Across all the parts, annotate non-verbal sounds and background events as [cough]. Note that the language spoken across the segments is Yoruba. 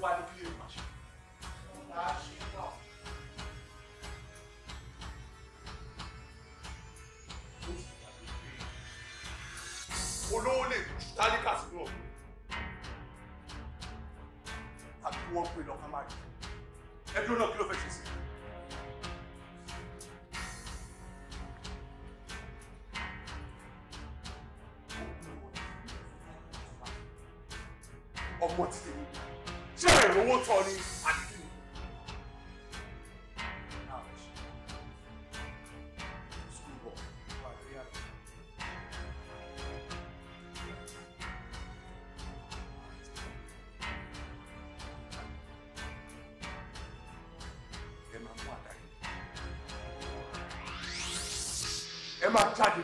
wá ní kílè pàṣẹ. olówó lè tún tálíkà sí.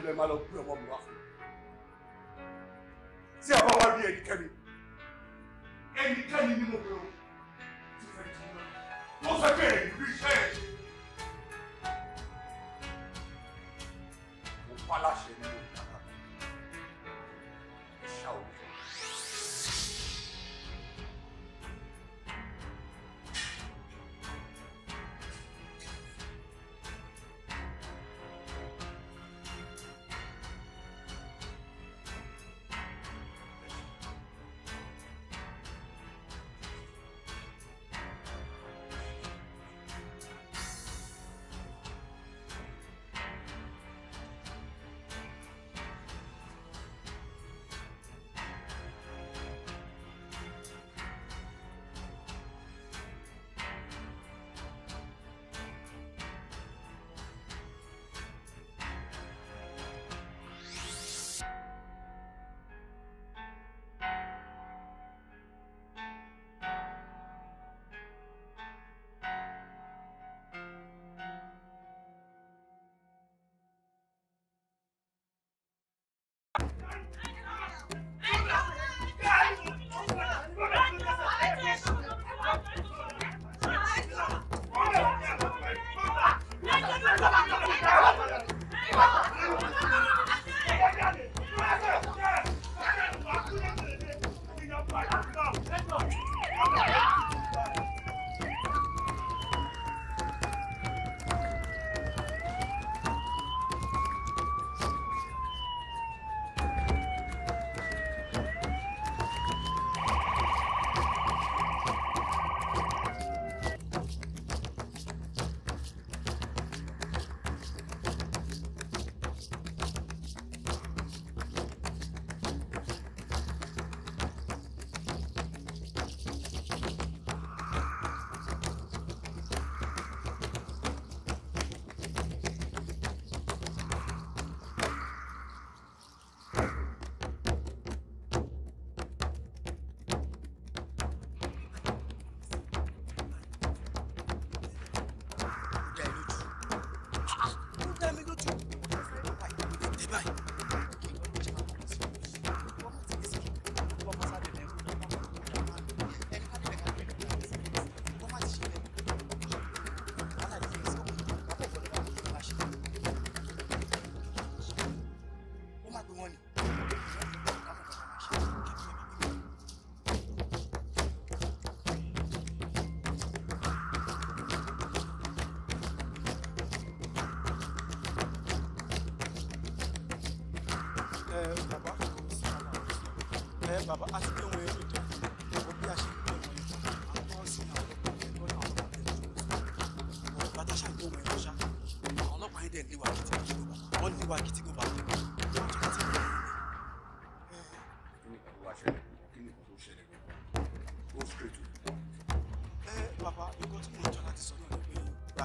de malo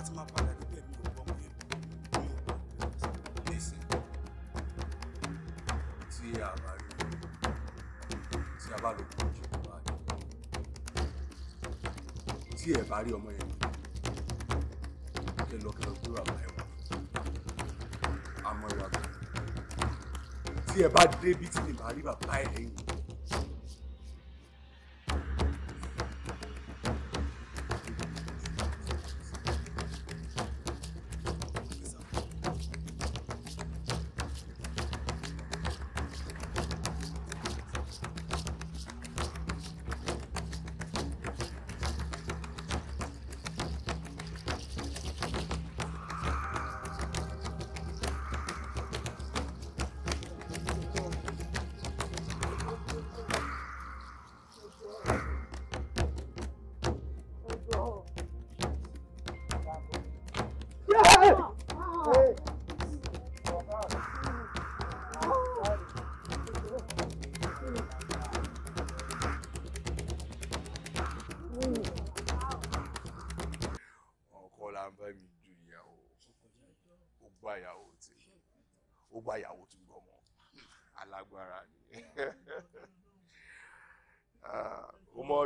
ti máa padà níbẹ̀ mi ò gbọ́ a bá rí tí a bá lò kó See tó bá rí tí ẹ bá rí ọmọ yẹn kẹ lọ kẹ lọ kúrò àbá ẹwà àmọ́ ìwà kan tí ẹ bá débi tí lè bá rí bàbá ẹ lẹ́yìn.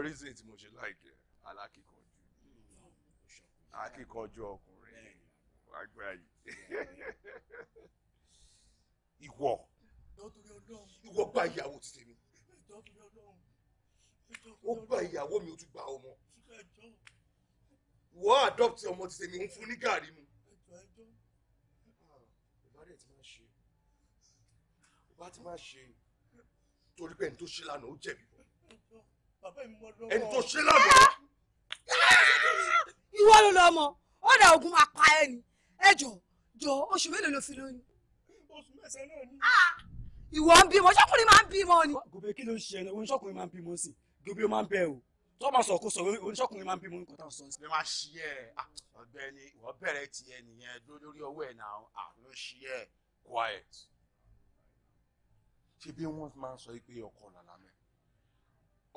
reason tí mo ṣe láìkẹ́ alákìkanjú akíkanjú ọkùnrin agbára yìí ìwọ ìwọ gba ìyàwó ti tèmi ó gba ìyàwó mi ó tún gba ọmọ ìwọ adopt ọmọ ti tèmi ń fún ní gàrí mu. ìbádẹ́ ti máa ṣe ìbá ti máa ṣe torí pé ẹni tó ṣe lánàá ó jẹ̀bi ẹni tó ṣe lánàá. ìwọ ló lọ mọ ó dà ogun máa pa ẹ ni ẹ jọ jọ oṣù mélòó ló fi lóyún. oṣù mẹ́sàn-án náà ni. ìwọ ń bímọ ṣọkùnrin máa ń bímọ ni. gòbè kí ló ń ṣe ẹ oníṣọkùnrin máa ń bímọ sí gòbè ó máa ń bẹ o tó máa sọ̀kò sọ̀rọ̀ oníṣọkùnrin máa ń bímọ nǹkan tá a sọ. ẹ máa ṣí ẹ ọ̀gbẹ́ni ìwọ bẹ̀rẹ̀ tiẹ̀ nìyẹn lórí ọwọ́ ẹ náà àlọ ṣí ẹ quiet ṣe bí wọn máa ń sọ pé ọkọ làlámẹ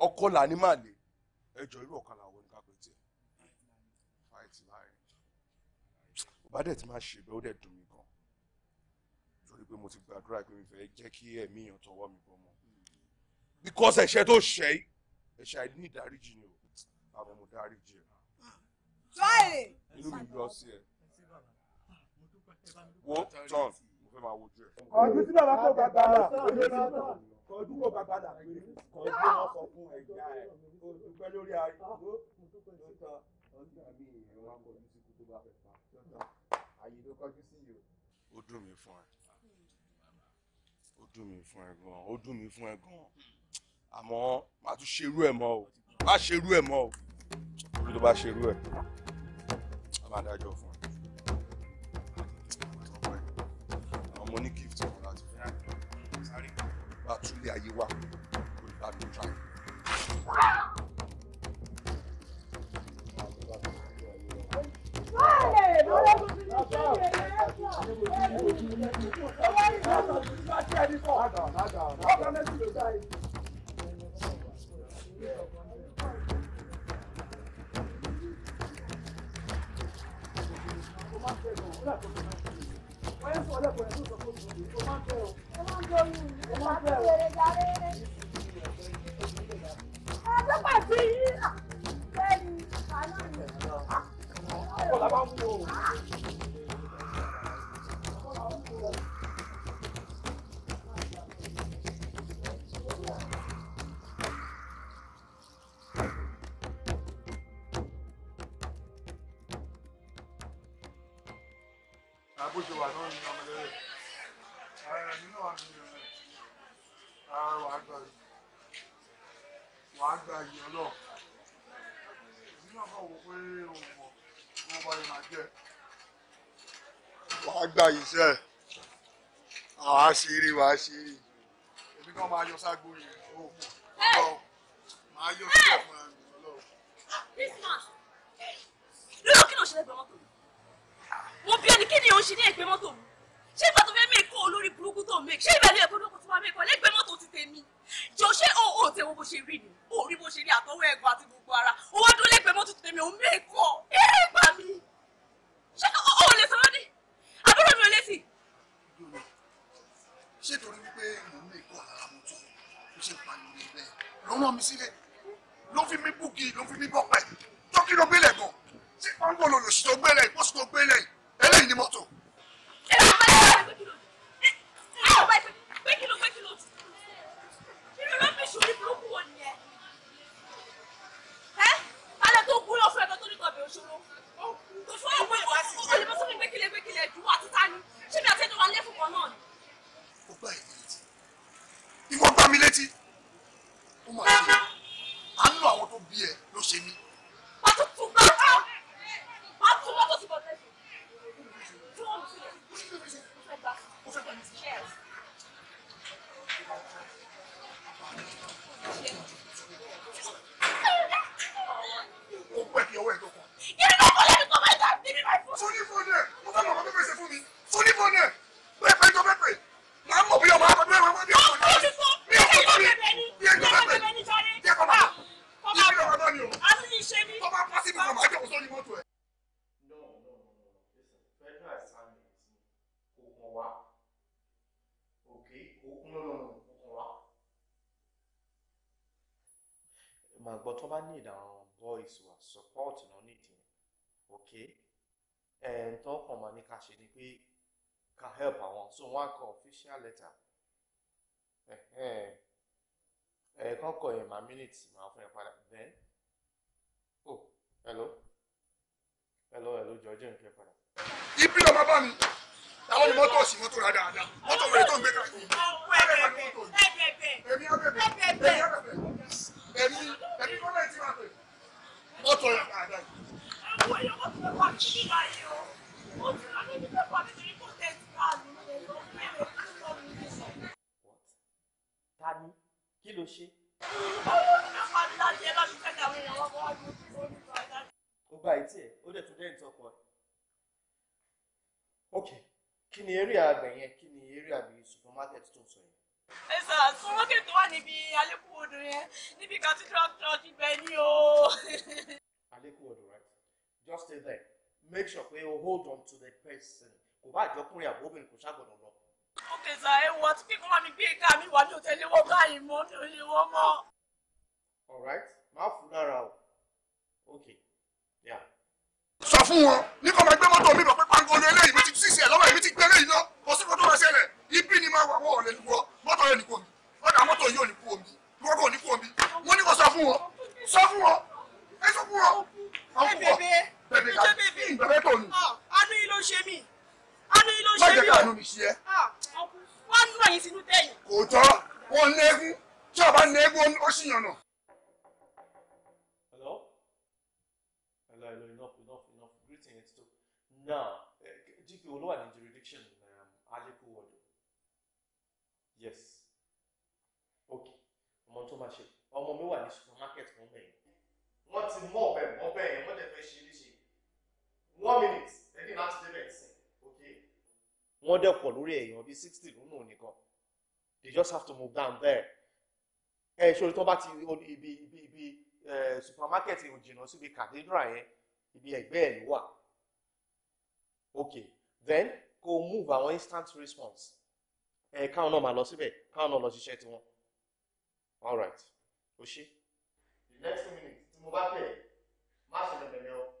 ọkọlà ní màlẹ ẹjọ irú ọkọlà wo ni pè tiẹ fáìtì bá dẹ̀ ti máa ṣe ó dẹ̀ dùn mí gan torí pé mo ti gbàdúrà pé mi fẹ́ jẹ́ kí ẹ̀mí èèyàn tọwọ́ mi bọ́ mọ́ because ẹ̀ṣẹ̀ tó ṣẹ̀ yìí ẹ̀ṣẹ̀ àìní ìdáríjì ni o àmọ́ mo dáríjì ẹ̀. inú mi lọ sí ẹ wo John mo fẹ́ máa wojú ẹ. ọdún tí bàbá kò bàbá rà ojú ẹ̀ náà kò dúró bàbàdà péré kò dúró wọn sọ fún ẹja ẹ o dúpẹ́ lórí ariwo tó tán ọdún àbí ìrìn wọn kọjú sí kú tó bá fẹ́ pa tó tán àyè ló kọjú sí yìí o. ó dùn mí fún ẹ ó dùn mí fún ẹ gan ó dùn mí fún ẹ gan àmọ́ má tún ṣerú ẹ mọ́ o má ṣerú ẹ mọ́ o torí tó bá ṣerú ẹ a máa dájọ́ fún ẹ ọmọ ní gift kan láti bá ayé wá kò ní bá mi tra Thank you. Ẹ lọ́pàá sí yín. báyìí sẹ́ àwa ṣe eré wàá ṣe eré èmi náà máa yọ ságbó yẹn ó lọ máa yọ sílẹ̀ fún ẹ lọ. lóyún kí ló ṣe lẹ́gbẹ̀ẹ́ mọ́tò mo bí ẹni kí ni òun ṣe ní ẹgbẹ́ mọ́tò mi ṣé ìgbà tó fẹ́ mí kó olórí burúkú tó mí ṣé ìbẹ̀lẹ̀ ẹ̀kọ́ lóko tó wà mí kọ́ lẹ́gbẹ̀ẹ́ mọ́tò ti tèmi jọ ṣé o ò tẹ wo bó ṣe rí ni o rí bó ṣe rí àtọwọ́ ẹ̀gbọ́n àti gbogbo ara o wá dúró lẹ́gbẹ̀ẹ́ mọ́tò ti o òun ẹ̀ ló rán mi sílé ló fi mí búgi ló fi mí bọ́pẹ́ tó kí ló gbélé gan sí pọ́ńpọ́ lòlòsí tó gbélé ìpọ́sí tó gbélé eléyìí ni mọ́tò. official letter ẹ̀ẹ̀kan kọ yẹn máa minute máa fún ẹ padà then oh hello hello hello jọjọ nkẹ padà. ibi ọmọ bá mi àwọn ni mọ́tò sí rà dáadáa mọ́tò wẹ̀rẹ̀ tó ń gbé káàkiri. ọ̀pọ̀ ẹ̀bẹ̀bẹ̀ ẹ̀bẹ̀bẹ̀ èmi ẹ̀bẹ̀bẹ̀ èmi ẹ̀bẹ̀bẹ̀ èmi èmi kọ́lẹ̀ tí wà pé mọ́tò rà dáadáa. àwọn èèyàn mọ́tò wà kí nígbà yìí o. ló ṣe. ìtì ẹ̀ ó dẹ̀ tún dẹ́rìn tọkọ ẹ̀. ok kí ni eré àgbẹ̀ yẹn kí ni eré àgbẹ̀ supermarket tó sọ yẹn. ẹ sà supermarket wà níbi alẹ́kùn odò yẹn níbi cathedral church ibẹ̀ ni o. alẹ́kùn odò right just stay there make sure pé o hold on to the person kò bá àjọkùnrin àbóbìnrin kò ṣàgbọ̀dọ̀ lọ ókè sà ẹ wọ tí kíkọ́ mi gbé ká mi wà ní òtẹ́lẹ̀ wọ́n báyìí mọ́ ní òye wọ́n mọ́. alright má fún lára o ok yeah. sọ fún wọn ní kò máa gbé mọ́tò mi lọ pé pangolo eléyìí mi ti tú sísè lọ́wọ́ èmi ti gbé eléyìí náà kò sí kótó máa ṣẹlẹ̀ ibi ni máa wà wọ́n ò lè wọ mọ́tò yóò ní kú omi ọ̀dà mọ́tò yóò ní kú omi wọ́n kò ní kú omi mo ní kò sọ fún wọn sọ fún wọn ẹ sọ fún wọn. ẹ bèbè bèbè ká bèbè tó oh, ní. àánú yìí ló ṣe mí àánú yìí ló ṣe mí o. má jẹ́ ká àánú mi ṣe ẹ́. Ah wọ́n nú ẹ̀yìn sínú tẹ̀yìn. kò tọ́ wọn ní egun tí ọba ní egun ó sì yànnà. hello hello hello enough enough enough greeting ẹ̀ ti now eh, gp olówà ní jurisdiction um, aleko wọdọ yes ok ọmọ tó máa ṣe ọmọ mi wà ní supermarket fún mẹ́rin wọ́n ti mú ọ̀bẹ ọ̀bẹ yẹn wọ́n dẹ̀ fẹ́ ṣe é léṣe one minute ẹ̀dín láti débẹ̀ sí wọ́n dẹ̀ pọ̀ lórí èèyàn bíi sixty nínú nìkan they just have to move down there ẹ ṣòro tó bá ti ibi ibi ibi supermarket ò jìnnà síbi cathedral yẹn ibi ẹ̀gbẹ́ ẹ̀ ló wà okay then go move our instant response ẹ káwọn náà máa lọ síbẹ̀ káwọn náà lọ ṣiṣẹ́ tiwọn all right o ṣe. the next minute tí mo bá bẹ̀rẹ̀ má ṣe lẹ̀lẹ̀ o.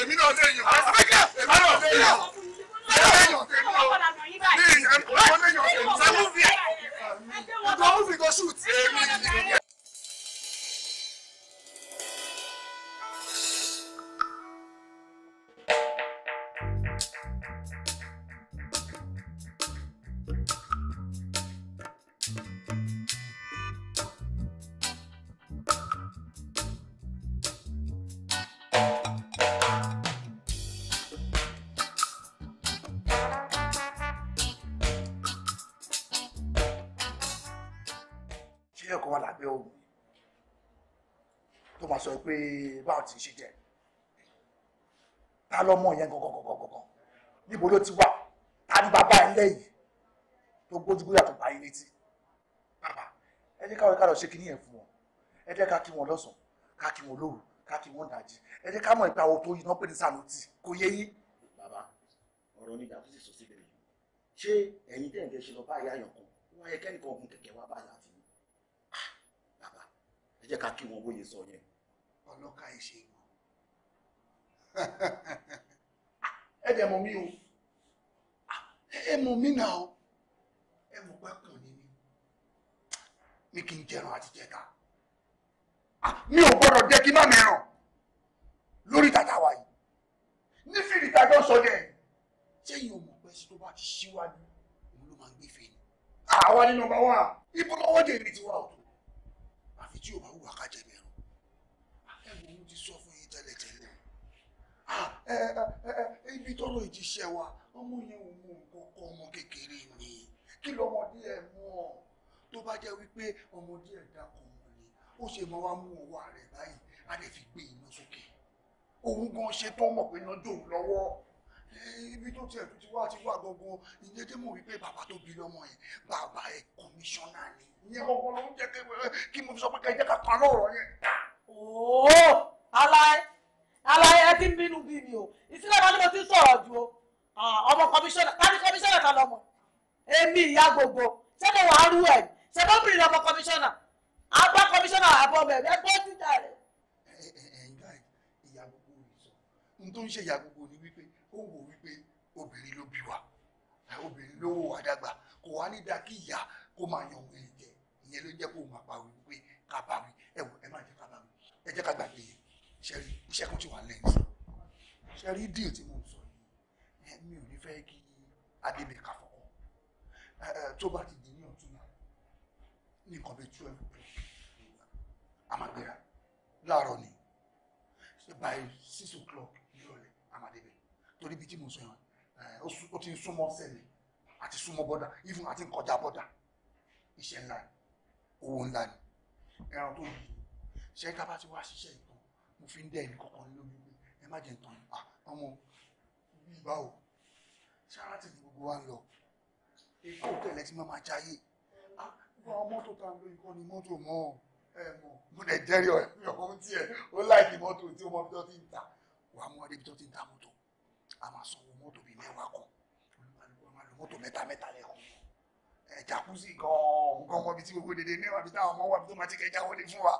èmi náà lè yàn èmi náà lè yàn èmi náà lè yàn tèmi o ní ìyẹn mo lè yàn tèmi. ìgbà mo fi go shoot èmi iṣẹ́ kan wà lábẹ́ òògùn tó máa sọ pé báwọn ti ṣe jẹ ta lọ́mọ yẹn gangan níbo ló ti wà ta ní bàbá ẹ̀ lẹ́yìn tó gbójúgbóyà tó bá yín létí bàbá ẹ jẹ́ káwọn ká lọ ṣe kí nìyẹn fún wọn ẹ jẹ́ ká kí wọn lọ́sàn ká kí wọn lóru ká kí wọn dàjí ẹ jẹ́ ká mọ̀ ìpa àwọn tó yiná pé ní sàlótì kò yé yín. bàbá ọ̀rọ̀ nígbà tó sì sọ síbẹ̀ ṣé ẹ̀yin tẹ̀ ṣe lọ bá ìyá jẹ́ ká kí wọn bóyè sọ yẹn. ọlọ́ka ìṣe wọn. ẹ dẹ̀ mọ̀ mí o ẹ mọ̀ mí náà o ẹ mọ̀ pé kùn ní mi mi kì í jẹran àti jẹta mi ò gbọ́dọ̀ jẹ́ kí má mẹ́ràn lórí tàtà wa yìí ní fìdí tàjọ sọ yẹn ṣé yìí ò mọ̀ pé ṣé tó bá ti ṣíwájú òun ló máa ń gbé fèrè àwa ní nọ́mbà wa ibo lọ́wọ́ dèrè tiwa o tí yóò bá wù wá ká jẹ mẹ́rún ẹ wo mo ti sọ fún yín tẹ́lẹ̀tẹ́lẹ̀ ibi tọ́rọ̀ ìjíṣẹ́ wa ọmọ yẹn ò mú nǹkan kọ́ ọmọ kékeré ni kí lọmọdé ẹ̀ mú ọ tó bá jẹ́ wípé ọmọdé ẹ̀ dákọ̀ wọn ni ó ṣe mọ́ wá mú ọwọ́ rẹ̀ báyìí á lè fi gbé iná sókè òun gan ṣe tó mọ̀ pé iná dòun lọ́wọ́ ibi tó tiẹ̀ ti wá ti wá gbọ̀ngàn ìyẹn tí mo rí pé bàbá tó bí lọ́mọ yẹn bàbá ẹ̀ kọmíṣánná ni ìyẹn gbọ̀ngàn ló ń jẹ́ kí mo fi sọ pé kẹjẹ́ ká pa lọ́rọ̀ yẹn. ooo aláì aláì ẹ ti ń bínú bí mi o ìsílẹ̀ kan ni mo ti sọ̀rọ̀ ju o ọmọ kọmíṣánná ká ní kọmíṣánná kan lọ́mọ èmi ìyá gbogbo ṣé mo wàá rú ẹ̀ ṣé mo bìrì ọmọ kọmíṣánná àgbà kọmíṣánná àbọ̀ bẹ̀rẹ̀ ẹgbẹ́ títà rẹ̀. ẹ ẹ ẹ ìyá gbogbo ò ó wò wípé obìnrin ló bí wa obìnrin ló wò wá dàgbà kò wá ní da kí ìyá kó máa yan òun ẹ̀jẹ̀ ìyẹn ló jẹ́ kó máa pa òun wípé ká bá mi ẹ wò ẹ má jẹ́ ká bá mi ẹ jẹ́ ká gbàgbé yẹn ṣẹ́rí iṣẹ́ kan ti wà lẹ́yìn sọ ṣẹ́rí díẹ̀ tí mò ń sọ yìí mi ò ní fẹ́ kí adébẹ̀ká fọkọ tó bá ti di ní ọ̀tún náà ní nǹkan bíi twelve o'clock àmàgbéra láàárọ̀ ni by six o'clock nírọ̀lẹ́ àmàdébẹ̀ torí bí tí mo sọ yẹn eh, ó ti ń súnmọ́ sẹ́lẹ̀ àti súnmọ́ bọ́dà even àti ń kọjá bọ́dà iṣẹ́ ńlá ni owó ńlá ni ẹran tó yìí ṣe tá bá ti wá ṣiṣẹ́ ìtàn mo fi ń dẹ́ ẹnì kọ̀ọ̀kan lórí pé ẹ má jẹ́ ìtàn ìpa ah, ọmọ bí báwo ṣáárá ti di gbogbo wa lọ èkó tẹ̀lẹ̀ tí máa jáyé àwọn ah, mọ́tò tá à ń lo ni mọ́tò mọ́ ẹ mọ̀ mo dẹ̀ jẹ́rìí ọ̀hún tiẹ̀ ó láìkí mọ́tò tí ó mọ bí wọ́n ti ń ta wàá mú ọdẹ a máa sanwó mọ́tò bíi mẹ́wàá kan olúwa máa lo mọ́tò mẹ́ta mẹ́ta lẹ́kọ̀ọ́ ẹ̀já kú sí gan-an nǹkan kan bíi tí gbogbo dédé mẹ́wàá bíi táwọn ọmọ wà bíi tó máa ti kẹjá wọlé fún wa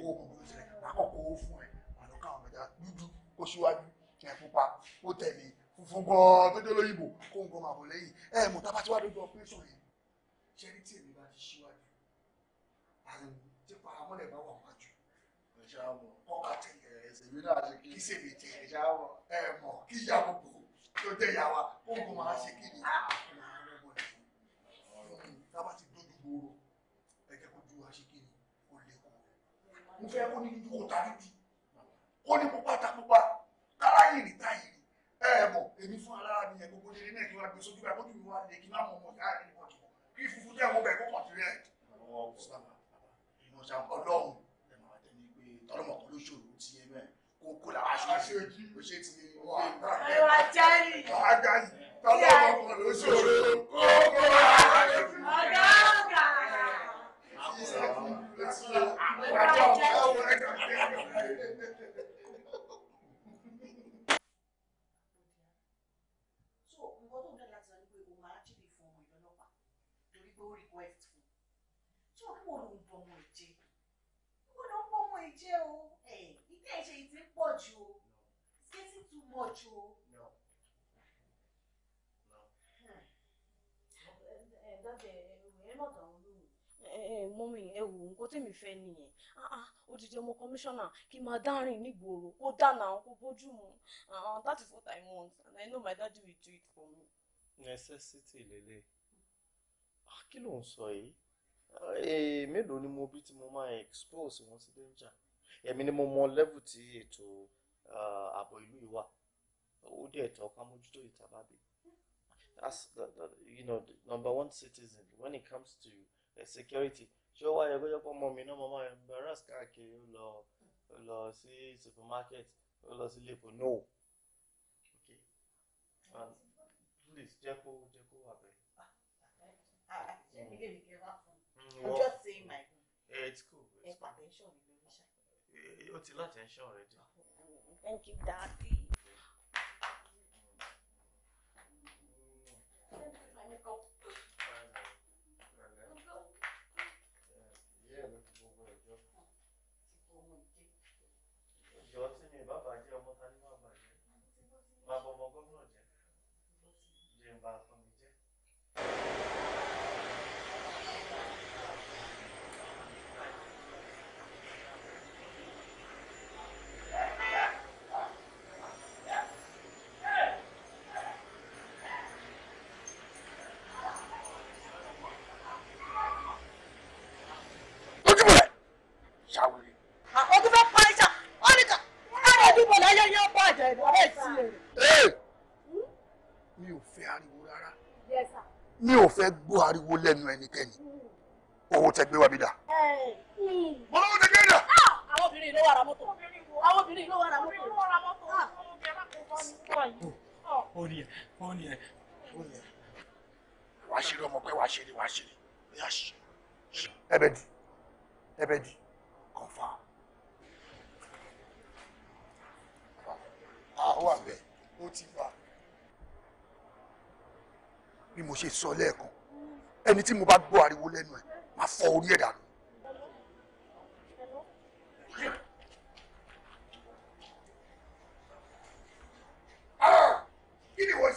owó gbogbo ìṣẹ̀lẹ̀ lákọ̀ọ́kọ́ owó fún ẹ̀ wọn lọ káwọn mẹ́ta dúdú kó síwájú ẹ̀ pupa ó tẹ̀lé funfun gan-an tó dé lóyìnbó kó nǹkan máa bọ̀ lẹ́yìn ẹ̀ mọ̀ tá a bá ti wá lójú ọpẹ́sọ̀ yẹn ṣe ní tí èmi bá ti síwájú àrùn èmi náà ṣe kí sèmi ti ìyàwó ẹ mọ kí ìyàwó bò tó jẹ ìyàwó kóńgò máa ṣe kí ni ah! tábà ti dójú gbòòrò ẹ jẹ kó ju wa ṣe kí ni kó lè kó mo fẹ́ kó ní kó ta títí kó ní pupa ta pupa kára yìrì ta yìrì ẹ mọ èmi fún alára mi yẹn gbogbo nílé náà kí wọn gbé sójú bá kójú mi wá lè kí má mọ ọmọ yára kí ni wọn kì í funfun tẹ ẹ kó kàn sí rẹ ọlọ́run. kò làwọn aṣọ àṣeojú kò ṣe ti wà ẹwà jẹ́rì ọ̀gá yìí tọ́lá ọmọ ló ṣòro kókó ọ̀gá ọ̀gá. So, nǹkan tó ń bẹ̀rẹ̀ láti sọ ni pé òun máa ń jìbì fún ọmọ ìlọ́lọ́pàá request fún un. Tí wọ́n kí wọ́n lòun bọ̀ ọmọ ìjẹ́, wọ́n lọ bọ̀ ọmọ ìjẹ́ o, ìtẹ́ ìṣe pọ̀ jù o it's getting too much o. No. No. Hmm. Eh, ẹ dábẹ́ ẹ má dà wọ́n lóhùn. Eh, eh, mọ́mí ẹ wò nǹkan tèmi fẹ́ nìyẹn ah, ah, odidi ọmọ kọmíṣánná kí n máa dárìn nígboro kó dáná kó bójú mu ah, that is what I want and I know my daddy will do it for me. necessity lele kí ló ń sọ yìí mélòó ni mo bí tí mo máa expose wọn sí danger èmi ni mo mọ level tí ètò ààbò ìlú yìí wà ó dẹ̀ tọ́ ká mójútó ìtàbàbí as the, the, you know the number one citizen when it comes to uh, security ṣé ó wáyé kó jẹ́ pé ọmọ mi náà màmá ẹ̀ ń bẹ̀rẹ̀ káàkiri ó lọ ó lọ sí supermarket ó lọ sí lẹ́kọ̀ọ́ no okay and please jẹ́ kó jẹ́ kó wà bẹ́ẹ̀. Ah, ah, ah, hmm, I'm just saying my. Eh, it's cool. It's cool o ti láti ẹ̀ṣọ́ already. thank you daddy. ìjọ tí ṣàwìrì. àkókò ah, fẹ́ pa ìjà ọ́nìkà káàdì ìdìbò láyé yẹn bọ̀ àjẹ́ ìdọ̀rẹ́ sí rẹ̀. Hmm? mi ò fẹ́ ariwo rárá mi ò fẹ́ gbọ́ ariwo lẹ́nu ẹnikẹ́ni hmm. owó tẹ gbé wa bí dà. mo lọ́wọ́ tẹ gbé dà. Ah! àwọn obìnrin ló wà ra mọ́tò àwọn obìnrin ló wà ra mọ́tò. Ah! ó ní ẹ ó ní ẹ ó ní ẹ wàá ṣeré ọmọ pé wàá ṣeré wàá ṣeré ẹbẹ di ẹbẹ di confam. àwa bẹ́ẹ̀ ó ti wà. bí mo ṣe sọ lẹ́ẹ̀kan ẹni tí mo bá gbọ́ ariwo lẹ́nu ẹ̀ máa fọ orí ẹ̀ dànù. Ah! kí ni wọ́n.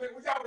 美不家。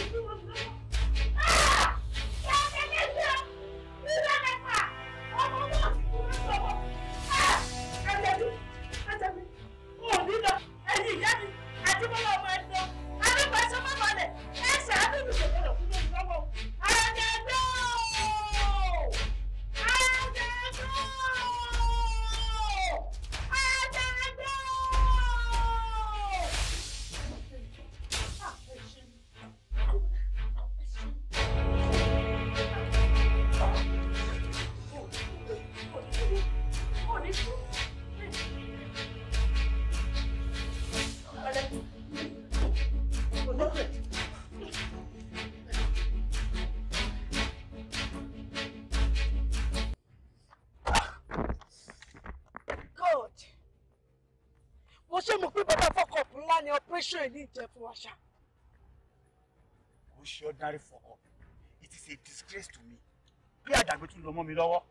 Thank you. question yìí ní ìjẹ fún wa ṣá. kò ṣe ordinary fọkọ it is a disgrace to me bí àdàgbé tún lọ mọ́ mi lọ́wọ́.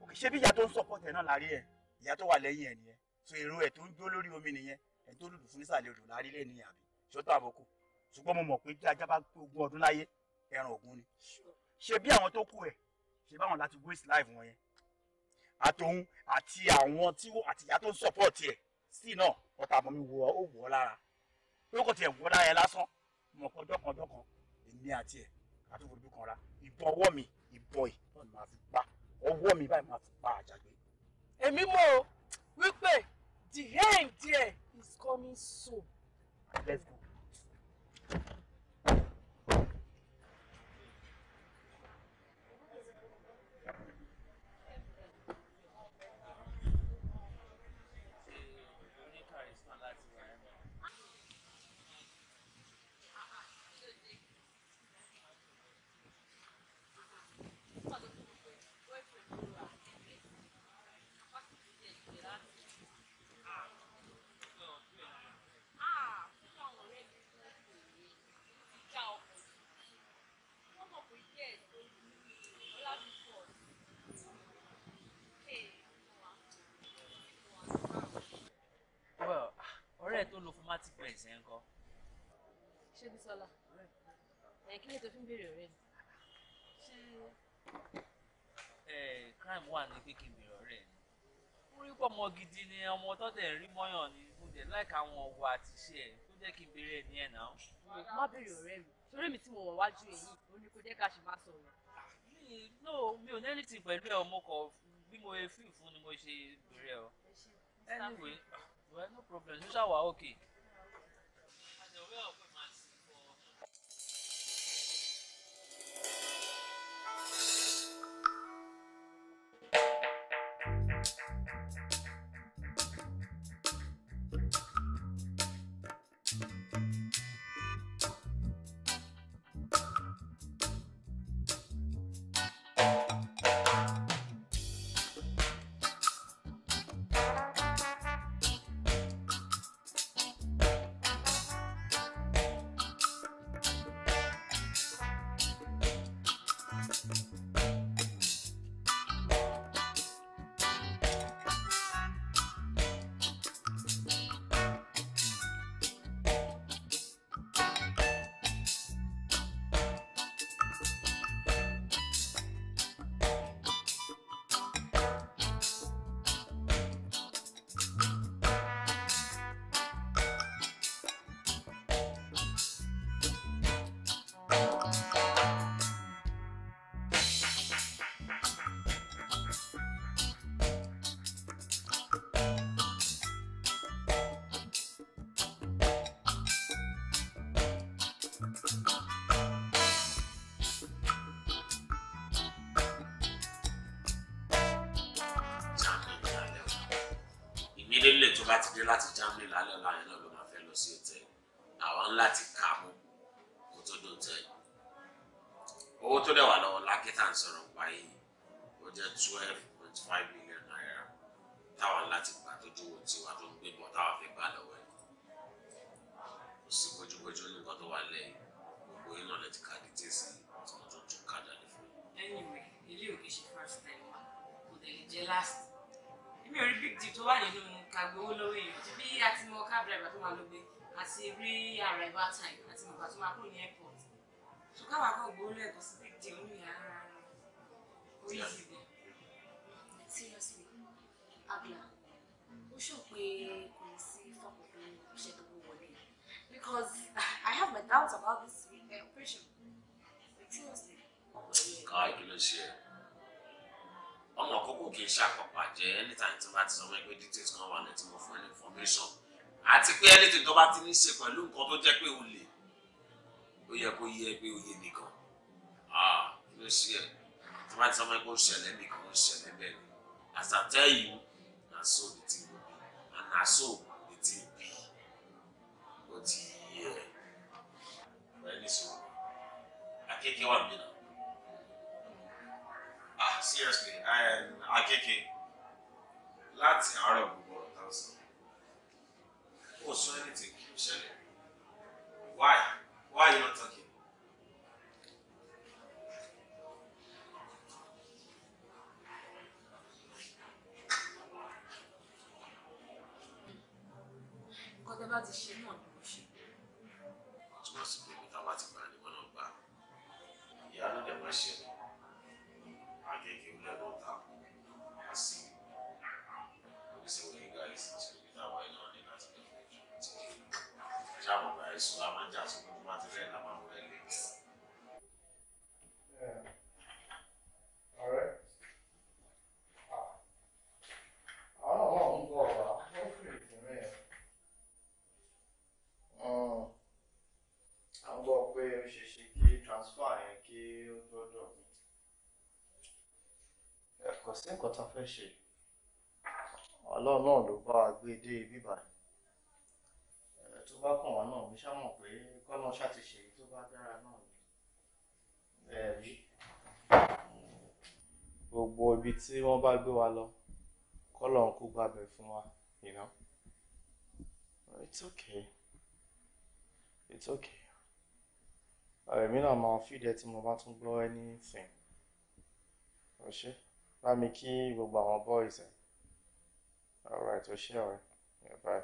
òkè ah! [laughs] ṣé bí ìyá tó ń support ẹ̀ náà láàrí ẹ̀ ìyá tó wà lẹ́yìn ẹ̀ nìyẹn so èrò ẹ̀ tó ń jó lórí omi nìyẹn ẹ̀ tó lùlù fún nísàlẹ̀ odò láàrí lẹ́ẹ̀ nìyẹn àbí ṣọ́tọ̀ àbòkù ṣùgbọ́n mo mọ̀ pé bí ajá bá pé ogún ọdún láyé ẹran ògún ni ṣe bí àwọn tó kú ẹ̀ ṣe báwọn láti waste life wọn yẹn àtòun àti àwọn tí àtìyá tó ń sọpọ́ọ̀tì ẹ̀ sí náà ọ̀tá àmọ́ mi wọ ó wọ̀ ọ́ lára lóko tiẹ̀ wọ́ lára ẹ lásán mọ̀ pé ọjọ́ kan ọjọ́ kan èmi àti ẹ̀ àtúntò kan ra ìbọn ọwọ́ mi ìbọn ì náà ni màá fi pa ọwọ́ mi báyìí màá fi pa àjàgbé. èmi mọ̀ ọ́ wípé the end there is coming soon. let's go. ọ̀rẹ́ ẹ̀sẹ̀ ń kọ́. ṣé Bísọ́lá ẹ̀ kí lè tó fi ń béèrè ọ̀rẹ́ mi ṣé. ẹ crime wà ní pé kí n béèrè ọ̀rẹ́ mi mo rí pọ̀ ọmọ gidi ni ọmọ tọ́tẹ̀ rí mọ́yàn ni mo dẹ̀ láìka àwọn ọ̀wọ́ àti iṣẹ́ ẹ̀ tó jẹ́ kí n béèrè ẹ̀ ní ẹ̀ náà. má béèrè ọ̀rẹ́ mi torí mi tí mo wọ̀ wájú èyí ò ní kó jẹ́ ká ṣe má sọ̀rọ̀. no mi ò ní ẹni tì pẹ̀lú ẹ̀ ọmọ kọ bí mo fi ìfún ni mo ṣe béèrè ọ. anyway well no problem ṣíṣàwà okay. délé tó bá ti dé láti Germany lálẹ́ ọ̀la àgbowó lórí èèyàn bí a ti mọ cab driver tó máa ló gbé àti rí arrival time àti mọ̀gbà tó máa kúrò ní airport tó káwá kan gbowó lẹ́ẹ̀kan sí big deal ní ara rẹ̀ orí ìdìbò. seriously abla ó ṣọ pé kò ní sí fọ́pọ̀ pé tó wọ́ wọlé because i have my doubts about this eh, operation seriously. káà kí ló ṣe é ọmọ kókó kì í ṣàkọpà jẹ anytime tí wọn ti sọ wọn pé details kan wà ní tí mo fún ẹ ní information àti pé anything tó bá ti ní ṣe pẹ̀lú nǹkan tó jẹ́ pé o lè ó yẹ kó yẹ pé o yé nìkan ah, ló ṣe ẹ tí wọn ti sọ wọn pé ó ṣẹlẹ̀ nìkan ó ṣẹlẹ̀ bẹ́ẹ̀ ni as I tell you na so the thing be and na so the thing be ó yeah, yẹ ẹ ẹ I sọ akéèké wà mí náà. seriously akeke láti àárọ̀ gbogbo ọ̀rọ̀ tá a sọ ó sọ anything kí ló ṣẹlẹ̀ why why you not talking. What about the shit? àìsàn la máa ń jà sí pé má ti rẹ̀ la máa ń rẹ̀ lé. ọ̀rẹ́ àwọn ọmọ òun bọ̀ wá ó fi ìdùnnú yẹn. à transfer yẹn kí ó gbọ́dọ̀ mi. ẹ̀kọ́ sí nǹkan tá a fẹ́ ṣe ọlọ́run náà ló bá wa gbé dé bíbáyìí tó bá kàn wá náà mi ṣá mọ̀ pé kọ́nà ṣá tó bá dára náà ni gbogbo ibi tí wọ́n bá gbé wa lọ kọ́lọ́run kó gbàbẹ̀ fún wa you it's okay it's okay èmi náà máa fìdí tí mo bá tún gbọ́ anything ó ṣe bá mi kí gbogbo àwọn boys ẹ all right ó ṣe ọ̀rẹ́ yeah bye.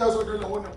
Estás sobre la una.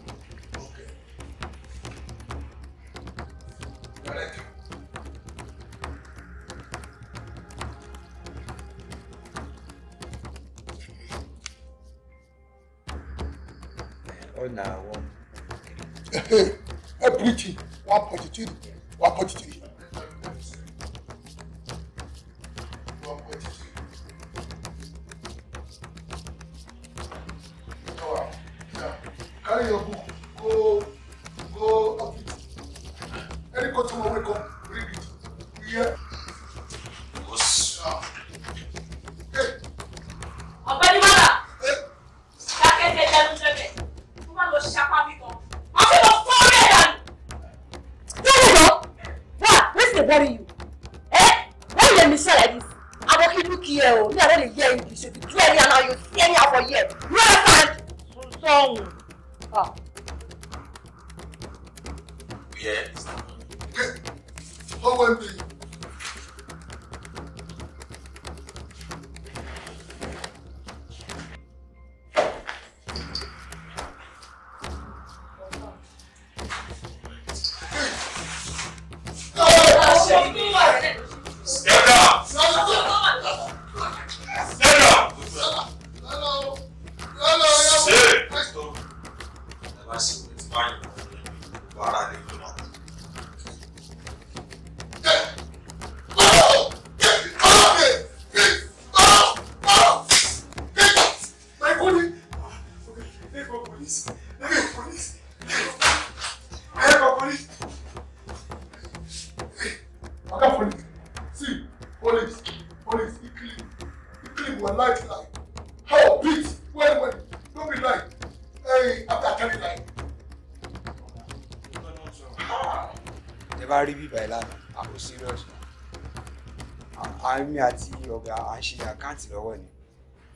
à ń ṣe àkáǹtì lọ́wọ́ ni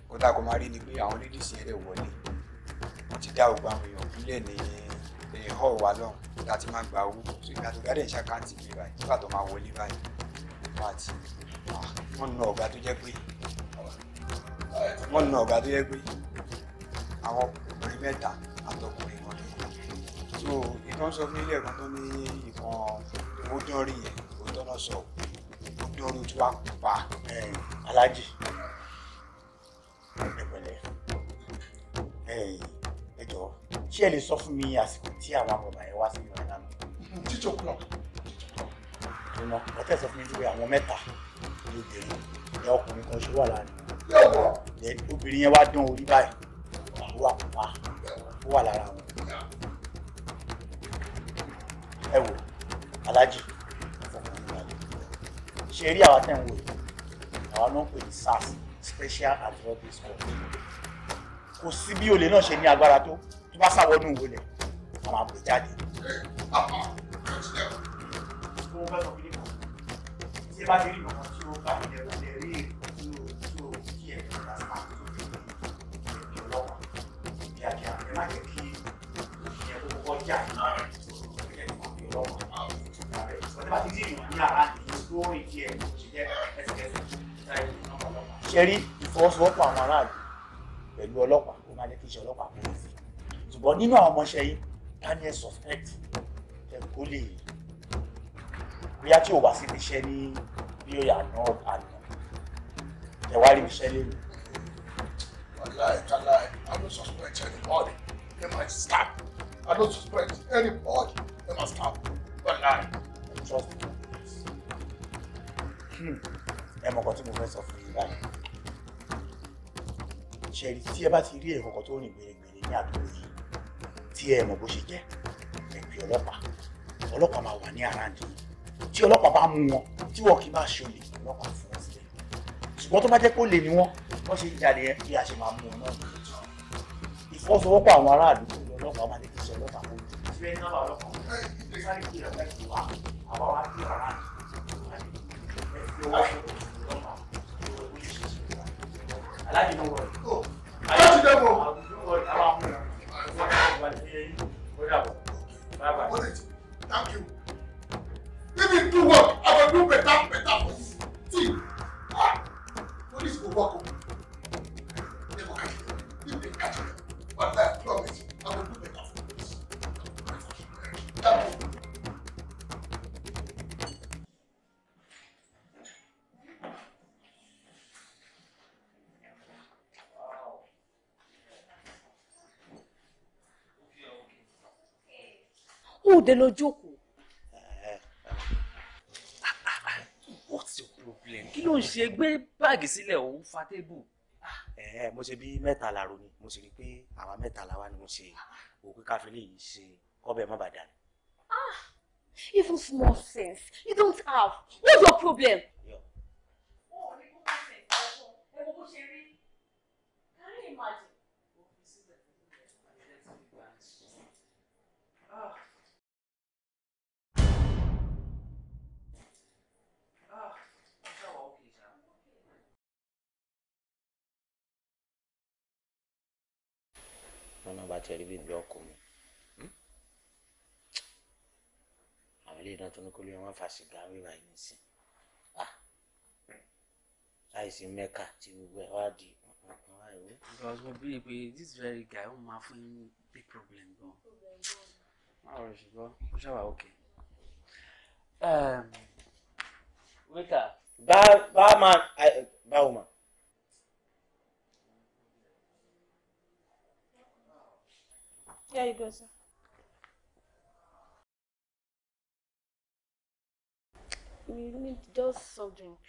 kó tá a kó máa rí ni pé àwọn ladies yẹn rẹ̀ wọlé wọ́n ti dá ògbà àwọn èèyàn òbílẹ̀ ní hall wa lọ́hùn tá a ti máa gba owó so ìgbà tó gádẹ̀ ń ṣe àkáǹtì báyìí nígbà tó máa wọlé báyìí wọ́n àti wọ́n na ọ̀gá tó jẹ́ pé wọ́n na ọ̀gá tó jẹ́ pé àwọn obìnrin mẹ́ta àtọkùnrin kan tó so ìkan sọ fún tó ní ẹ lè sọ fún mi àsìkò tí àwọn àbọ̀bà yẹn wá sí ìwà lánàá. títí òkú náà ìrìnà kò sọ fún mi pé àwọn mẹ́ta ló dèrò ìyá ọkùnrin kan ṣe wà láàrin obìnrin yẹn wá dán orí báyìí ó wà pupa ó wà lára wọn. ẹ wò alájì ṣe rí àwa tẹ̀ ń wò yìí àwa náà pè ní SARS special anthropology school kò sí bí olè náà ṣe ní agbára tó tó bá sáwọnú wọlé nínú àwọn ọmọọṣẹ́ yìí daniel suspect ẹ kó lè bóyá tí ò wá síbi iṣẹ́ ní bí ó yà náà wọn tí wọn kì í máa ṣọlẹ lọkàn fún wọn sílẹ̀ ṣùgbọ́n tó bá jẹ́ pé ó lè ní wọn wọ́n ṣe ń jalè yẹn bí a ṣe máa mú wọn náà ìfọwọ́sowọ́pọ̀ àwọn aráàlú ọlọ́pàá máa lè fi ṣe ọlọ́pàá kó o ti fẹ́ náà ọlọ́pàá òde lójókòó. what's your problem? kí ló ń ṣe gbé báàgì sílẹ̀ òun fa tébù. Eh, mo ṣe bí mẹ́ta làrò ni mo sì rí i pé àwa mẹ́ta làwa ni mo ṣe òkú káfílẹ̀ yìí ṣe kọ́bẹ̀ má bàa dànù. ah even small sense you don't have what's your problem? náà tún ní kó lè wọn fa sìgá wíwá yìí nìsín ah. láìsí mẹ́ka tí gbogbo ẹ̀ wá di because mo bí pé this very guy ó máa fún yín big problem gan má rọ ṣùgbọ́n ó ṣàwà òkè. Um, wíkà. bá bá máa bá o máa. Yeah, you go, we need just soft drink.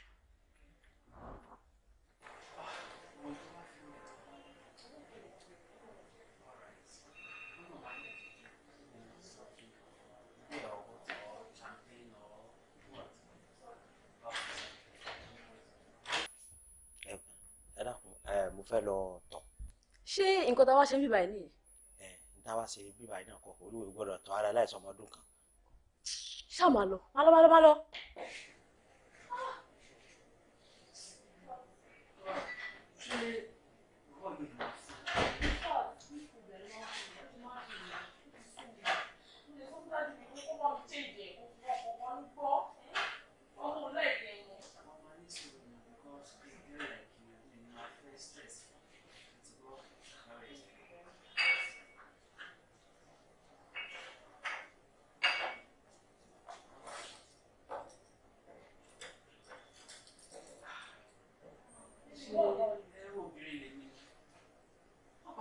mo fẹ́ lọ tọ̀. ṣé nǹkan tá a wá ṣe bíbáyìí nìyí. ẹ n tá wá ṣe bíbáyìí náà kọ olúwo gbọ́dọ̀ tọ̀ ara láìsọ ọmọ ọdún kan ṣàmà lọ má lọ má lọ má lọ. ṣe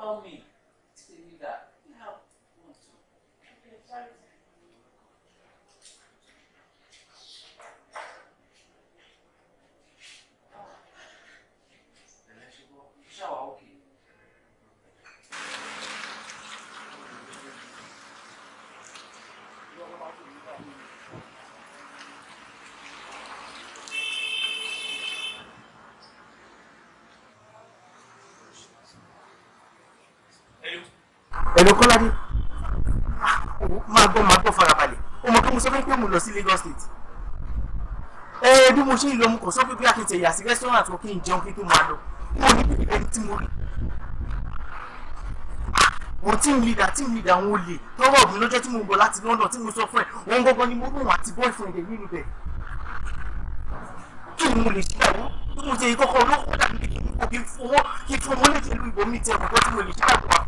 on me. pẹ̀lú kọ́ládé máa gbọ́ máa gbọ́ farabalẹ̀ ó mọ̀ pé mo sọ fún pé mo lọ sí Lagos State ẹ bí mo ṣe ń lọ mo kàn sọ pé bí akéde yà sí restaurant kò kí n jẹun kí n tó máa lọ mo ní bíbí ẹni tí mo rí mo team leader team leader àwọn olè tọwọ́ mi lọ́jọ́ tí mo bọ̀ láti London tí mo sọ fún ẹ òun gangan ni mo rún àti boyfriend ẹ nínú bẹ̀ kí ni mo lè ṣe bí mo ṣe kọ́kọ́ olókùn dàbí kí n kò kí n kí n fowó lè jẹ́ lu ìbò tẹ ọ̀gbọ́n tí mo lè ṣe àwọn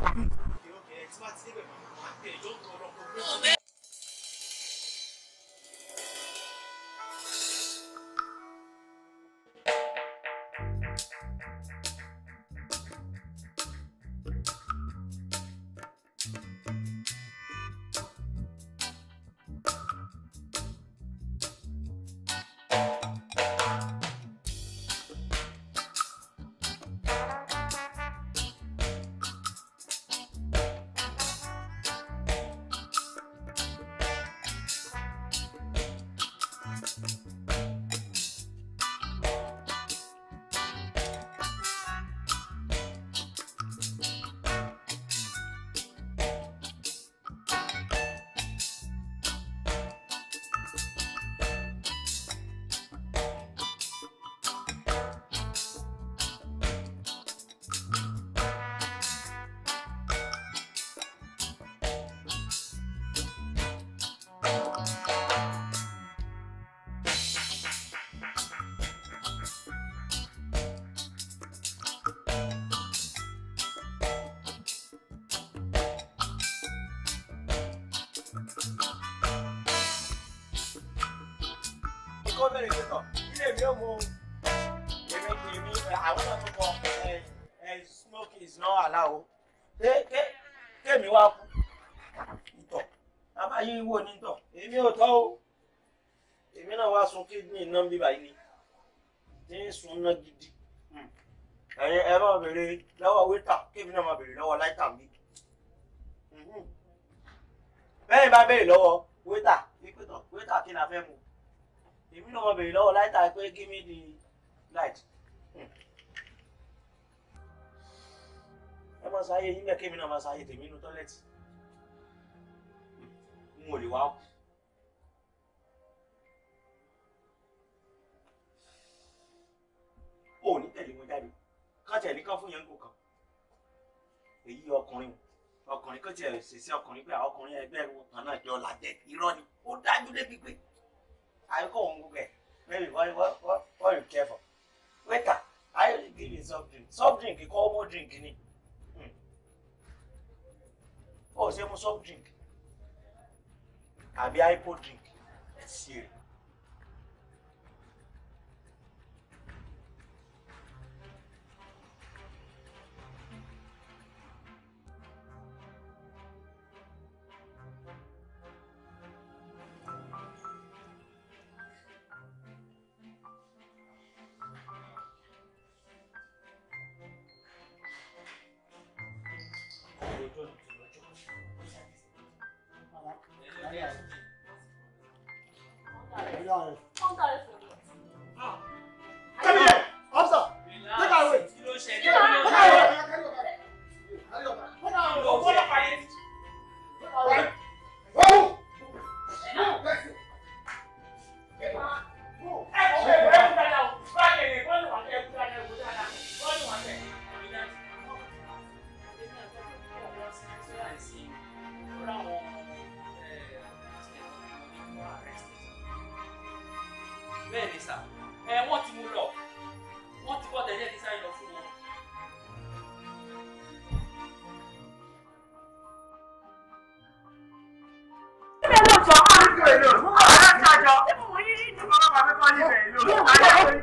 bẹ̀rẹ̀ pé tọ̀ ilé mi ò mọ èmi èmi àwọn náà tó kọ ẹ ẹ smoke is not allowed ké ké kémi èmi náà wá sun kidney iná bíbá yìí ní sun iná gidi hmm. ẹ̀yin ẹ máa bèrè lọ́wọ́ wíta kémi náà máa bèrè lọ́wọ́ láìta mi hmm. bẹ́ẹ̀ bá bèrè lọ́wọ́ wíta wípé tọ̀ wíta kí la mu èmi náà mo bèrè lọ́wọ́ láìta pé give me the light. ẹ máa ṣàyè yín bẹ́ẹ̀ kémi náà máa ṣàyè tèmi inú tọ́lẹ́tì n ò lè wá kù. ò ní tẹ̀lé wọn jáde káàtì ẹ̀nìkan fún yẹn ń kó kan èyí ọkùnrin ọkùnrin kò tiẹ̀ ṣèṣe ọkùnrin pé àwọn ọkùnrin ẹgbẹ́ kan náà jọ làjẹ́ irọ́ ni ó dájú débi pé. I go and Google. Maybe what, what, what, what you care for? Waiter, I give you soft drink. Soft drink, you call more drink in it. Hmm. Oh, say more soft drink. Àbí I put drink. Serious. ìlú. Mo máa ń tajà. Ṣé mo wọ́n yí ní ìdìbò bàbá mi kọ́ níbẹ̀ ìlú?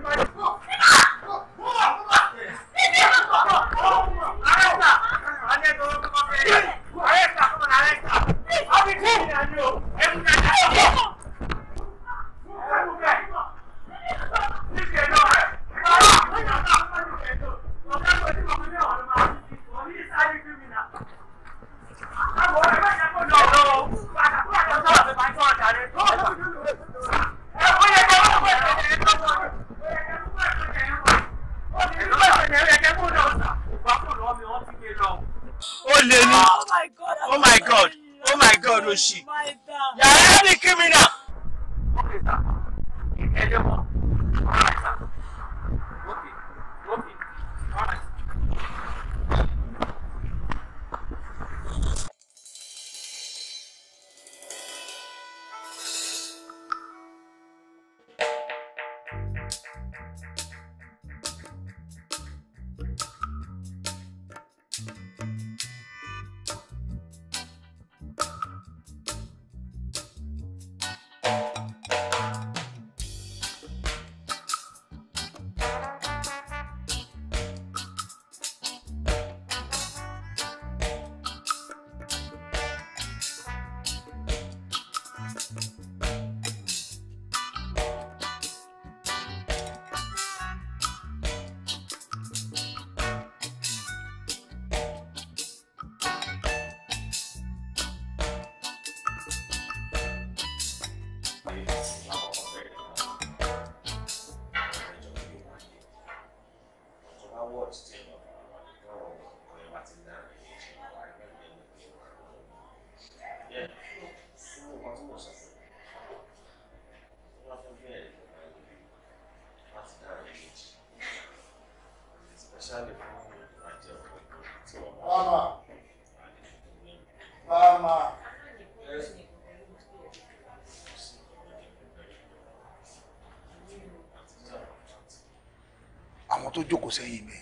jókòó sẹ́yìn mi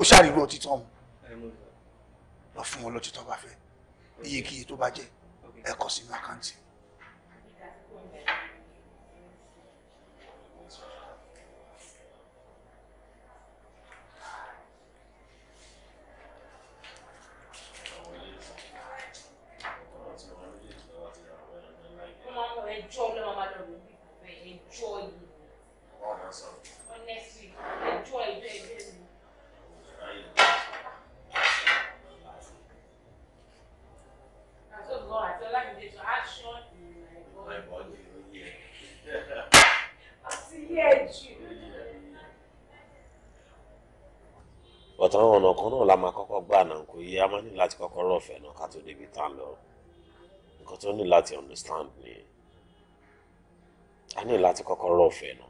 ó ṣàrírú ọtí tán mu lọ fún wọn lọ́tí tó bá fẹ́ iyekíye tó bá jẹ́ ẹ kọ sínú àkáǹtì. láti understand me? a ní láti kọ́kọ́ rọ̀ fẹ́ nu.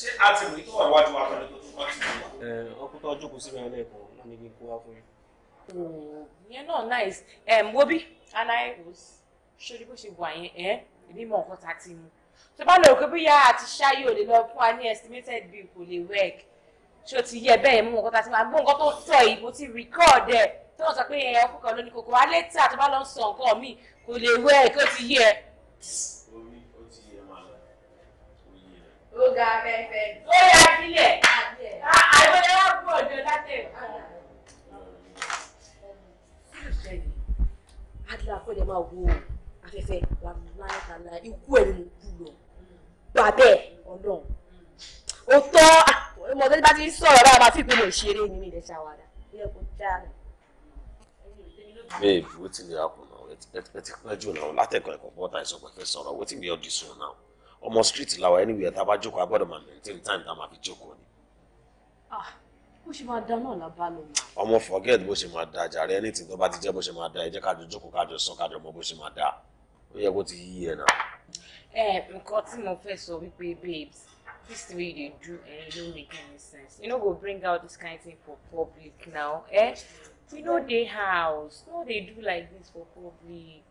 ṣé a ti rí tó wà wájú wa pẹ̀lú tó tún kọ́ sí wa. ọkùnrin tó jókòó sí mi hmm, ìyẹn náà nice wo bí aláìwòs ṣorí bó ṣe wà yẹn ẹ èmi mọ nǹkan tá a ti mu tó bá lọ pé bóyá àti ṣáyé ò lè lọ fún wa ní estimated bill kò lè work ṣé o ti yẹ bẹ́ẹ̀ mú nǹkan tá a ti mu àgbo nǹkan tó sọ yìí mo ti record ẹ̀ tó lọ sọ pé ẹ ọkùnrin kan ló ní kókó wá létí àti bá lọ ń sọ nǹkan míì kò lè wẹ ẹ kó ti yí ẹ. orí ó ti yẹ máa lọ ó yí ẹ. ó ga afẹ́fẹ́. ó yà sílẹ̀ àwọn ẹ̀ wá bọ̀ ọ̀dọ̀ látẹ̀. adìrà kó lè máa wo afẹ́fẹ́ wà láyàtàlá ikú ẹ̀ ni mo kú lọ gbà bẹ́ẹ̀ ọlọ́run ó tọ́ ah, ọmọdé bá ti ń sọ̀rọ̀ báyìí bá fi pé mo nínú ilẹ̀ ilé ẹ̀kọ́ dáadáa babe wetin dey happen now ẹ ti pẹ́ jù náà látẹ̀kọ̀ ẹ̀kọ́ bọ́ta ẹ̀ sọ pé fẹ́ sọ̀rọ̀ wetin be all this one now ọmọ street làwa anywhere tá a bá jókòó a gbọ́dọ̀ máa maintain time tá a máa fi jókòó ni. ah bó ṣe máa da náà la bá lọ. ọmọ forget bó ṣe máa da jàre anything tó bá ti jẹ́ bó ṣe máa da ẹ jẹ́ kájọ jókòó kájọ sọ kájọ mọ bó ṣe máa da ó yẹ kó ti yí ẹ náà. ẹ nǹkan tí mo fẹ́ sọ wípé babes this way you dey do eh, no make any sense you no go bring out this kind of thing for public now eh we know dey house no they do like this for public.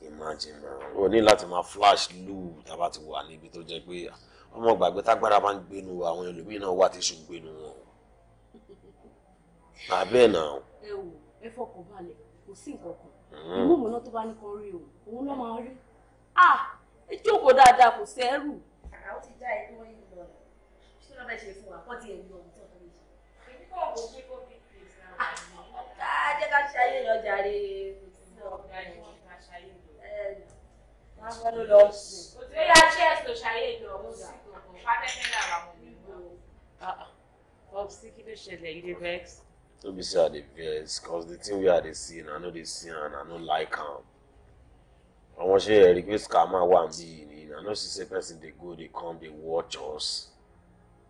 imagine ma o ní láti máa flash loot about to wà níbi tó jẹ́ pé ọmọ gbàgbé tágbára máa ń gbénu àwọn ẹlòmíín náà wà tíṣù gbénu wọn àbẹ́ẹ̀ náà. ẹ wò ẹ fọkàn balẹ̀ kò sí nǹkan kan ìlú hmm. ìmúná tó ah ẹ jókòó dáadáa kò sí ẹrù. àwọn ti já ẹni wọn yìí lọ ṣé lọ́dọ̀ ṣe fún wa kọ́ ti jẹ́ ká ṣayé lọ jàre. Má bọ́ ló lọ ah, ah. sí. cause the thing we are dey see na I no dey see and I no like am. Àwọn ṣe ẹ̀rí pé scammer wà bí yìí ni na no see say person dey go dey come dey watch us.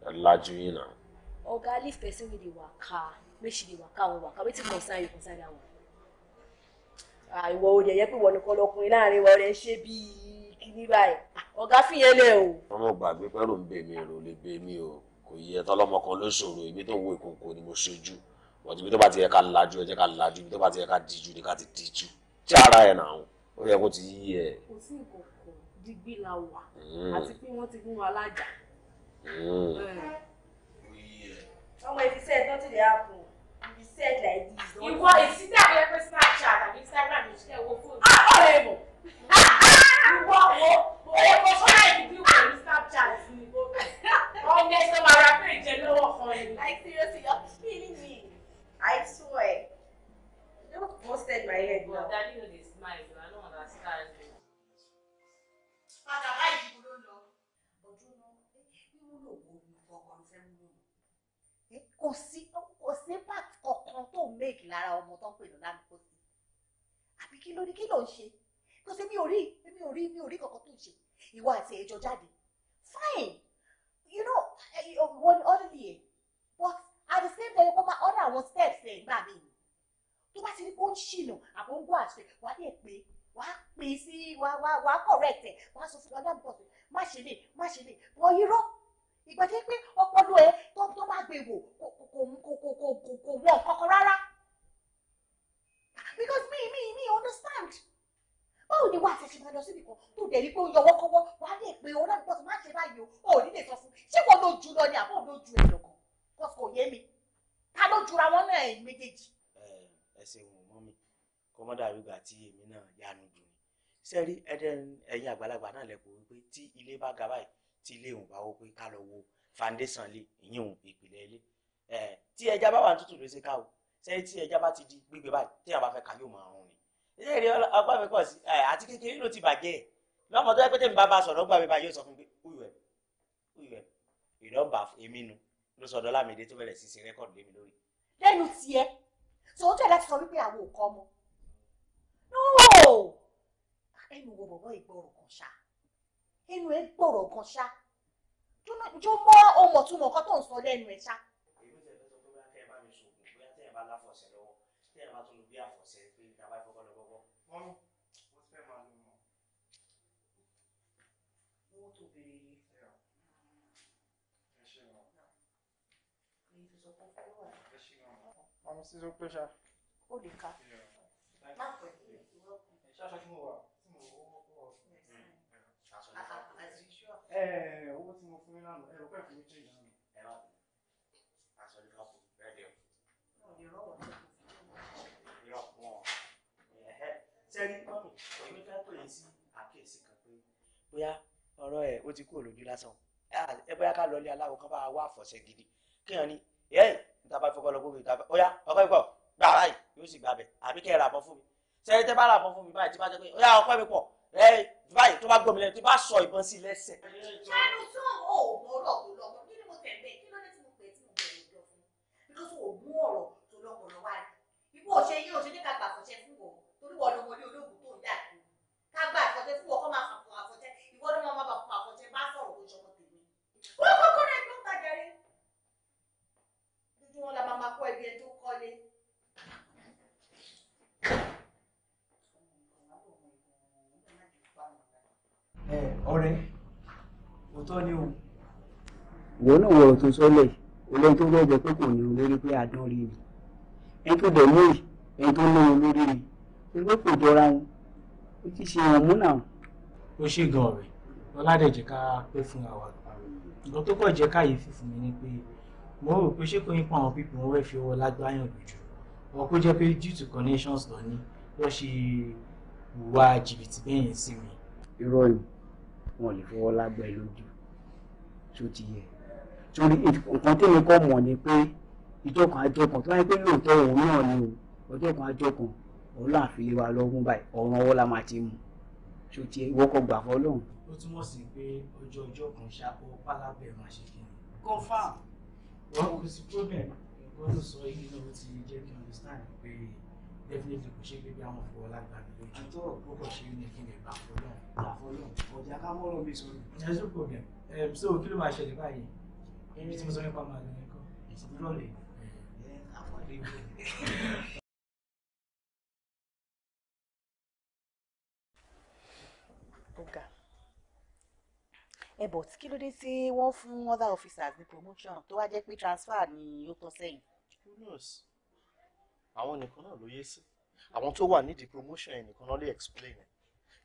Ẹ lajú yìí na. Oga leave person wey dey waka make she dey waka wọn waka wetin concern you concern that one. àìwọ òde yẹ pé wọn nìkan lọkùnrin láàrin wọn rẹ ṣe bíi kíní báyìí ah, ọ̀gá fìyẹn o. ọmọ gbàgbé pẹ́rù ń bè mí èrò lè bè mí o kò yẹ tọ́lọ́mọ kan ló ṣòro ibi tó wo ìkòkò ni mo ṣojú wọ́n ti ibi tó bá ti yẹ ká lajú ẹ jẹ́ ká lajú ibi tó bá ti yẹ ká díjú ni ká ti díjú tí ara ẹ̀ nà ń ó yẹ kó ti yí ẹ. kò sí ìkòkò digbí la wà hmm. àti pé wọ́n ti fún wa lájà. Hmm. ọmọ ìfisẹ́ tó ti lè á you said like this. ìwọ ìsítẹ́ àbíyẹ pé snapchat àbí instagram yìí ṣe wo fóònù. ah ó lè mọ̀. ìwọ wo owó tó sọ́nà ìdíbí wò ní snapchat ni. ọ̀nà ẹ̀sọ́ máa ra pé ìjẹ lọ́wọ́ kan ni. like seriously you're killing me. i swear. you don't busted my head now. ọ̀dà ni o dey smile you i no understand. padà báyìí kúrò lọ. ọdún náà mímú lògbò mi kọ̀ọ̀kan fẹ́ kò sí pàtó kan tó ń méèkì lára ọmọ tó ń pè lọ́lá mi kó sí àbí kí ló ní kí ló ń ṣe kó sí mi ò rí mi ò rí mi ò rí kankan tó ń ṣe ìwọ àti ẹjọ jáde fine you know wọn ni ọdún yẹn but at the same time kó máa order àwọn steps eh, ẹ̀ gbà mí tó bá ti ní kó ń ṣìnà àbọ̀ ń gbọ́ àṣẹ wàá dẹ̀ pé wàá pè sí wàá wàá correct ẹ̀ wàá sọ fún ọlọ́run pọ̀ pé má ṣe lè má ṣe lè wọ́n irọ́ ìgbà jẹ́ pé ọpọlọ ẹ tó tó bá gbé kò kò kò kò kò kò kò wọ rárá because me me me understand báwo ni wàá ṣẹ̀ṣẹ̀ máa lọ síbi kan tó dẹ̀ rí pé ó yọwọ́ kọ́wọ́ wàá lè pe ọ̀nà ìbọn tó má ṣe báyìí o ò ní lè sọ fún ṣé wọn ló jù lọ ni àbọ̀ ló ju èèyàn kan because kò yé mi ta ló jura wọn náà ẹ̀yìn méjèèjì. ẹ ṣeun mọ mi kọmọdà àrùgbà tí èmi náà yanu jù ní sẹ́rí ẹ̀dẹ̀ ẹ̀yin àgbàlagbà náà lẹ́kọ̀ọ́ tí ilé òun bá wó pé ká lọ wo foundation lé ìyẹn òun ìpìlẹ̀ ilé tí ẹja bá wà ní tútù lóṣè káwọ sẹ́yìn tí ẹja bá ti di gbígbé báyìí tí àwọn afẹ́ka yóò máa rún ni ilé ìrìn ọgbà mi pọ̀ sí àti kékeré ló ti bàjẹ́ ẹ̀ lọ́mọ tó yẹ pé tèmi bá bá sọ̀rọ̀ ọgbà mi bá yóò sọ fún mi pé uyù ẹ̀ uyù ẹ̀ ìdánbà èmi nu ló sọ Ọlámídé tó bẹ̀rẹ̀ sí ṣe rẹ́kọ̀dù lé mi lórí. lẹ́nu tiẹ̀ tòun tẹ̀lé ti sọ wípé àwọn ò kọ́ ọmọ ẹnu wo bọ̀bọ̀ ìgbọ̀rọ̀ kan ṣáà ẹnu ẹ gbọ̀rọ̀ kan ṣá jó mọ́ ohun ọ̀túnmọ̀ kan tó ń sọ lẹ́nu ẹ ṣá. èmi tẹ̀ fẹ́ sọ pé bá tẹ́ ẹ bá mi sògùn bóyá Eh, owó tí mo fún yín lánàá ẹ̀rọ pẹ̀ fún mi jẹ́ ìyá mi. ẹ má bẹ̀rẹ̀ aṣọ ní ká kú bẹ́ẹ̀ dẹ̀. ìrọ̀ wọn sẹ́rí mọ́mì èmi fẹ́ pè é sí àkíyèsí kan pé bóyá ọ̀rọ̀ ẹ̀ ó ti kúrò lójú lásán ẹ bóyá ká lọ ilé aláwo bá wá àfọ̀ṣẹ gidi kéèyàn ni ẹ níta bá fọkọ lọ gbogbo ìta ọyá ọkọ ìpọ gbà báyìí yóò sì gbà àbí kẹ́ ẹ fún mi sẹ́rí tẹ́ bá rà bọ́ fún mi báyìí tí bá jẹ́ pé ọyá ọkọ mi pọ̀ ẹ báyìí tó bá gbọ́ mi lẹ́nu tó bá sọ ìbọn sí lẹ́sẹ̀. ṣẹ́nu tó ò mọ ọ̀rọ̀ tó lọ́mọ kí ni mo tẹ̀ bẹ́ẹ̀ kí ló dé tí mo pè tí mo bẹ̀rẹ̀ ìjọ fún mi bí kò tó ò mú ọ̀rọ̀ tó lọ́kọ̀ọ́ lọ́wọ́ àná ìbò òṣè yìí òṣè nígbà gbà fọ́ṣẹ́ ọ̀rẹ́ òótọ́ ni o. ìwọ náà wọ òtún sọlẹ̀ olóyún tó gbọ́dọ̀ pé kò ní olórí pé àdán rí ni ẹni tó dẹ̀ lóyè ẹni tó lóyún lórí ni ẹgbẹ́ kò jọra wọn ó ti ṣe wọn mú náà. ó ṣe gan ọ̀rẹ́ ọládẹ̀jẹ̀ ká pé fún àwa nǹkan tó kọ̀ jẹ́ káyéfì fún mi ni pé mo rò pé ṣé kò ní pa àwọn pípọ̀ wọn fẹ́ fi ọwọ́ lágbáyàn lójú wọn kó jẹ́ pé due to connections lọ ní wọ́n ṣe ìwà jìbìtì bẹ́yẹn sí mi. irọ́ ni wọn lè fọwọ́ lágbẹ́ lójú tó ti yẹ torí nǹkan tèmi kọ́ mọ̀ ni pé ìjọ kan àjọ kan tó wáyé pé lóòótọ́ òun náà ni o ọjọ́ kan àjọ kan òun là fi lè wa lọ́gùn báyìí ọ̀run ọwọ́ la máa ti mú tó ti yẹ ìwọ kọ gbà fọ́ lóhùn. ó túmọ̀ sí pé ọjọ́ ọjọ́ kan ṣàkó pálábẹ̀ máa ṣe kí ni. confam wọn kò sí problem nǹkan tó sọ yìí náà ó ti jẹ́ kí n understand pé definitely kò ṣe pé bí àwọn fọwọ́ lágbàdo lójú àti ọ̀rọ̀ tó kọ̀ ṣe ní kí ni ìgbà fọlọ́n ìgbà fọlọ́n ọjà ká mọ́rọ̀ mi sọ̀rọ̀. ẹ ṣe problem so kí ló máa ṣẹlẹ̀ báyìí ibi tí mo sọ nípa máa lọ ẹ̀kọ́ ìsìnkúrọ̀lẹ̀ àfọ̀lẹ́ ìwé. ọ̀gá ẹ bọ̀ kí ló dé tí wọ́n fún other officers ní promotion tó wá jẹ́ pé transfer ni ó tọ́ sẹ́yìn. who knows àwọn nìkan náà ló yé sí àwọn tó wà nídìí promotion yẹn nìkan náà lè explain ẹ̀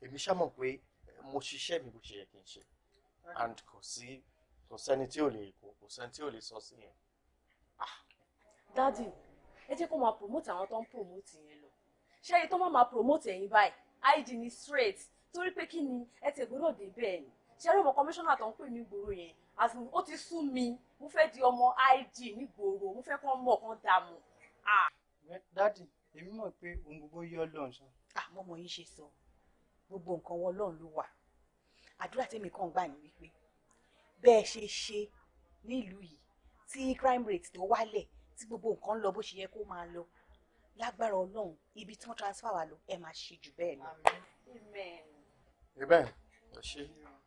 èmi ṣá mọ̀ pé mo ṣiṣẹ́ mi bó ṣe yẹ kí n ṣe and kò sí kò sẹ́ni tí ò lè kò sẹ́ni tí ò lè sọ sí yẹn. Ah. dádì ẹ jẹ́ kó máa promote àwọn tó ń promote yẹn lọ ṣé ẹni tó máa máa promote ẹ̀yin báyìí id ni straight torí pé kí ni ẹ ti gbọ́dọ̀ dé bẹ́ẹ̀ ni ṣé ẹ̀rọ ọmọ kọmíṣánná tó ń pè ní ìgboro yẹn àti ó ti sú mi mo fẹ́ di ọmọ id nígboro mo fẹ́ kọ́ mọ̀ kán dààmú dádì èmi mọ̀ pé ohun gbogbo yé ọlọ́run sọ. àmọ́ ah, mo yín ṣe sọ gbogbo nǹkan wọn ọlọ́run ló wà àdúrà tèmi kàn gbà ní wípé bẹ́ẹ̀ ṣe ṣe nílùú yìí tí crime rate tó wálẹ̀ tí gbogbo nǹkan lọ bó ṣe yẹ kó máa lọ lágbára ọlọ́run ibi tí wọ́n transfer wa lọ ẹ máa ṣe jù bẹ́ẹ̀ lọ. amen. amen. ẹ ṣe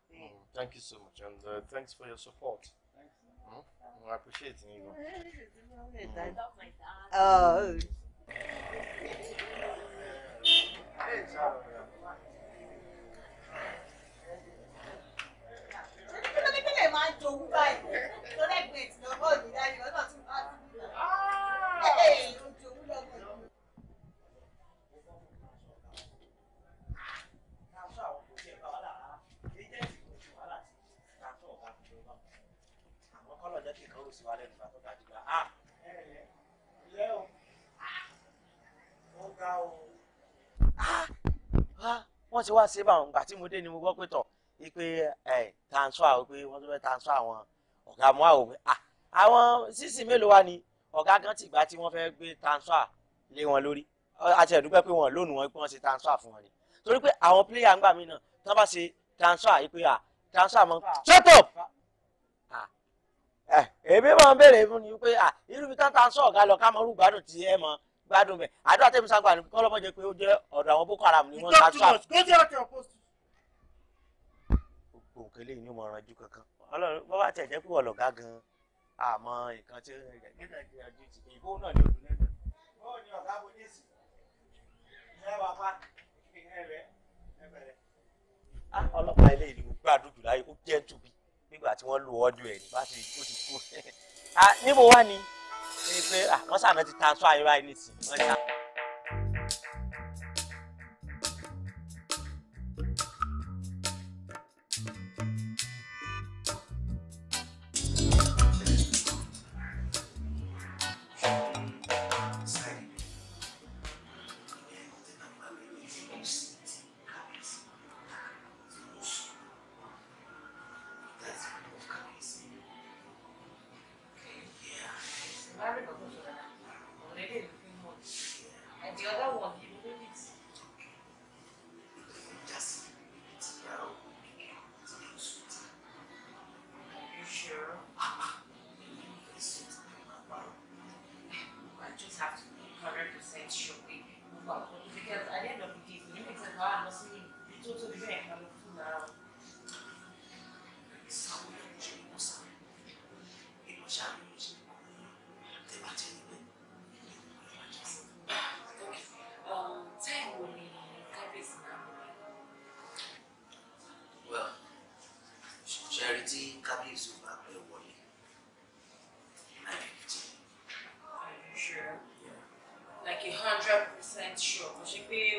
mm, thank you so much and uh, thanks for your support mo appreciate yín gan. Oh. Hey, sorry. wọ́n ti wá ṣe báwọn ìgbà tí mo dé ni mo gbọ́ pé tọ̀ wípé ẹ̀ transfer wípé wọ́n tó fẹ́ transfer àwọn ọ̀gá mọ́ àwọn òwe à àwọn sísì mélòó wa ni ọ̀gá kan ti gbà tí wọ́n fẹ́ gbé transfer lé wọn lórí àti ẹ̀dúpẹ́ pé wọ́n lónìí wọn pé wọ́n ṣe transfer fún wọn ni torí pé àwọn player ńgbà mí náà tán bá ṣe transfer yìí à transfer mọ́ shut up èmi máa ń béèrè fún ni pé à irú mi tán transfer ọ̀gá lọ ká mọ́ rúgbàdùn ti ẹ̀ mọ́ gbádùn bẹ̀ àdúrà tẹ̀mí sáńgbà ni kọ́lọ́mọ jẹ́ pé ó jẹ́ ọ̀dọ̀ àwọn boko haram ni wọ́n ta sáà. gbogbo nǹkan eléyìí ni ó mọ ọ̀ràn ju kankan ọlọ́run bọ́ bá tẹ̀ jẹ́ pé wọ́n lọ̀gá gan àmọ́ nǹkan tí ìbò náà ni òdùn lẹ́nu. ó ní ọ̀gá bo ní èsì ìyá pa ìyá rẹ̀ ọlọ́pàá eléyìí ni mo gbàdúrà jù láyé ó jẹ́ tùbí nígbà tí wọ́n lò ọ́dún ẹ̀ nígbà tí ó ti kú. [laughs] níbo wá ni ṣe pé àwọn ah, sàmì ti ta aṣọ àyíwá yìí nìsín. tipo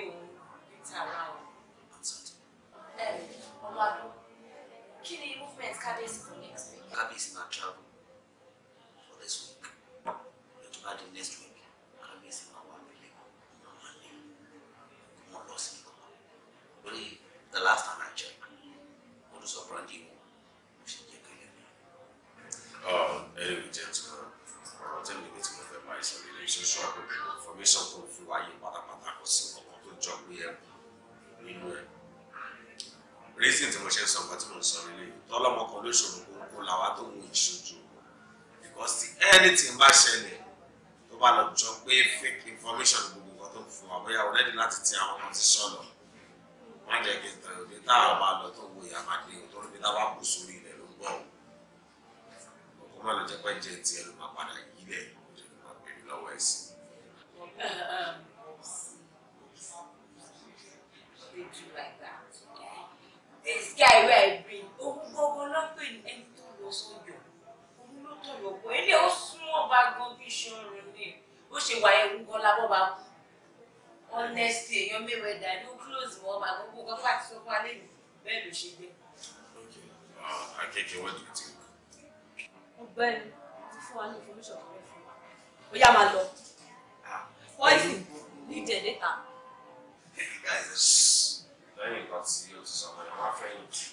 ṣẹlẹ̀ tó bá lọ jọ pé fake information gbogbo nǹkan tó ń fún wa bóyá o rẹ́dí láti ti àwọn ọmọ ti sọ̀nà má jẹ́ kí n tàn òde tá a bá lọ tó wo ìyàmá dé o tó ń gbé tá a bá kú sórí ilẹ̀ ló ń bọ̀ o kó lọ jẹ́ pé jẹ́ tiẹ̀ ló má. ṣòro ni ó ṣe wà ewu gan lábọ́ bá kú honestly èèyàn mẹ́wẹ̀ẹ́ dà ní ó close mọ́ ọmọ àgbọ̀gbọ̀ kọ́kọ́ àti sọ́kọ́ alẹ́ mi bẹ́ẹ̀ ló ṣe gbé. akẹ́kẹ́ wọ́n ti ti. ọ̀gbẹ́ni ti fún wa ní information kan fún wa ó yá máa lọ ah. poison ní ìdẹ̀lẹ́ta. lẹ́yìn nǹkan tí o ti sọ pé wọ́n á fẹ́ yín jù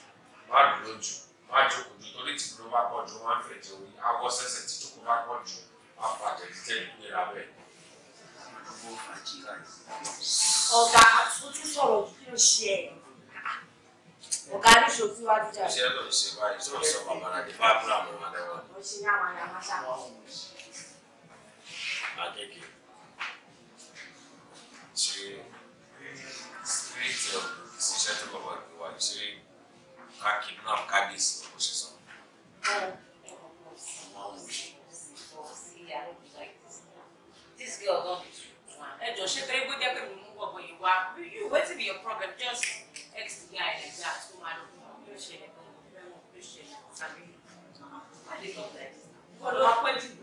wọ́n á dúró jù wọ́n á jókòó jù torí tìkúrú bá pọ̀ jù wọ́n á fẹ́ jẹun àwọ̀ sẹ́sẹ̀ tí bá pọ̀ jù ọ̀gá àtúntò sọ̀rọ̀ kí ló ṣe ẹ̀ ọ̀gá ní ṣojú wá dídá. ṣé lọ ṣe báyìí tó ń sọ bàbá náà ní báàbù àwọn ọmọ rẹ wá. wọ́n ṣe ní àwọn àyàmá sáwọn ọmọ rẹ. ṣe rírìtì ọ̀dọ̀ ṣiṣẹ́ tó bàbá ìwà ṣe ká kidnap kábíyèsí ọ̀pọ̀ ṣe sọ. gbé ọ̀gá mi to wa ẹ jọ ṣé torí bó jẹ́ pé mi mú ọ̀gbọ̀n yìí wá be your problem just ex the guy like that kó máa lọ fún ọ yóò ṣe ẹ̀gbọ́n mi fẹ́ràn yóò ṣe ẹ̀gbọ́n mi tàbí wà lè lọ bẹ́ẹ̀ kó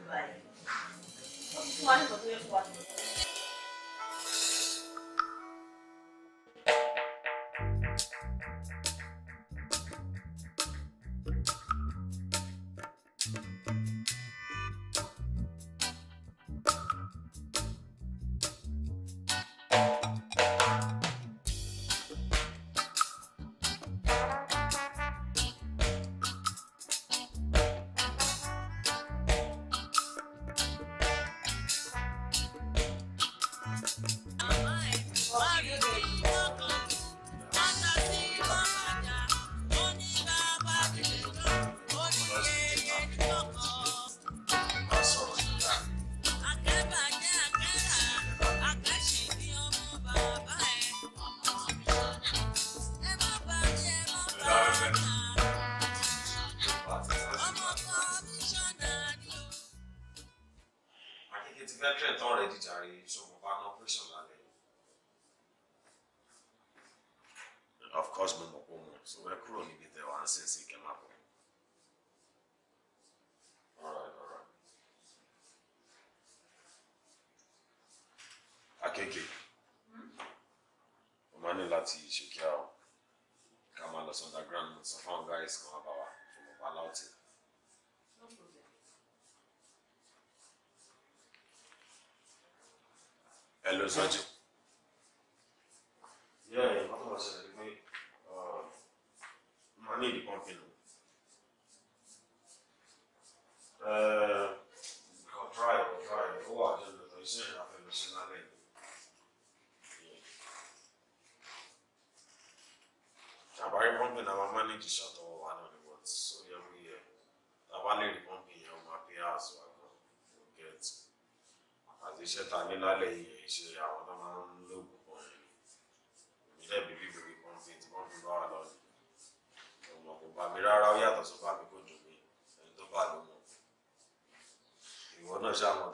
kéèké mo máa ní láti ṣèkí àwọn ká máa lọ sí underground mo sọ fáwọn guys kan wá bá wa fún mo bá láwùtì. Hello, Sergeant. se ta ní lálẹ́ se ṣe o tó máa ń lóògùn kan ni ìbílẹ̀ bíbí bèrè kan fi tí wọ́n fi bá wa lọ ni ọmọ kò bá mi rárá ó yàtọ̀ sí bá mi kó jù mí ẹni tó bá lò mọ́ ìwọ náà ṣàmọ̀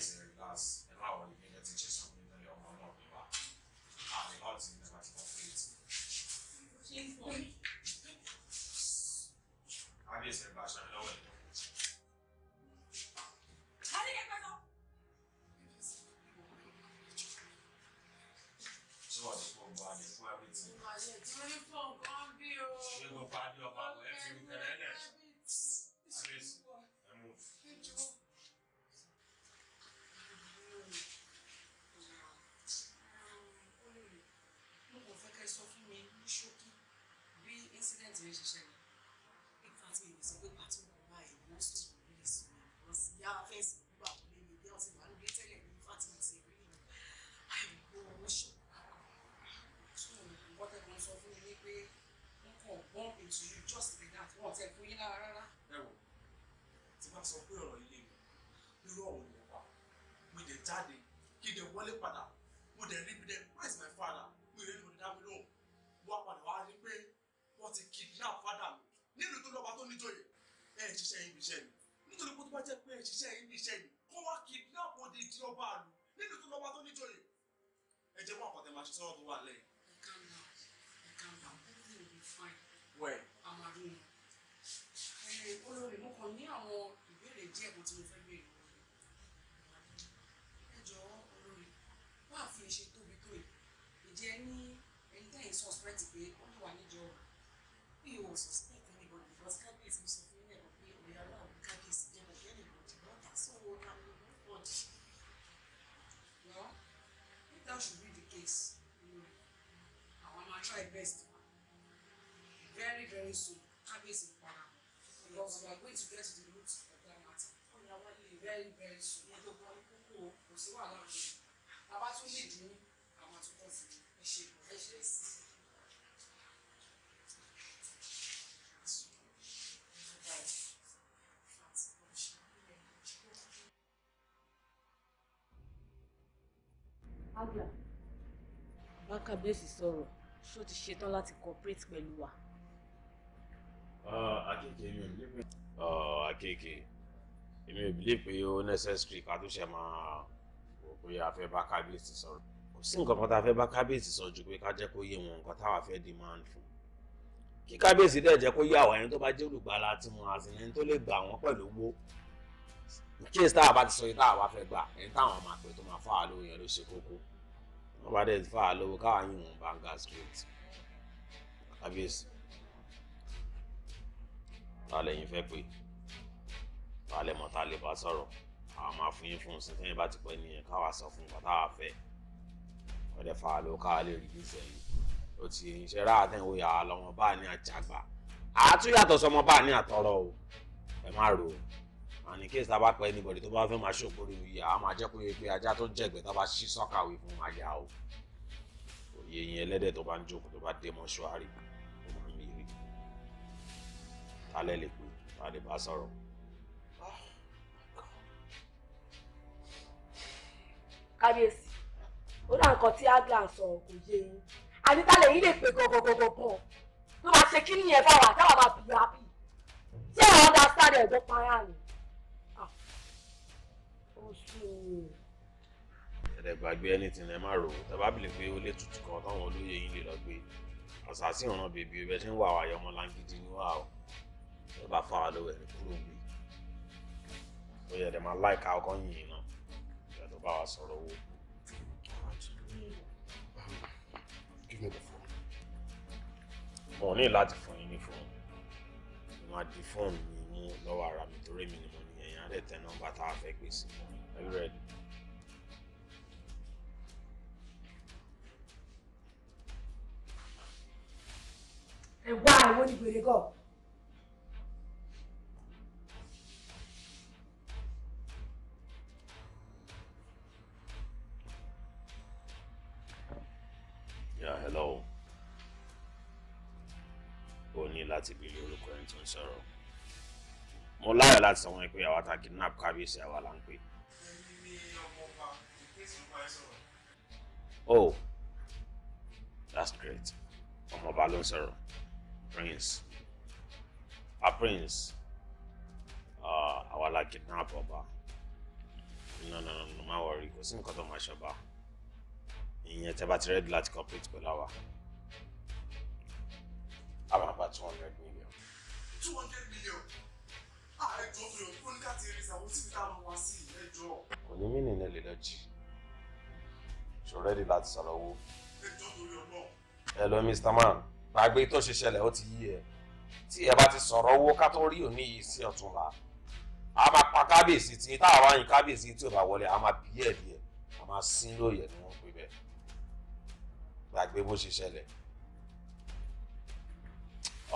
Amazing nǹkan tí mo fẹ́ béèrè ẹ jọ̀ọ́ olórí wọ́n àfi ṣe tóbi tó yìí ìjẹ́ ní ẹni tẹ́yìn suspect pé ó lè wà níjọ mi ò suspect anybody because kábíyèsí sọ fún ilé ẹ̀kọ́ pé òye aláwọ̀ kábíyèsí jẹ́ ẹ̀kẹ́ anybody but aso wo na mo mú body well if that should be the case àwọn máa try best very very soon kábíyèsí para because we are going to get to the root of that ìyàwó yìí very very soon yẹn tó gbọ́n kúkú o kò sí wàhálà òun tàbá tún lè dín ní àwọn àtúntò sí ẹ ṣe ẹ ṣe é sí. Agla, Bákàbẹ́sì sọ̀rọ̀, ṣó ti ṣetán láti cooperate pẹ̀lú wa? Ah, Akeke mi ò ní pẹ́. Ah, Akeke èmi ò believe pé ó necessary ká tó ṣe máa wò pé a fẹ́ bá kábíyèsí sọ̀rọ̀ kò sí nǹkan kan tá a fẹ́ bá kábíyèsí sọ ju pé ká jẹ́ kó yé wọn nǹkan táwa fẹ́ demand fún kí kábíyèsí dẹ̀ jẹ́ kó yé àwọn ẹni tó bá jẹ́ olùgbàlà tí wọn àti ẹni tó lè gbà wọ́n pẹ̀lú owó kí èsì táwa bá ti sọ yìí táwa fẹ́ gbà ẹni táwọn máa pè tó máa fà lówó yẹn ló ṣe kókó wọn bá dẹ̀ fà á lówó káwa yìí wọn banga ta lẹ́yìn fẹ́ pé tálẹ̀ mọ́ tálẹ̀ bá sọ̀rọ̀ àwọn máa fún yín fún un sí tẹ́yìn bá ti pẹ́ nìyẹn káwa sọ fún nǹkan táwa fẹ́ wọ́n dẹ̀ fa àlọ́ káwa lè rí ní sẹ́yìn ó ti ṣe rà àtẹ̀wò yà á lọ́mọ bá ní àjàgbà àtúnyàtọ̀ sọmọ bá ní àtọ̀rọ̀ o ẹ má rò ó àní kí ìsìta bá pẹ́ anybody tó bá fẹ́ máa ṣòkòrò ìyá á máa jẹ́ pé pé ajá tó jẹ̀gbẹ́ tá bá ṣí sọ́kàwé fún àyà o òye yẹn ẹlẹ́dẹ̀ tó bá ń jókòó tó bá dé mọ́ṣúárì ó máa ń mèrè tálẹ̀ lè pè tálẹ̀ bá sọ̀rọ̀ kábíyèsí ó dà nǹkan tí aglan sọ kò yé yín àníkàlẹ̀ yìí lè pè gọ̀gọ̀gọ̀gọ̀ ló máa ṣe kí nìyẹn fáwọn àtàwọn máa bì á bì ṣé àwọn ọ̀dà sáré ẹ̀gbọ́n para ni oṣù. ẹ̀rẹ̀ gbàgbé ẹni tí ẹ má rò ó tẹ́ bá bìlì pé ó lè tutù kan táwọn olóyè yín lè lọ gbé ọ̀sà sí ìran bèbí ẹ ṣe ń wà wàyọ̀ ọmọ láńgídí ní wà ó ẹ bá fà wà lówẹ̀ kúrò gbé ó yẹ ẹ máa láìka ọkọ yìnyín bá sọ̀rọ̀ owó. give me the phone. mo ní láti fún yín ní fóònù mo máa di fóònù mi mú lọ́wọ́ ara mi torí mi ni mo ní ẹ̀yìn adé tẹ nọ́mbà tá a fẹ́ pèsè fún are you ready? ẹ wá àwọn onígbèrè gan. yeah hello o ní láti béèrè orúkọ ẹni tó ń sọ̀rọ̀ mo láyọ̀ láti sọ wọn pé àwa ta kidnap kábíyèsí àwa là ń pè. oh that's great ọmọọba ló ń sọ̀rọ̀ prince a prince àwa la kidnap ọba no no no no. má wọrí kò sí nǹkan tó máa ṣọba ìyẹn tẹ́ bá ti ready láti complete pẹ̀lú àwa a máa gba two hundred million. two hundred million ah, ẹjọ́ fi hàn kúrò ní káàtì erésà ó sì fi ká mọ wá sí ẹjọ́. kò ní mí nìyẹn lè lọ ṣò ready láti sọ̀rọ̀ owó. ẹjọ́ torí ọlọ́run. ẹ lọ Mr. Man gbàgbé tó ṣe ṣẹlẹ̀ ó ti yí ẹ tí ẹ bá ti sọ̀rọ̀ owó ká tó rí òní yìí sí ọ̀túnla a máa pa kábíyèsí tí táwa wáyìn kábíyèsí tí ò bá wọlé a máa bí ẹ̀ bí ẹ̀ a máa sin lóye ni wọ́n gbàgbé bó ṣe ṣẹlẹ̀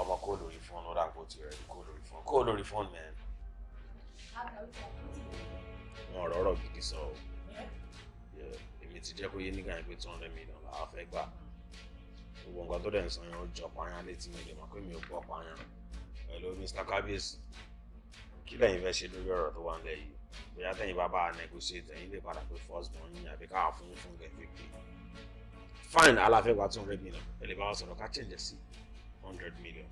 ọmọ kó lórí fóònù ó dàpọ̀ tí rẹ̀ kó lórí fóònù kó lórí fóònù mẹ́rin. wọn rọrọ gidi sọ o èmi ti jẹ́ kó yé nígbà yẹn pé two hundred million làwọn fẹ́ gbà gbogbo nǹkan tó dẹ̀ ń san yẹn ó jọ pààyàn létí mi lè mọ̀ pé mi ò gbọ́ pààyàn pẹ̀lú Mr Kábíyèsí kí lẹ́yìn fẹ́ ṣe lórí ọ̀rọ̀ tó wà nílẹ̀ yìí bóyá tẹ̀yìn bá bá a negotiate ẹ̀yìn lè padà pé first born yín àbí káà fún fún gẹ̀ẹ́fẹ̀ pé fine aláfẹ́ wa two hundred million ẹ lè bá wọn sọ̀rọ̀ ká change sí hundred million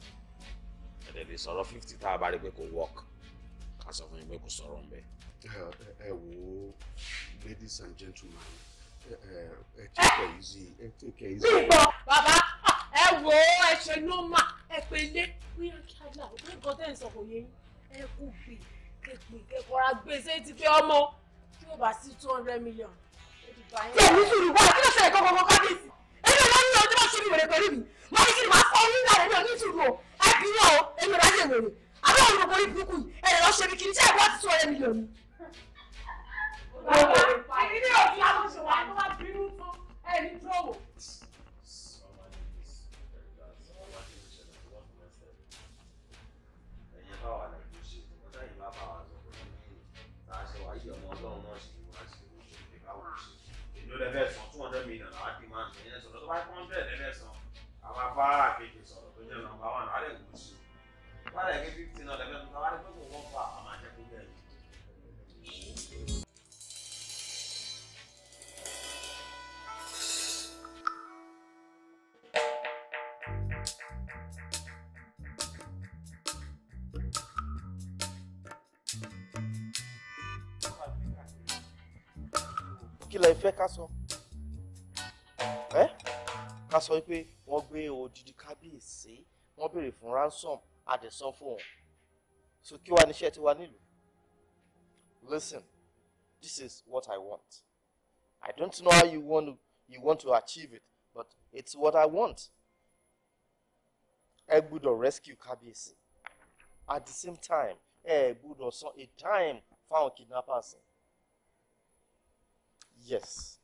ẹ lè lè sọ̀rọ̀ fifty tá a bá rí pé kò work ká sọ fún yín pé kò sọ̀rọ̀ ń bẹ. ẹ wo ladies and gentlemen ẹ ti kẹ easy ẹ ti kẹ easy. bíbọ̀ bàbá ẹ wo ẹ ṣe nọ́mà ẹ pé ilé bóyá kí á là ó pé gọ́tẹ́ ìsọ̀kò yẹn ẹ kú gbé kẹgbẹ́ kẹkọ̀ọ́ra gbèsè ti pé ọmọ tí ó bá sí two hundred million tẹ̀mí sùúrù wá kí ló ṣẹlẹ̀ gbọ́ngbọ́n kábíyèsí èmi ò ní ọjọ́ bá ṣubú wèrè pẹ̀lú mi mo ní kí ni màá fọ́ nígbà rẹ̀ mi ò ní sùúrù o ẹ bí yàn o èmi ò bá ṣe wèrè àbẹ́ òun gbogbo orí burúkú yìí ẹ̀ lọ́ ṣe mi kì í ṣe ìwọ́n ti tún ọ̀rẹ́ mi lò ní. bàbá èmi ní òkú bá àkejì sọ̀rọ̀ tó jẹ́ nọ́mbà wọn àárẹ̀ ìgbò sí o fífitì náà lẹ́gbẹ̀ẹ́ nípa wọ́n rẹ̀ gbọ́dọ̀ fà á máa jẹ́ kó bẹ́ẹ̀ kí lẹ fẹ́ ká sọ ká sọ pé wọ́n gbé odidi kábíyèsí wọ́n béèrè fún ransom àdẹ̀sán fún wọn so kí wàá níṣẹ́ tí wàá nílùú listen this is what I want I don't know how you want to, you want to achieve it but it's what I want ẹ gbúdọ̀ rescue kábíyèsí at the same time ẹ gbúdọ̀ san a time fáwọn kidnappers yes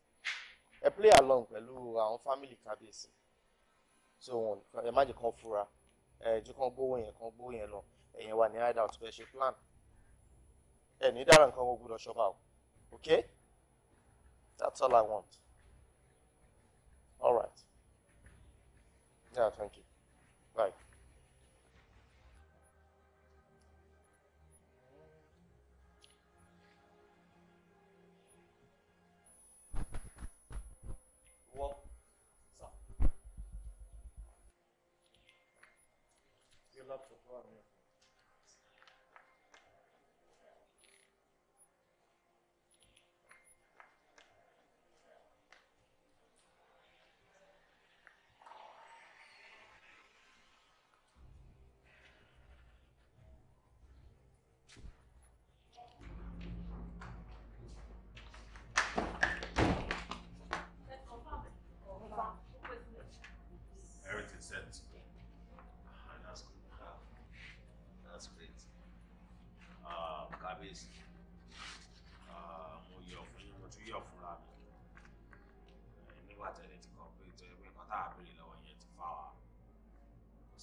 ẹ play along pẹ̀lú àwọn family kábíyèsí so wọn ẹ má jẹ́ kán fura ẹ jẹ́ kán gbówó yẹn kán gbówó yẹn lọ ẹ̀yẹn wà ní hideout bẹ́ẹ̀ ṣe plan ẹ ní dára nǹkan gbogbo lọ ṣọ́ba o okay that's all I want all right yeah thank you bye.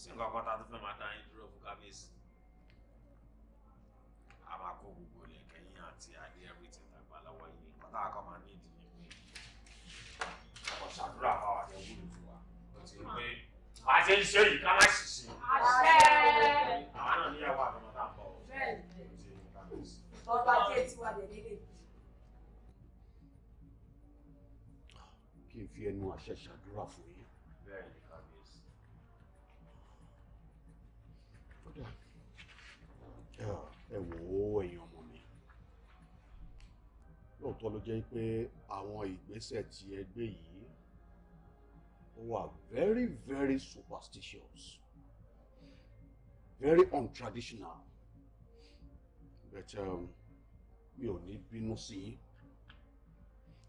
sí nǹkan kan tá a tún fẹ́ máa dá yín dúró fún kábíyèsí a máa kó gbogbo ilẹ̀ a àti adé everything tàgbà lọ́wọ́ yìí pátá àkọ́ máa ní ìdí nínú yìí ọkọ̀ ṣàdúrà fáwọn àjẹ wúlò fún wa ó ti ń pé a ṣe ń ṣe yìí ká má ṣiṣẹ́ àwọn náà níyàwó àtọmọ náà bọ̀ ọ́ ọba jẹ́ tiwa dẹ̀ lélẹ̀. kí n fi ẹnu àṣẹ ṣàdúrà fún yín. lóòótọ́ ló jẹ́ pé àwọn ìgbésẹ̀ tí ẹ gbé yìí wà very very superstitious very untraditional but um, mi ò ní bínú sí yín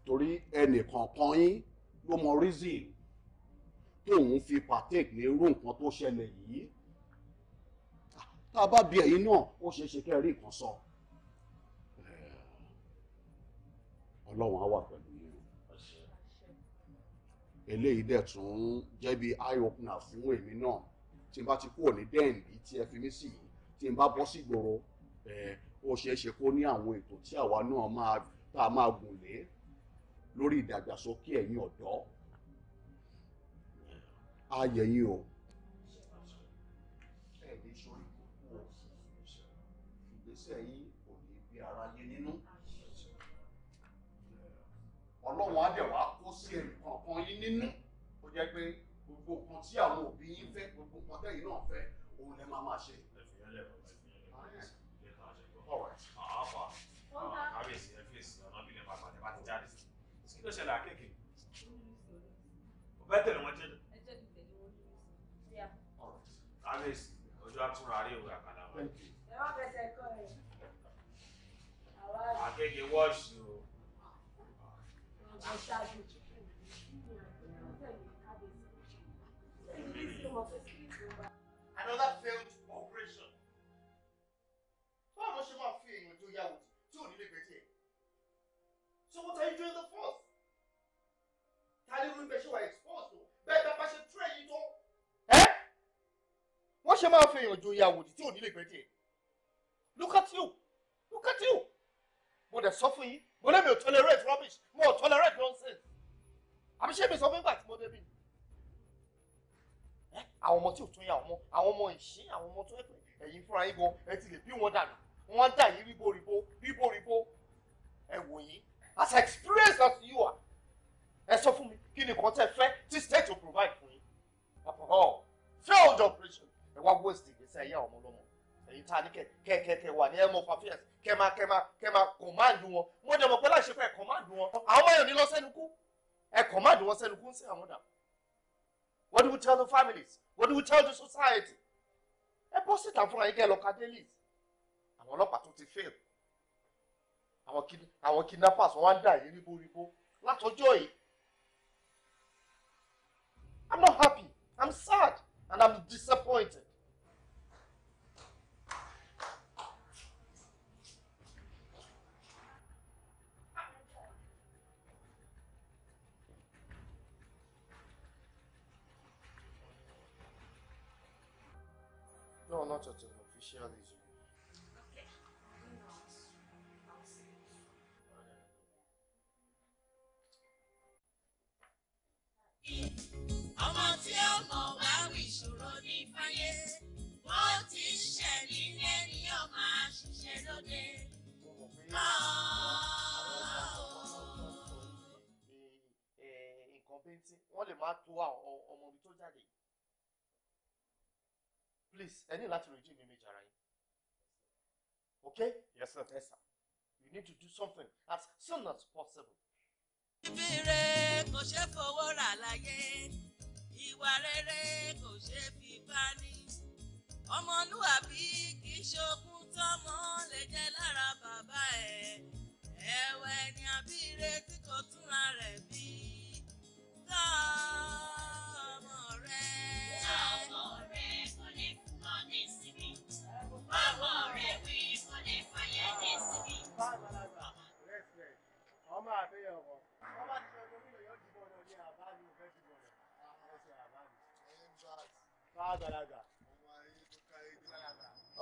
torí ẹnìkọ̀ọ̀kan yín ló mọ reason tóun fi partake ní irú nǹkan tó ṣẹlẹ̀ yìí ah, tá a bá bi ẹ̀yin náà ó ṣeé ṣe kẹ́ ẹ rí nǹkan sọ. So ọlọ́run á wà pẹ̀lú yín eléyìí dẹ̀ tún jẹ́ bí eye opener fún èmi náà tí n bá ti kúrò ní dẹ́ẹ̀nbí tí ẹ fi mí sí yìí tí n bá bọ́ sí ìgboro ó ṣeé ṣe kó ní àwọn ètò tí àwa náà máa tá a máa gùn lé lórí ìdàgbàsókè ẹ̀yin ọ̀dọ́ ayẹ yín o ẹ̀yin ìgbésẹ̀ yín. ọlọ́run á dẹ̀ wá kó sí ẹnìkọ̀ọ̀kan yín nínú kó jẹ́ pé gbogbo nǹkan tí àwọn òbí yín fẹ́ gbogbo nǹkan tẹ̀yìn náà fẹ́ òun lẹ máa máa ṣe. kábíyèsí ẹ fèsì ọ̀nà bí lè máa gbàdé bá ti jáde sí kí ló ṣẹlẹ̀ àkékè ọbẹ̀ tẹ̀lé wọn jẹ́jẹ́. kábíyèsí ojú àtúrà rí òwe àkàlà wọn. ẹ̀rọ kẹsẹ̀ kọ́ ẹ̀. àkékè wọ́ọ̀ṣì o another failed operation báwo ló ṣe máa fi èèyàn tó yà wò tí ò so what are you doing the first tálẹ́ irú ibẹ̀ ṣe wà exposed o bẹ́ẹ̀ bá bá ṣe tú ẹ̀yìn tó. wọ́n ṣe máa fi èèyàn jó ìyàwó tí ò look at you look at you mo dẹ̀ suffering mo lé mi ò tolerate rubbish mo ò tolerate nonsense àbí ṣé mi sọ fún ìgbà tí mo débi àwọn ọmọ tí ò tún yà ọmọ àwọn ọmọ ìṣín àwọn ọmọ tó ẹ pé ẹ̀yin fúnra yín gan ẹ ti lè bí wọn dànù wọn dà yín ríboríbo ríboríbo ẹ wò yín as experienced as you are ẹ sọ fún mi kí ni kan tẹ́ fẹ́ tí state will provide fún yín after all failed operation ẹ wá waste ìgbésẹ̀ ẹyà ọmọ lọ́mọ ẹ̀yin tá a ní kẹkẹkẹ wà ní ẹmọ fàfíẹsì kẹ máa kẹ máa kẹ máa kàn máa lù wọn mo dẹ̀ mọ̀ pé láì ṣe pé ẹ̀kàn máa lù wọn àwọn ọmọ yẹn ní lọ sẹ́nu kú ẹ̀kàn máa lù wọn sẹ́nu kú ń sìn àwọn dà what do we tell the families what do we tell the society ẹ bọ́ síta fún ayé kẹ́ lọ ka dailies àwọn ọlọ́pàá tó ti fail àwọn kidnappers wọn wá ń dà yín ríboríbo látọjọ́ yìí I'm not happy I'm sad and I'm disappointed. No, not at all. Officialism. Okay. Ọmọ tí ó mọ̀ wá wí ìṣòro ní fáyé, bó ti ń ṣẹ̀ nílé ni ó máa ṣiṣẹ́ lóde. Eh, nǹkan bẹ́ntì, wọ́n lè máa tó àwọn ọmọ ibi tó jáde yìí please ẹ ní láti redeem image ara yín okay yes sir yes sir you need to do something as soon as possible. ìbéèrè kò ṣeé fọwọ́ rà láyé ìwà rere kò ṣeé fi bá ní ọmọlúwàbí kì í ṣokùn tọmọ lè jẹ lára bàbá ẹ ẹ̀wẹ̀ ni àbíire tí kò túnra rẹ̀ bí tọ́ ọmọ rẹ̀ ní sinmi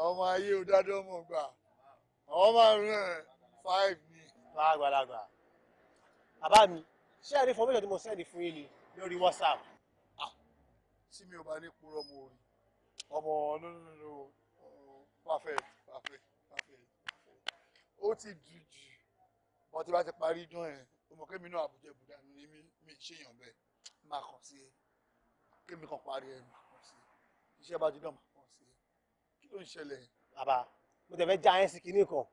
ọmọ ayé ò dájọ́ mọ̀ gbà ọmọ rẹ̀ five ni. fàgbàlagbà. bàbá mi ṣé ẹni fọwọ́n mo sẹ́ẹ̀dì fún yín ni lórí WhatsApp. Ah, tí mi ò bá ní purọ́ mo rí ọmọ no no no oh, perfect perfect perfect ó ti dùn jù bọ́n tí bá ti parí o ẹ̀ ọmọkẹ́mi náà àbújá ìbùdá ni mi mi ṣèyàn bẹ́ẹ̀ máa kàn sí ẹ kémi kan parí ẹ máa kàn sí ẹ iṣẹ́ bá ti dán máa kàn sí ẹ kí ló ń ṣẹlẹ̀. bàbá mo tẹ̀ fẹ́ já ẹ́ sí kinní kan.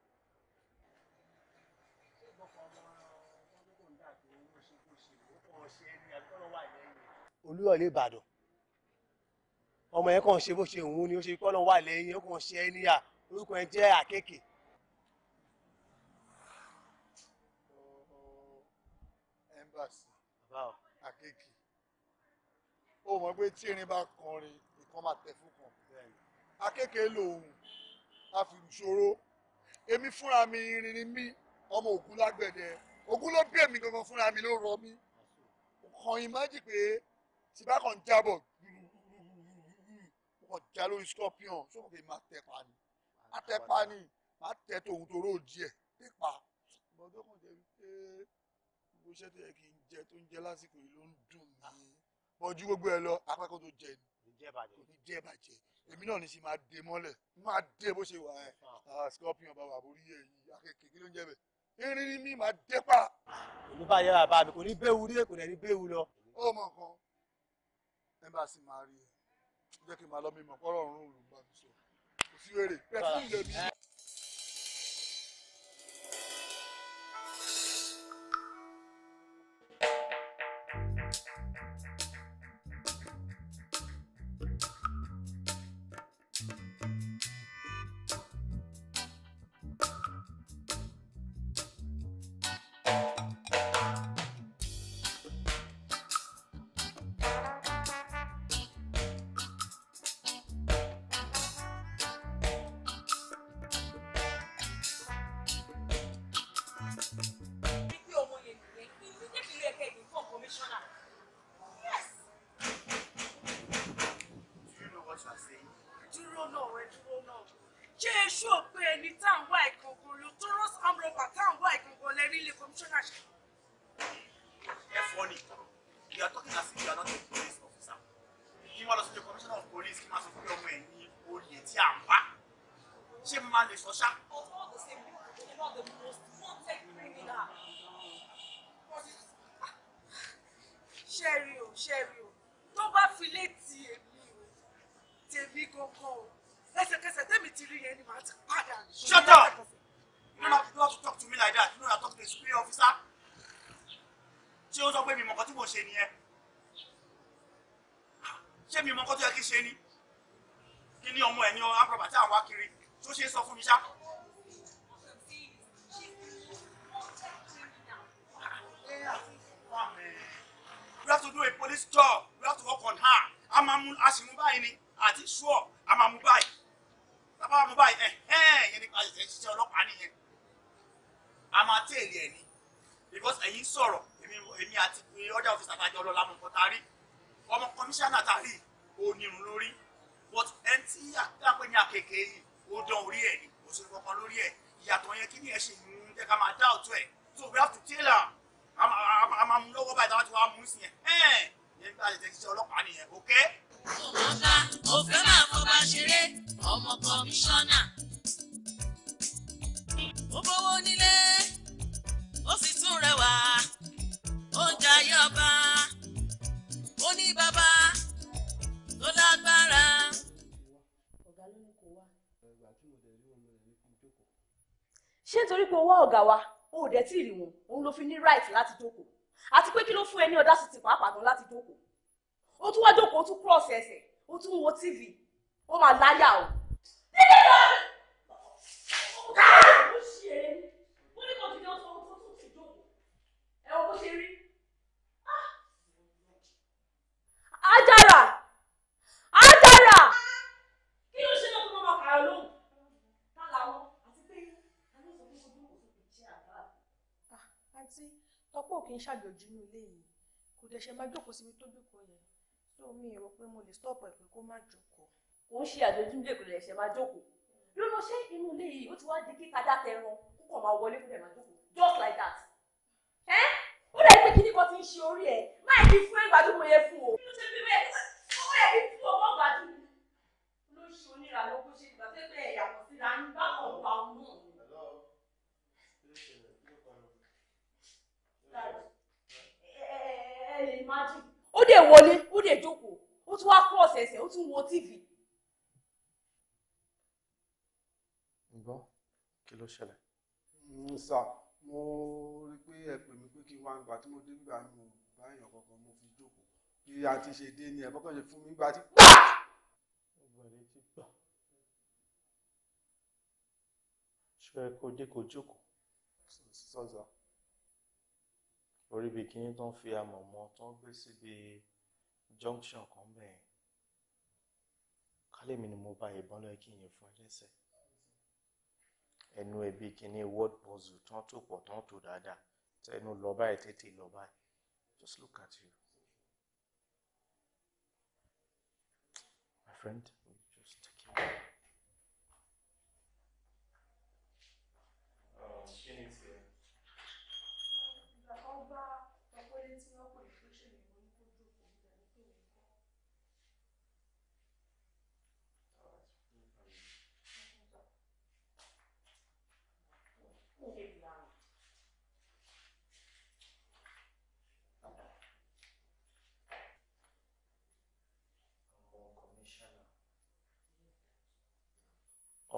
olúyọ̀lé ìbàdàn ọmọ yẹn kàn ṣe bó ṣe òun ni ó ṣe kọ́nà wà lẹ́yìn ó kàn ṣe ẹ́ níyà orúkọ ẹ jẹ́ àkekèé. ẹmbàsì àkekèé ó mọ̀ pé tí irin bá kọrin ìkan máa tẹ̀ fún kan àkekèé lòun a èmi fúnra mi irin ni mí ọmọ ògún lágbẹ̀dẹ ògún ló bí èmi gangan fúnra mi ló rọ mí kàn ìmájì pé tí jábọ̀ kọjá lórí scorpion ṣé mo kì í máa tẹpa ni máa tẹpa ni máa tẹ tòun tó rò díẹ̀ tẹpa bọ́dọ̀ kàn jẹ́ wípé gbogbo iṣẹ́ tó yẹ kí n jẹ tó ń jẹ lásìkò yìí ló ń dùn mí bọ́jú gbogbo ẹ lọ apákan tó jẹ ni kò ní jẹ́ bàjẹ́ èmi náà ní sì máa dé mọ́lẹ̀ máa dé bó ṣe wà ẹ́ ah, scorpion bàbá àbórí ẹ̀ yìí akẹ́kẹ́ kí ló ń jẹ́ bẹ́ẹ̀ irin ni mi máa dé pa. èmi bá yẹ bàbá mi kò ní bẹ́ẹ̀ wú rí kò ní bẹ́ẹ̀ wú lọ. ó mọ̀ kan ẹ bá sì máa rí ẹ jẹ́ kí n máa lọ mímọ̀ pọ́rọ̀ ọ̀run olùgbàmùsọ̀ kò sí wèrè ṣe nìyẹn ṣé mi mọ nǹkan tó yẹ kí ṣe ni kí ni ọmọ ẹ̀yìn ọmọ àpàbàtà àwọn akiri tó ṣe é sọ fún mi ṣáà. kọmíṣánná tàrí onírun lórí but ẹni tí ní àkèké yìí ó dán orí ẹ̀ ni kò sí kankan lórí ẹ̀ ìyàtọ̀ yẹn kí ni ẹ ṣe mú jẹ́ ká máa dá ọ̀tọ̀ ẹ̀ so we have to tell am a máa mú lọ́wọ́ báyìí táwọn ti wá mú sí yẹn ẹ̀ẹ́n yẹn bá tètè ṣiṣẹ́ ọlọ́pàá nìyẹn ok. ọ̀gá òfé máa fọba ṣeré ọmọ kọmíṣánná ó bówó nílé ó sì tún rẹwà ó jayé ọba ó ní bàbá tó lágbára. ọ̀gá ló ní kó wá. ṣé nítorí pé o ọ̀gá wa o dẹ̀ tí ì rí wọn òun ló fi ní right láti jókòó àti pé kí ló fún ẹ ní ọ̀dá sùtì pàápàá gan láti jókòó o tún wá jókòó o tún cross ẹsẹ̀ o tún wo tv o máa láyà o. níbi náà ó ṣe é mo ní kò fi ní ọ̀sán o tún ti jókòó ẹ̀ wọ́n bó ṣe rí. Àjàrà Àjàrà. kí ló ṣe lọ́kùnrin ọmọ kàrọ̀ lóhùn tá làwọn àti pé alóòsàn tó fojú kò tó jẹ́ àbá. àǹtí tọ́pọ̀ kì í ṣàjòjì ní ilé yìí kò dẹ̀ ṣe máa jókòó síbi tó jókòó yẹn tó mi rò pé mo lè stop ẹ̀ pé kó má jókòó. kò ń ṣe àjòjì ní èkó lè ṣe máa jókòó lọ́nà ṣé inú ilé yìí ó ti wá di kíkadá tẹran kó kàn máa wọlé kó dẹ̀ máa jókòó just like that nǹkan ti ń ṣe orí ẹ̀ máa kí fún ẹgbàá mọ yẹ fún o. kí ló ṣe bí bẹ́ẹ̀ ó fún ọmọ ọgbà tó ló ṣe onírànlọ́ bó ṣe gbà pé bẹ́ẹ̀ yàtọ̀ síra ń bá ọ̀ pa ọmọ. ó dẹ̀ wọlé ó dẹ̀ jókòó ó tún wá kọ́ ọ̀sẹ̀ẹ̀sẹ̀ ó tún wo tv. ǹgbọ́n kí ló ṣẹlẹ̀. ń sọ mo rí pé ẹ pè pé kí n wá nígbà tí mo dé nígbà mi ò bá èèyàn kankan mo fi jókòó bí a ti ṣe dé ni ẹ kọ́kọ́ ṣe fún mi nígbà ti gbà ṣọ kó dé kó jókòó. sọ́sà. orí ibi kíní tó ń fi amọ̀ mọ́ tó gbé síbi junction kan bẹ́ẹ̀ kálẹ̀ mi ni mo bá ìbọn lọ́ọ́ kí n yìn fún ẹ lẹ́sẹ̀ ẹnu ẹbí kìíní word puzzle tán tó pọ̀ tán tó dáadáa tẹnu lọ báyìí tètè lọ báyìí just look at you my friend.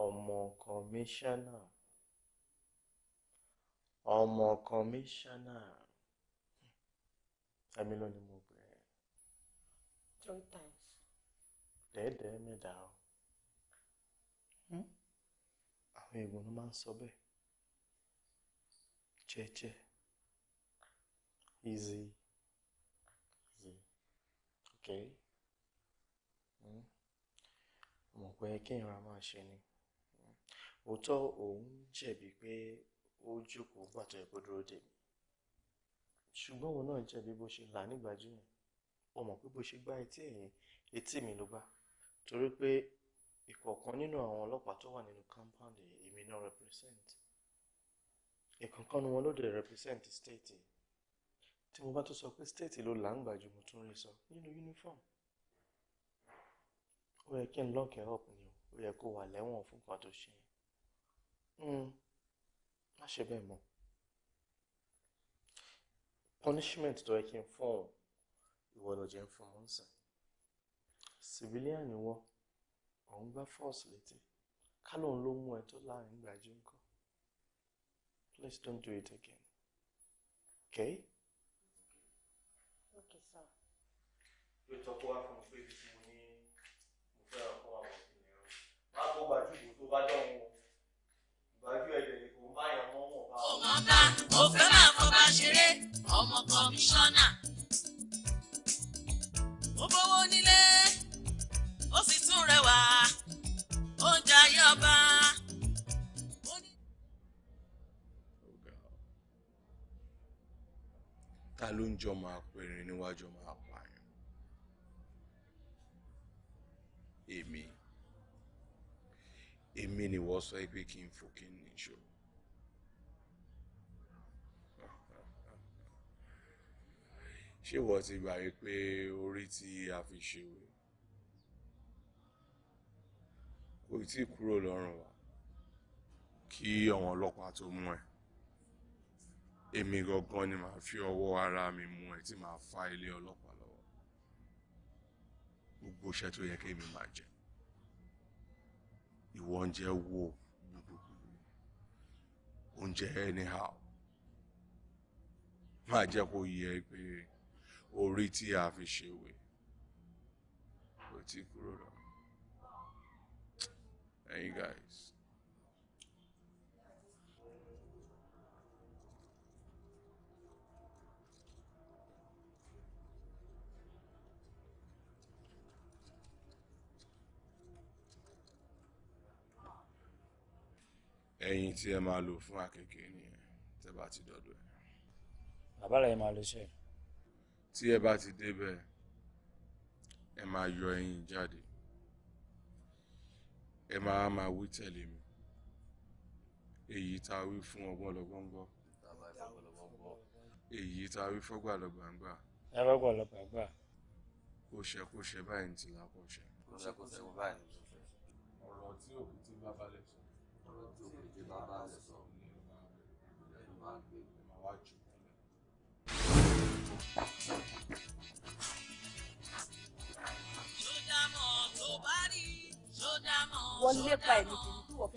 ọmọ kọmíṣánná ọmọ kọmíṣánná ni mo times. mẹ́ta o. Hmm? àwọn ló máa ń sọ bẹ́ẹ̀ jẹ́jẹ́ Mm. ṣe ni. òótọ́ òun jẹ̀bi pé ó jókòó gbà tó yẹ kó dúró dè mí ṣùgbọ́n òun náà jẹ̀bi bó ṣe là nígbàjú yẹn ó mọ̀ pé bó ṣe gbá etí ẹ̀yìn etí mi ló bá torí pé ìkọ̀ọ̀kan nínú àwọn ọlọ́pàá tó wà nínú compound èmi náà represent ìkọ̀ọ̀kan ni wọn ló dẹ̀ represent state tí mo bá tó sọ pé state ló là ń gbàjú mo tún rí sọ nínú uniform ó yẹ kí n lọ́ọ̀kẹ́ up ni ó yẹ kó wà lẹ́wọ̀n fún kan tó ṣe yẹn Hmm. má ṣe bẹ́ẹ̀ mọ́ punishment tó yẹ kí n fọ́ ìwọ ló jẹ́ ń fún mọ́ nsìn civilian ni wọ́n òun gbá force létí ká lóun ló mú ẹ tó láàrin gbàjú nǹkan please don't do it again okay. okay sir. yóò tọ́kọ́ wá fún mi pé ibi tí mo ní mo fẹ́ràn kọ́ àwọn ènìyàn má kó gbàjú ìbò tó bá dán wò ìgbájú ẹ̀jẹ̀ ni kò ń bá yàn mọ́ wọn bá. ọmọ bá òfẹ́ máa fọba ṣeré ọmọ kọmíṣánná. ó bówó nílé ó sì tún rẹwà ó ń jayé ọba. ta ló ń jọ máa pẹ̀rẹ̀ níwájú máa pààyàn èmi èmi ni wọ́n sọ pé kí n fò kí n níṣó. ṣé wọ́n ti gbà yí pé orí tí a fi ṣe kò tí kúrò lọ́rùn wa kí àwọn ọlọ́pàá tó mú ẹ èmi gangan ni màá fi ọwọ́ ara mi mú ẹ tí màá fa ilé ọlọ́pàá lọ́wọ́ gbogbo iṣẹ́ tó yẹ kí èmi máa jẹ ìwọ oúnjẹ wo oúnjẹ anyhow máa jẹ́ kó yẹ pé orí tí a fi ṣèwé kò tí kúrò lọ. Hey guys. ẹ̀yìn tí ẹ máa lò fún àkekè nìyẹn tẹ́ bá ti dọ́dọ̀ ẹ̀. bàbá rẹ̀ máa lọ ṣe. tí ẹ bá ti débẹ̀ ẹ máa yọ ẹyin jáde ẹ máa máa wí tẹ̀lé mi èyí tá a wí fún ọgbọ́n lọ́gbọ́ngbọ́ èyí tá a wí fọ́gbà ẹ fọ́gbà lọ́gbàngbà. ṣe kó ṣe báyìí ní tìlá kó ṣe. kó ṣe kó ṣe báyìí ní tìlá. ọ̀rọ̀ tí òkú ti bá balẹ̀ sọ. One tí bàbá rẹ̀ sọ ẹnu máa What have you wá jù. wọ́n lépa ẹ̀mí kìí tí wọ́n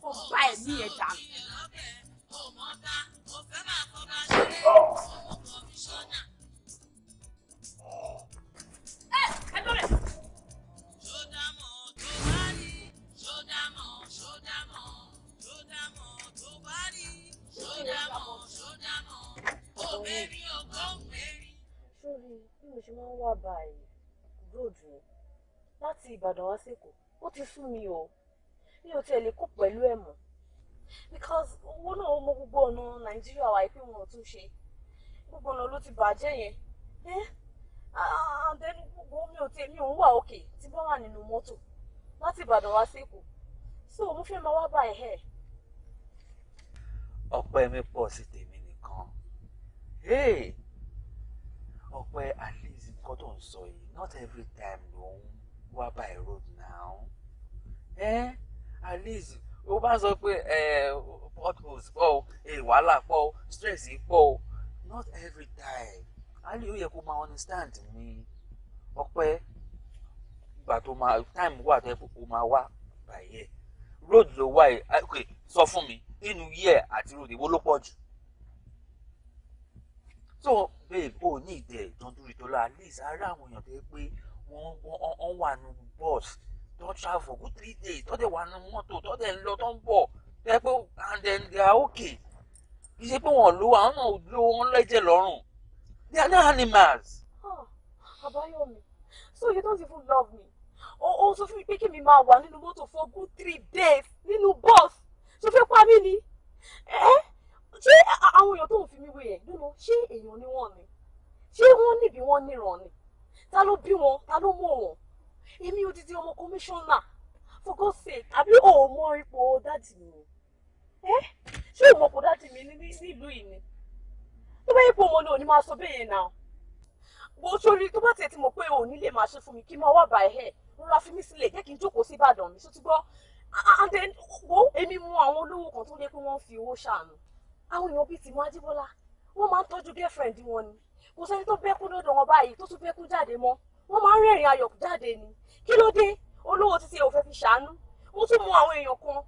fẹ́ pa ẹ̀mí ó sódàmọ̀ sódàmọ̀ obìnrin ọgọ́mẹ́rin. sórí bí mo ṣe máa ń wá báyìí lóòjọ́ láti ìbàdàn wá sẹ́kọ̀ọ́ ó ti sú mi o mi ò tiẹ̀ lè kó pẹ̀lú ẹ̀ mọ́ because owó náà ó mọ gbogbo ọ̀nà nàìjíríà wáyé pé wọn ò tún ṣe gbogbo ọ̀nà ló ti bàjẹ́ yẹn àdẹnu eh? ah, gbogbo mi ò tèmi òun wà òkè tí bá wà nínú mọ́tò láti ìbàdàn wá sẹ́kọ̀ọ́ so mo fẹ́ máa wá báyìí ọpẹ́ mi pọ̀ sí tèmi nìkan ọpẹ́ at least nǹkan tó ń sọ yìí not every time ló ń wá by road now eh? at least o bá sọ pé eh, potholes pọ̀ o eh, wàhálà pọ̀ o stress pọ̀ o not every time ali ó yẹ kó máa understand mi ọpẹ́ ìgbà tó máa time wà tó yẹ kó máa wá bàyẹ road ló wà yìí ah, ok sọ fún mi inú yẹ àti ròdè wo ló pọ̀ jù so babe o ní ìdẹ ìtọ́dúrí dọ́là at least ara àwọn èèyàn tó yẹ pé wọ́n wọ́n wà nù bus tó travel good three days tó dẹ̀ wà nù mọ́tò tó dẹ̀ ń lọ tó ń bọ̀ tó yẹ pé and then they are okay kì í ṣe pé wọ́n lo àwọn náà lo wọn lẹ́jẹ̀ lọ́rùn they are not animals. Ah, àbáyọ̀mí so you don't even love me o o sọ fún mi pé kí mi máa wà nínú mọ́tò for good three days nínú bus tó fẹ́ pa mí ni ṣé àwọn èèyàn tó ń fi mí wé yẹn nínú ṣé èèyàn ni wọ́n ni ṣé wọ́n níbi wọ́n níran ni ta ló bí wọn ta ló mọ̀ wọn èmi odidi ọmọ kọmíṣánná for God's àbí o ò mọ ipò dáàdì mi ẹ ṣé o mọ ipò dáàdì mi ní ìlú yìí ni tó bá ipò ọmọ ni ò ní máa sọ bẹ́ẹ̀ yẹn náà bó sórí tó bá tẹ̀ tí mo pé òní lè máa ṣe fún mi kí n máa wà bá ẹ̀ rọra fi mí sílẹ̀ jẹ́ kí n jókòó sí Ìbàdàn mi ṣó ti gbọ́ Ah, wo èmi mú àwọn olówó kan tó yẹ pé wọ́n fi owó ṣàánú àwọn èèyàn bíi tìmọ̀ ajíbọ́lá wọ́n máa ń tọ́jú girlfriend wọn ni kò sẹ́ni tó bẹ́kú lọ́dọ̀ wọn báyìí tó tún bẹ́kú jáde mọ́ wọ́n máa ń rẹ́rìn ayọ̀ jáde ni kí ló dé olówó títí ò fẹ́ fi ṣàánú ó tún mú àwọn èèyàn kan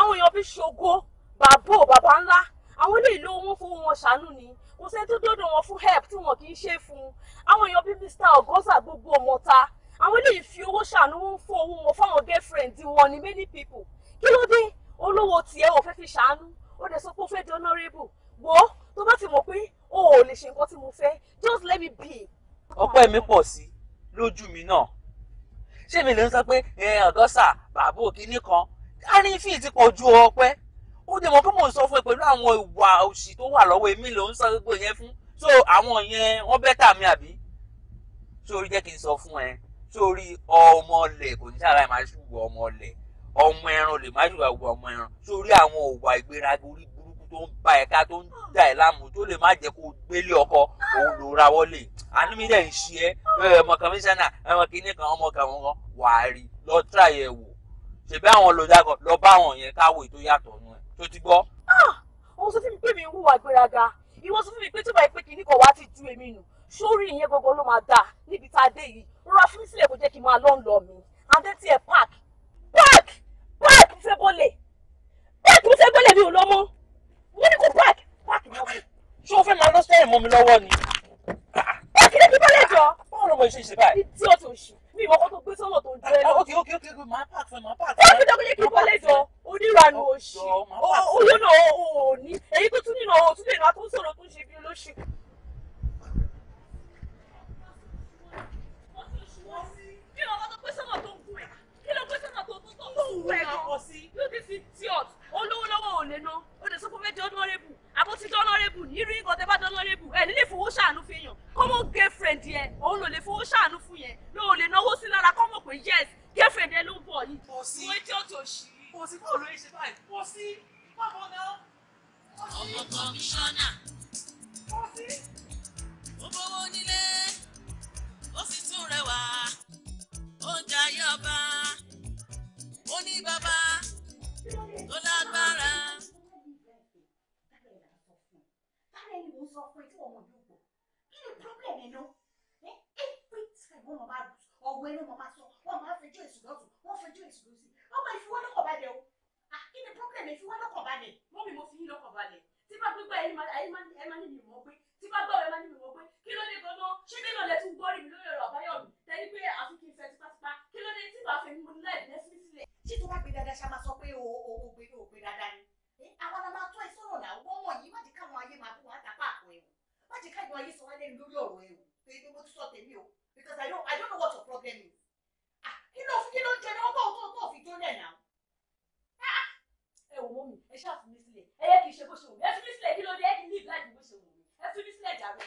àwọn èèyàn bíi ṣògo bàbá ò bàbá ńlá àwọn ilé ìlú wọn fowó wọn ṣàánú ni kò sẹ́ni tó dọ́dọ̀ wọn fún help tí wọn kì í ṣe fún àwọn èèyàn bíi Mr. Ogoza gbogbo ọmọta àwọn eléyìí fi owó ṣàánú fún owó wọn fáwọn girlfriend wọn ni many people kí ló dé olówó tiẹ̀ ò fẹ́ fi ṣàánú ó dẹ̀ sọ pé ó fẹ́ di honourable wo tó bá ti mọ̀ pé o ò lè ṣe nǹkan tí mo fẹ́ just let me be. ọpẹ́ mi pọ̀ sí lójú mi náà ṣé mi lè ń sọ pé ọ̀dọ́sà bàbá òkínní kan arínfì ti pọ̀ ju ọpẹ́ ó dẹ̀ mọ̀ pé mò ń sọ fún ẹ pẹ̀lú àwọn ìwà òṣì tó wà lọ́wọ́ èmi ló ń sọ gbogbo yẹn fún so àwọn yẹn wọ́n bẹ́tà mi àbí sórí jẹ́ kí n sọ fún ẹ sórí ọmọ ọ̀lẹ kò ní sára máa ṣùgbọ́n ọmọ ọ̀lẹ ọmọ ẹran lè má ṣùgbọ́n ọmọ ẹran sórí àwọn òwà ìgbéraga orí burúkú tó ń bá ẹ̀ka tó ń dà ẹ̀ láàmú tó lè má jẹ́ kó gbélé ọkọ òun ló ra wọlé ànímídẹ̀ ń ṣe ẹ́ ọmọ kọmíṣánná ọmọ kìíní kan ọmọ kan wọn wà á rí lọ tíra yẹ wò ṣèbí àwọn olùdákọ lọ bá àwọn yẹn káwọ ètò yàtọ̀ nù ẹ̀ tó ti gbọ́. òun ah! sọ fún mi pé mi ń hùwà ìgbéraga ìwọ sọ fún mi pé tí ó bá yẹ pé kìíní kan wá ti ju èmi nù sórí ìyẹn gbogbo ló máa dà níbi tá a dé yìí rọra fún mi sílẹ̀ kó jẹ́ kí n máa lọ́n lọ mi adé tiẹ̀ park park park ṣe bọ́lẹ̀ park ṣe bọ́lẹ̀ mi ò lọ mọ́ wọ́n ní kó park park náà wò. ṣé o fẹ́ máa lọ sẹ́yìn mọ́ mi lọ́wọ́ ni. park lè fi bọ́lẹ̀ jọ. báwo ló mọ iṣẹ́ ìṣe báyìí. tí o tó ṣe mi ìmọ̀ kan tó gbé sọ́nà tó jẹ́ lọ. ok ok ok máa park fún ẹ máa park. park náà kó jẹ́ kí bọ́lẹ̀ jọ oníranu òṣì oyún náà ò ní èyí tó tún nínú ọ̀ kí ló gbé sọ́nà tó tó tó lóhùn rẹ̀ gan you this idiot olówó lọ́wọ́ ò lè ná o lè sọ fún méjì honorable àbó ti dán honorable nírú nǹkan tẹ́ bá dán honorable ẹ̀ nílé fowó ṣàánú fi yàn common girlfriend yẹn òun lò lè fowó ṣàánú fún yẹn lò ò lè náwó sí lára kọ́mọ̀ pé yes girlfriend yẹn ló ń bọ̀ yìí. kò sí kò sí kò lóye ṣe báyìí kò sí bàbá náà. ọmọ kọmíṣánná. kò sí. ó bọ́wọ́ nílé ó sì tún rẹwà ó jayé ọba ó ní bàbá tó lágbára. ẹni mo sọ fún ẹ tí wọn mọ yóò pọ̀ kí ni problem ẹ náà ẹ every time wọn máa ọwọ́ ẹ náà wọn máa sọ wọn máa fẹjọ́ èsì lọsùn wọn fẹjọ́ èsì lọsì wọn máa fi wọn lọ́kàn ah kí ni problem ẹ fi wọn lọ́kàn balẹ̀ mọ mi mo fi yín lọ́kàn balẹ̀ tí bá gbégbá ẹ máa ẹ máa ẹ máa níbi mọ bá gbọ́ rẹ̀ máa ní mi wò pé kí ló dé gan-an ṣé bí lọ́lẹ̀ tún gbọ́rì mi lórí ọ̀rọ̀ àbáyọ̀mí tẹ́lẹ̀ pé àfi kí n fẹ́ tipátipá kí ló dé tí màá fẹ́ mú náà ìdílé sí sílẹ̀. ṣé tó bá gbé dáadáa ṣá máa sọ pé o ò gbé o gbé dáadáa ni àwọn la máa tọ́ ẹ sọ̀rọ̀ náà wọ́n wọ̀nyí má jẹ́ káwọn ayé máa bú wọn àtàpá àpò ẹ̀wò má jẹ́ káwọn ayé sọ wá lẹ́nu lórí ọ̀rọ̀ ẹ̀wò torí pé mo ti sọ tèmi o because I don't, I don't know what your problem is. Ah, kí ló kí ló jẹ ní ọgbà ọgbà ọgbà òfin tó lẹ̀ náà ah, ah. ẹ wò mọ́ mi ẹ ṣáà fún mi sílẹ̀ ẹ yẹ kí n ṣe bó ṣe wù mí ẹ fún mi sílẹ̀ kí ló dé ẹ kí n ní ìgbà ìdìbò ṣe wù 还准备出来嫁人？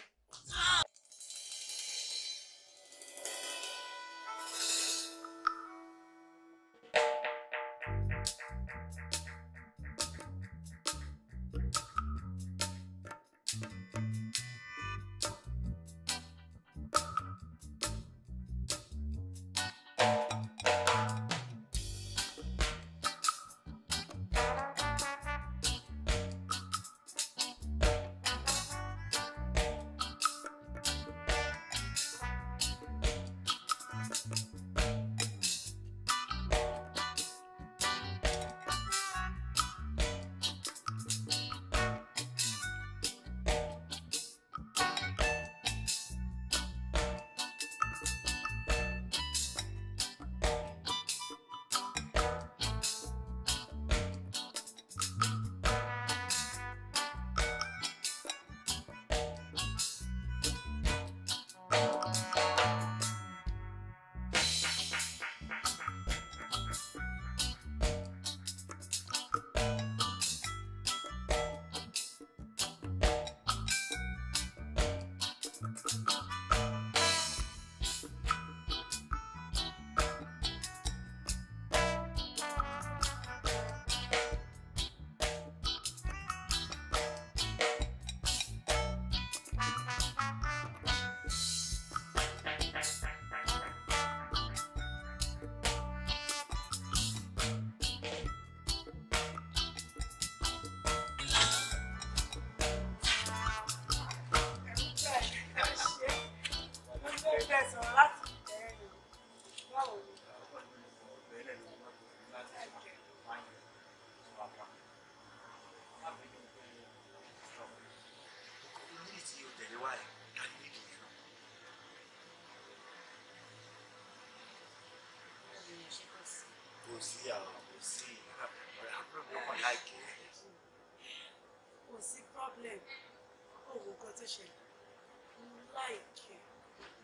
tó ṣẹlẹ̀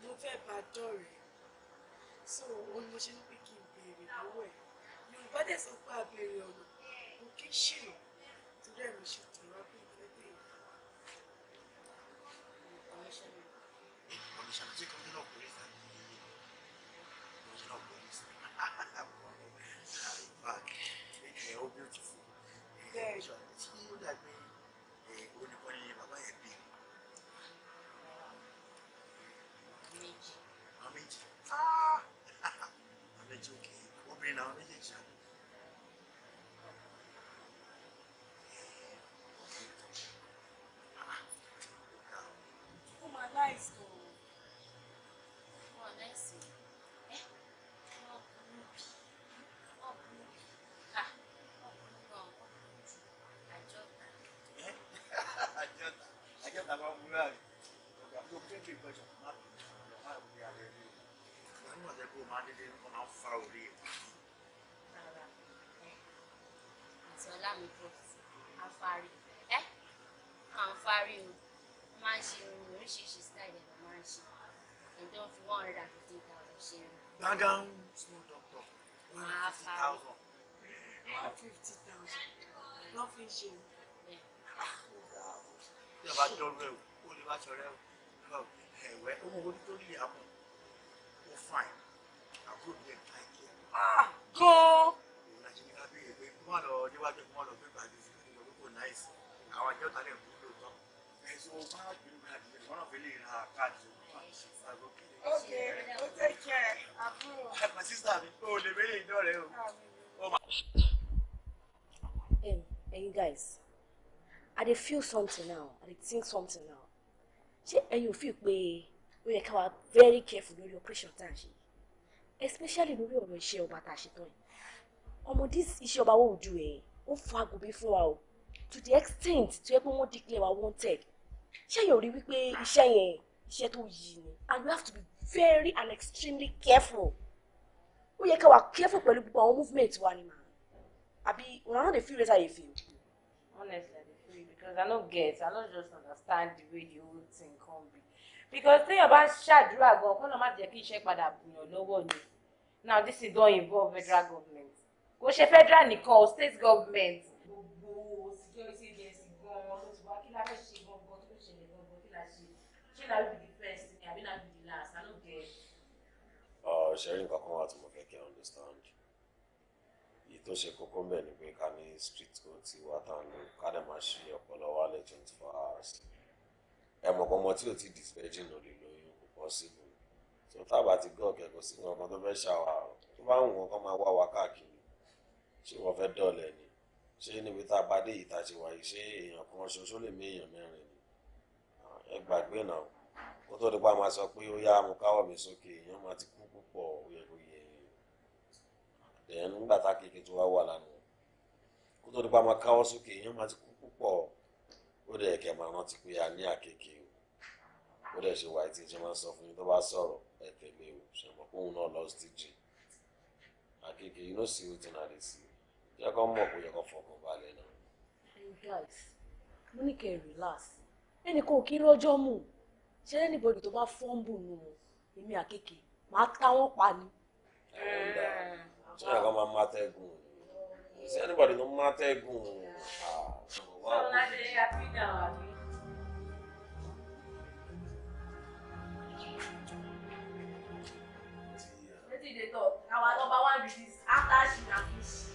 mo mo fẹ́ bá dọ̀rẹ́ so òun ni mo ṣe ń pè kí n béèrè lọ́wọ́ ẹ̀ yorùbá dẹ̀ sọ pé a ọ̀nà mo kí ń ṣìnà torí ẹ̀ mo ṣe t oògùn àfárí ẹ àǹfààrí o máa ń ṣe irun oríṣiríṣi style ẹ̀ máa ń ṣe ẹ̀dọ́ fi one hundred and fifteen thousand ṣe irun. gbàgán small doctor one hundred fifty thousand one fifty thousand ló fi ń ṣe bí a bá dọ̀rọ̀ ẹ̀ o lè bá sọ̀rọ̀ ẹ̀ o ẹ̀wẹ̀ ó mọ̀ orí tó lè àmọ̀ ó fine àbúrò mi ẹ̀ ká ẹ̀ kí ẹ̀. gan fún àlọ́ níwájú fún àlọ́ gbẹ̀gbà ju fún ìlú kò náìsì àwọn àjọ tálẹ̀ ń bú lóòótọ́ ẹ̀sùn ọba gbẹ̀rù rẹ̀ àti ìwọ́n fi lè ra káàdì Hey guys, I dey feel something now. I dey think something now. Ṣé ẹ̀yin ò fi pé ó yẹ ká wà very careful lórí operation tá a ṣe? Especially lórí ọ̀rọ̀ iṣẹ́ ọba tá a ṣe tán yìí ọmọ this iṣẹ́ ọba wo ojú ẹ̀ ó fa agobi fún wa o to the extent to yẹ pé wọ́n declare wa wanted ṣé yóò rí wípé iṣẹ́ yẹn iṣẹ́ tó yí ni and you have to be very and extremely careful ó yẹ ká wà careful pẹ̀lú gbogbo àwọn movement wa ni màá àbí una no dey feel better yẹn honestly i dey feel because i no get i no just understand the way the whole thing come be because téèyàn bá ṣàdúrà gan kó náà má jẹ́ kí iṣẹ́ padà bùyàn lọ́wọ́ ni now this is don involve federal government kò ṣe federal nìkan o state government. gbogbo security agency gan-an ló ti wá kí lábẹ́ ṣe gbọ̀ngàn tó ṣẹlẹ̀ gbọ̀ngàn kí la ṣe ṣé na be the first ni àbí na be last i no get. ṣẹ́rí nǹkan kan wà tí mo fẹ́ kí i understand èyí tó ṣe kókó mbẹ̀ ni pé ká ní street code ti wá tán ló ká dẹ̀ máa ṣe ọpọlọ wálẹ̀ twenty four hours ẹ mọ̀ pọ́nmọ́ tí o ti disvirgin ò lóyún kò possible tó tábà ti gọ́ ọ̀kẹ́ sí nǹkan kan tó fẹ́ ṣàwà tó bá ń wọ̀n kan máa wá wa káàkiri ṣé wọ́n fẹ́ dọ̀lẹ̀ ni ṣé níbi tá a bá dé yìí tá a ṣe wáyé ṣé èèyàn kan ṣoṣo lè mí èèyàn mẹ́rin ni ẹ gbàgbé náà kó tó di pa máa sọ pé ó yá mo káwọ́ mi sókè èèyàn máa ti kú púpọ̀ òye òye èèyàn nígbà tá a kéèké tó wá wà lánàá kó tó di pa máa káwọ́ sókè èèyàn máa ti kú púpọ̀ ó dẹ̀ kẹ́ máa rántí pé a ní àkéèké o ó dẹ̀ ṣe wáyé tí ìjọba sọ fún mi tó bá sọ̀rọ̀ ẹ tẹ̀lé o ṣùgbọ́n kóun náà lọ sí jì àkéèké you no see wetin i dey see yẹ kó mọ̀ kó yẹ kó fọkàn balẹ̀ náà. you guys mo ní kẹ́ ẹ relax ẹnì ò kí rọ́jọ́ mù ṣé anybody tó bá fọ́ǹbù nù wọn èmi àkekè máa ta wọ́n pa ni. ṣé yẹ kó máa má tẹ́gùn ṣé anybody tó má tẹ́gùn. Ah, sọlá ṣe àfihàn àbí. Wetin you dey talk? our number one be this after she na fish.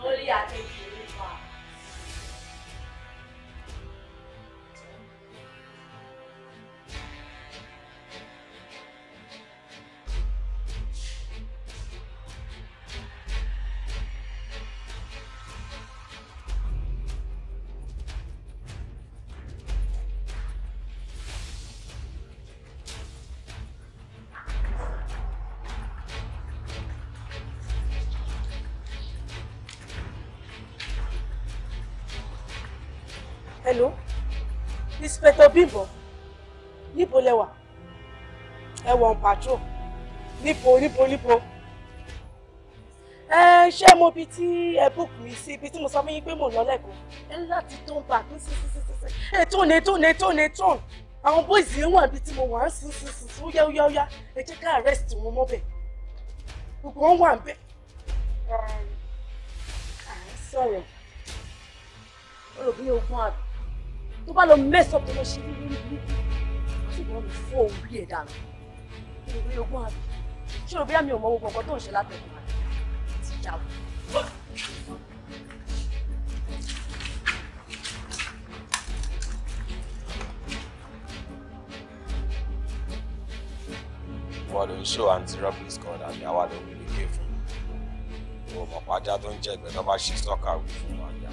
多厉害！Bímbọ́ níbo lẹwà ẹwọ̀n pàtrò níbo níbo níbo ẹ ṣé mo bi tí ẹ bùkù mi sí ibi tí mo sọ fún yín pé mò ń lọ lẹ́kọ̀ọ́ ẹ láti tó ń bà mí sí sí sí sí ètò ní ètò ní ètò ní ètò àwọn bóyìí ń wà bíi tí mo wà ń sùn sùn sùn sùn yáyáyá ẹ jẹ́ ká arrest wọn mọ́bẹ̀ gbogbo wọn wà ń bẹ̀ sọ̀rọ̀ olùbí ogun àbí tó bá lọ mẹ́sàn tó lọ ṣe ní lórí ìlú ṣùgbọ́n mi fọ́ orí ẹ̀ dànù ìròyìn ogún àbí ṣé o bóyá mi ò mọ gbogbo nǹkan tó ń ṣe látẹ̀kùn àti ìyàwó. wọ́n ló ṣó àǹtí rọ́bìs kan àbí àwa ló ń gbé fún un. ìwọ̀n mọ̀pájá tó ń jẹ́ ìgbẹ́ tó bá ṣe sọ́kà wí fún wa yá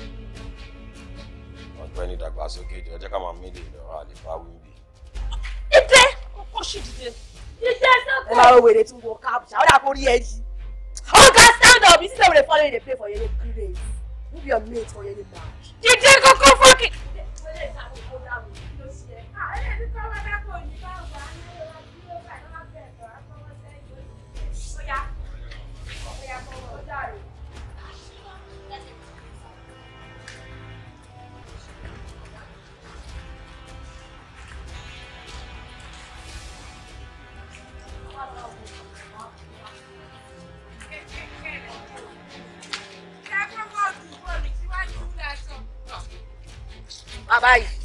pẹ́ ní ìdàgbàsókè ìjọ jẹ́ ká máa mílì ìlọra lè bá wí bí. ìdè kókó ṣì dìde ìdè sọ́kọ̀. ẹ máa wọ wèrè tí mo ká àbùsà ọ̀dà ẹ yìí. ọ̀gá stand up you see them dey follow you dey pay for yellow grace no be your mate for yellow match. dìde kókó fọ́ọ̀kì. life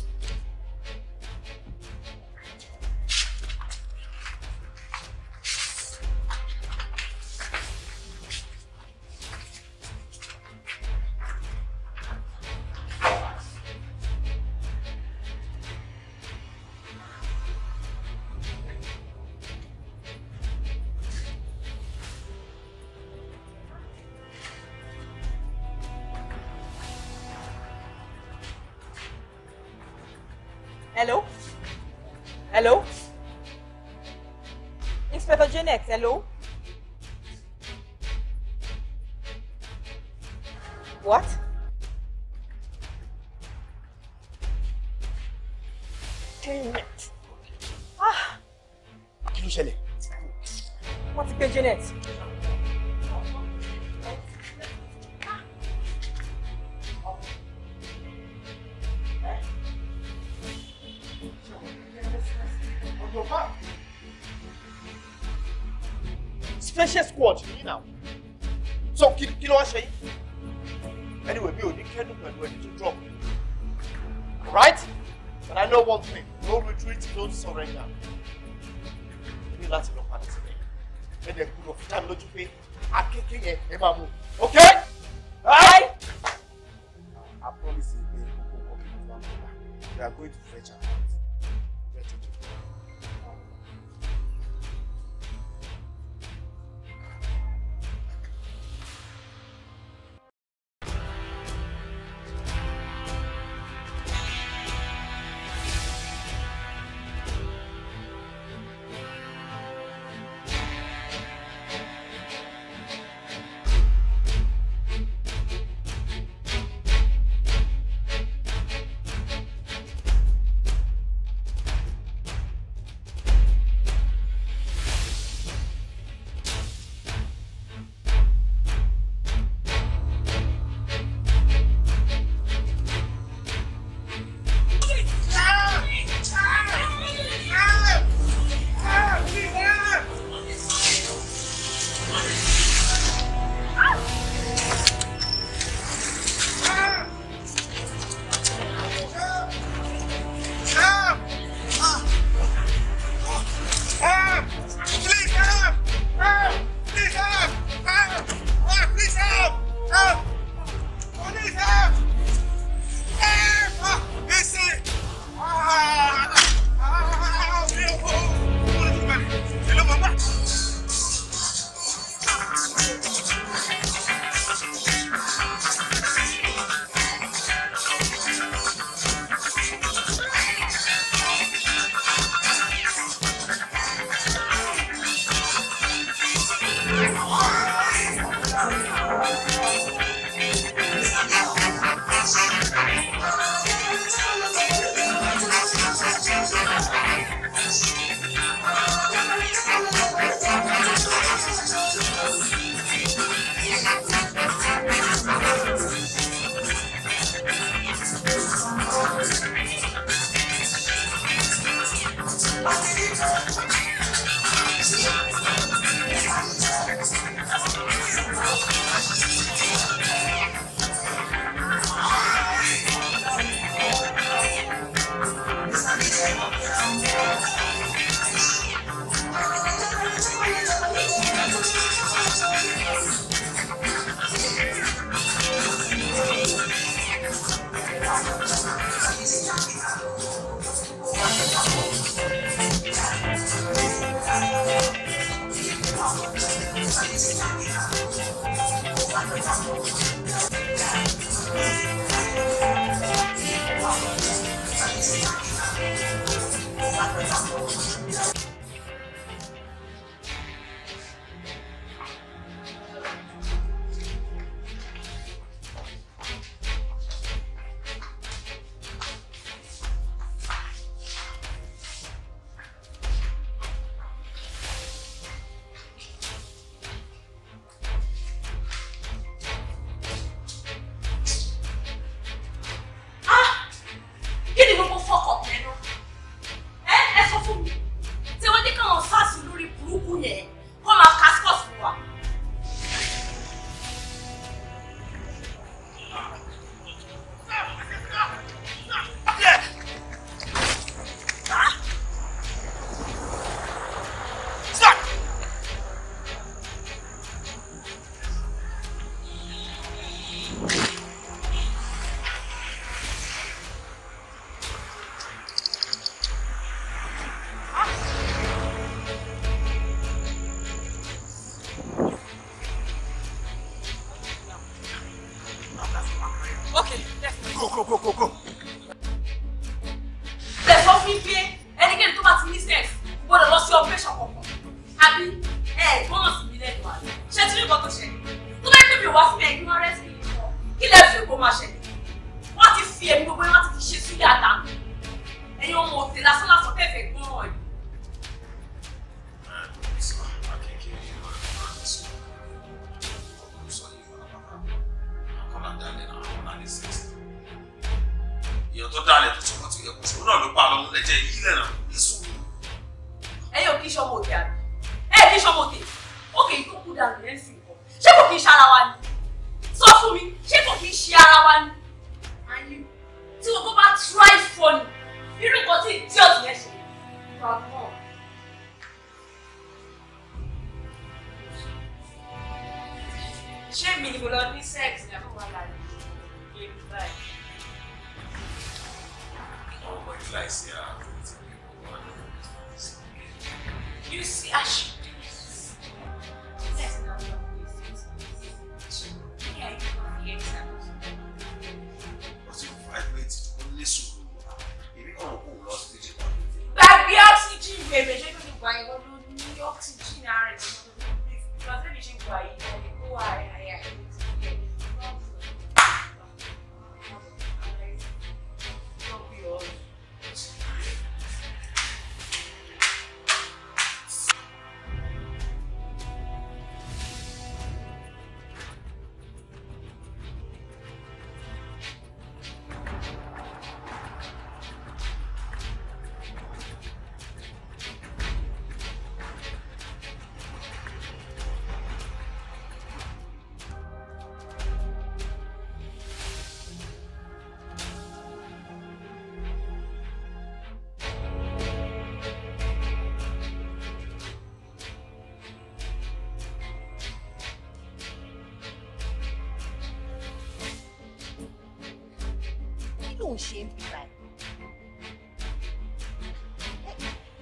ń ṣe ń bí báyìí.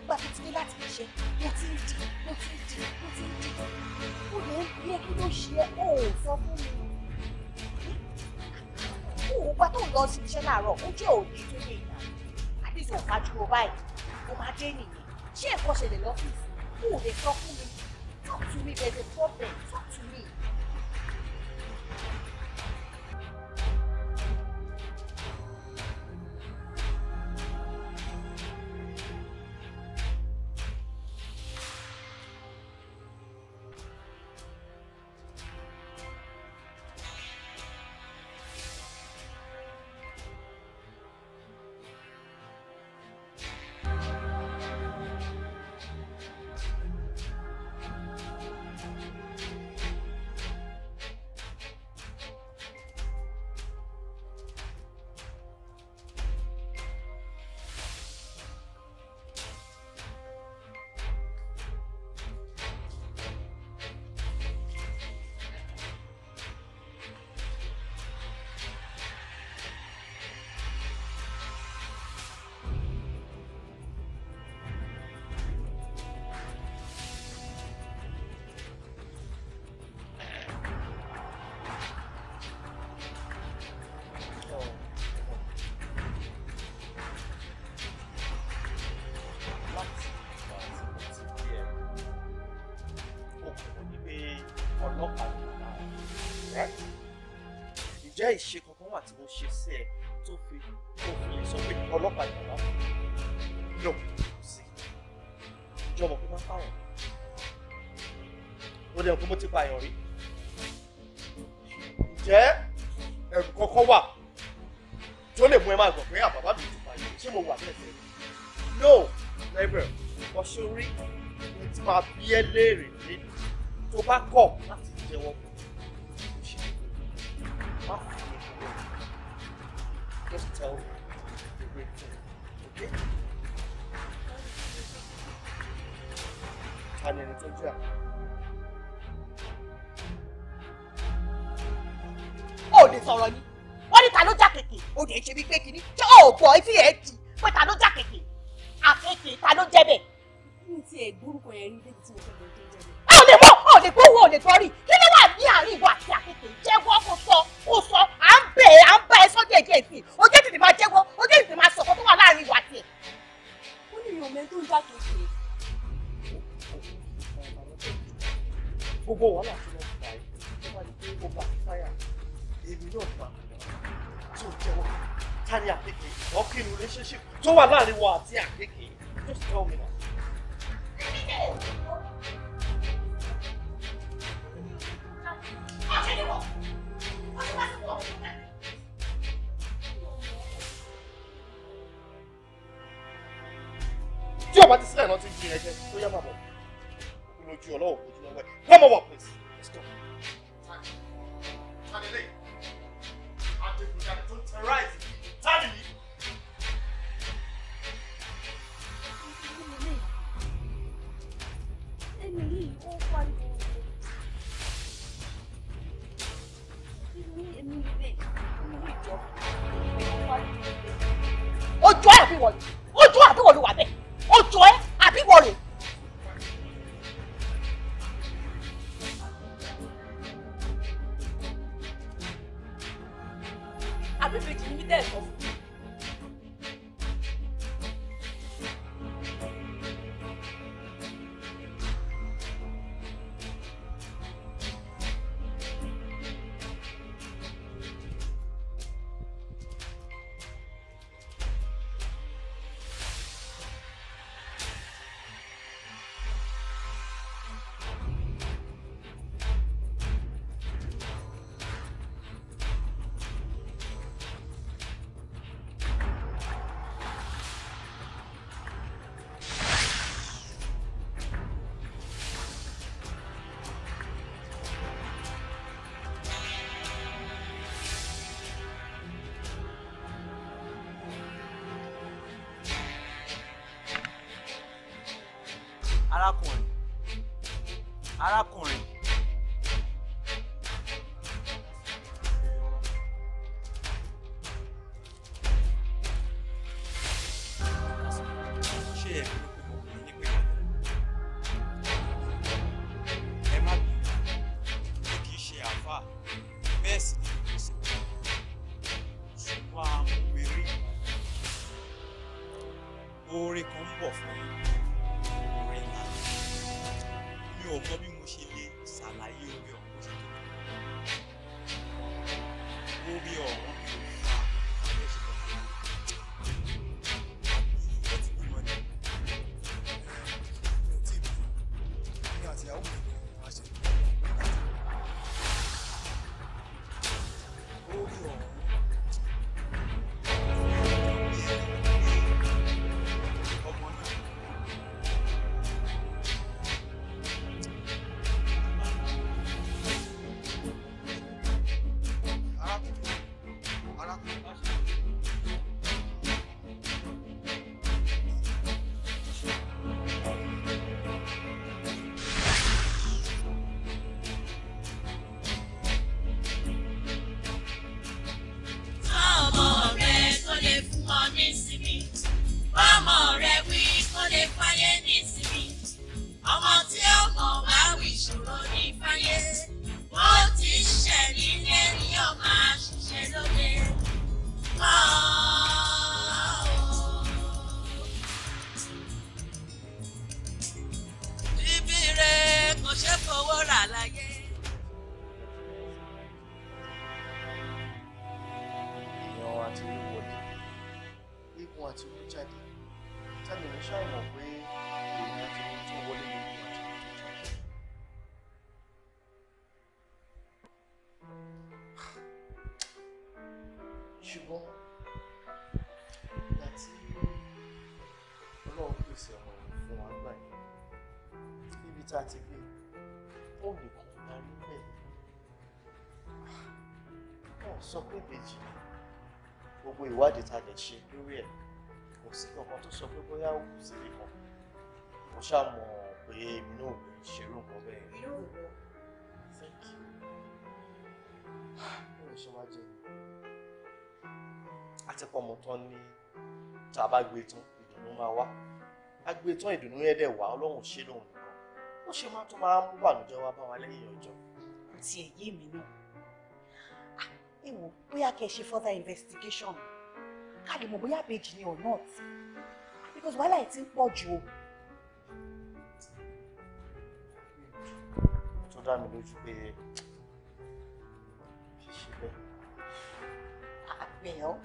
nígbà tó ti dé láti ṣe mo ti ń di mo ti ń di mo ti ń di mo lè ń bí ẹ kí ló ṣe ẹ ó sọ fún mi. òun pa tó ń lọ sí iṣẹ́ láàárọ̀ ó jẹ́ òun bóyá ìṣe kankan wà tí mo ṣe sí ẹ tó fi tó fi sọ pé ọlọ́pàá yìí wà fún mi lọ sí ìjọba pé má pààyàn mo dẹ̀ kó mo ti pààyàn rí. sọ pé ìbejì gbogbo ìwádìí ta lè ṣe lórí ẹ̀ kò sí kankan tó sọ pé bóyá òkú sí nìkan mo ṣáà mọ̀ pé èmi náà ò ní ṣerú nǹkan bẹ́ẹ̀. thank you. ó jẹ àti pọmọ ní tá a bá gbé tán ìdùnnú máa wá a gbé tán ìdùnnú yẹn dẹ̀ wá ọlọ́run ṣe lóhun nìkan ó ṣe máa tún máa ń bànújẹ́ wá bá wa lẹ́yìn ọjọ́. àti èyí mi náà ẹ wò bóyá kẹ́ ṣe further investigation ká lè mọ̀ bóyá ni or not because while I ti ń you. jù o. tó dá ah, Well,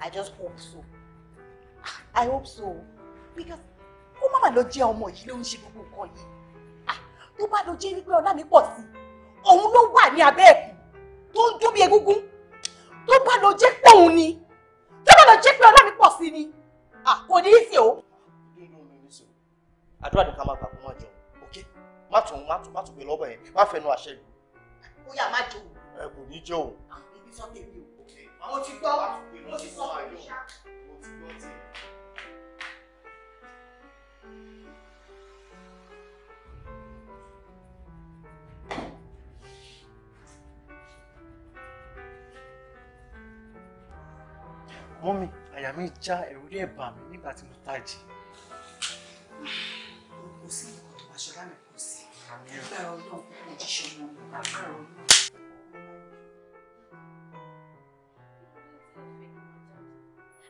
I just hope so. Ah, I hope so. Because kó má bàa lọ jẹ́ ọmọ yìí ló ń ṣe gbogbo nǹkan yìí. Ah, tó bá lọ jẹ́ wípé ọlá mi pọ̀ sí, òun ló wà ní abẹ́ tó ń jó bí egúngún tó bá lọ jẹ́ pé òun ni tó bá lọ jẹ́ pé ọlọ́run pọ̀ sí ni kò ní í sí o. àdúrà ni ká máa gbà kó má jẹun ok má tún má tún má tún gbé lọ́bọ̀ yẹn má fẹnu àṣẹ lù. ó yá má jẹun. ẹ kò ní jẹ o. àwọn ti gbọ́ àwọn ti sọ tèmi ṣá. mọ́mì àyà mi já ẹ̀rù ẹ̀bà mi nígbà tí mo tají.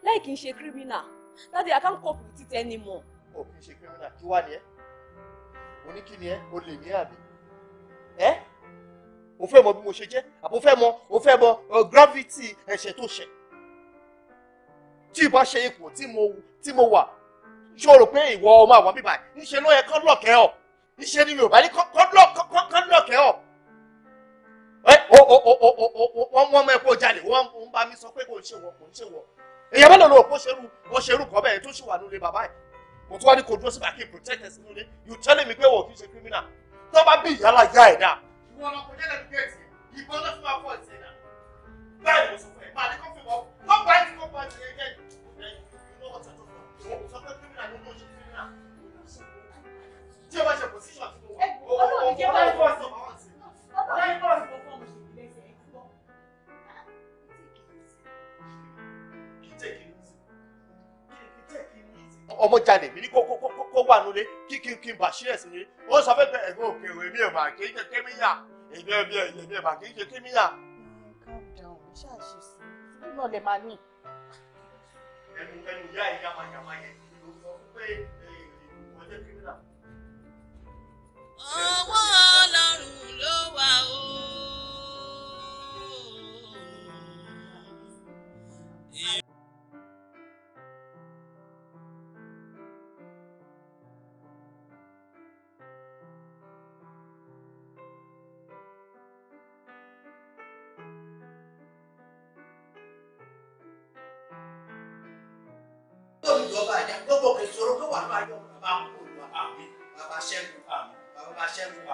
láì kí ṣe kírímínà láti I can't cope with it anymore. o kì í ṣe kírímínà kí wà ní ẹ oníkíni ẹ o lè ní àbí ẹ o fẹ́ mọ bí mo ṣe jẹ́ àbò fẹ́ mọ o fẹ́ mọ uh, gravity ẹ̀ṣẹ̀ tó ṣẹ̀ tí ìbá ṣe ipò tí mo wà ṣó rò pé ìwọ ọmọ àwọn bíbá níṣẹ́ ló yẹ kán lọ̀kẹ́ ọ̀ níṣẹ́ ni yorùbá ní kán lọ̀kẹ́ ọ̀ wọ́n mú ọmọ ẹ̀kọ́ jalè wọ́n ń bá mi sọ pé kò ń ṣe wọ kò ń ṣe wọ èyàn mélòó ló rò pé ó ṣerú kọ́ bẹ́ẹ̀ tó ṣì wà nílé bàbá ẹ̀ kò tó wá ní kò dúró síbi àkè protect ẹ̀sìn nílé you tell me pé wọ́n kì í ṣe criminal tó bá bí ìyálà bẹ́ẹ̀ mo sọ fún ẹ máa ọmọ jalè mi ní kó wà nulẹ̀ kí kí kí n bà sílẹ̀ sí ni ó sọ fẹ́ bẹ́ẹ̀ ẹ̀gbọ́n òkèèrè mi ò mà kí n jẹ́ kémi yà èmi mi ẹ̀ mi kí n jẹ́ kémi yà ṣáàṣì sí náà lè máa ní. ẹnu ẹnu ìyá ẹ yamayama yẹn ló sọ pé ìwọlé kírímìnà. ọwọ́ ọlọ́run ló wà o. Báyọ̀ bàbá Olúwa bàbá Ṣẹ́gun bàbá Ṣẹ́gun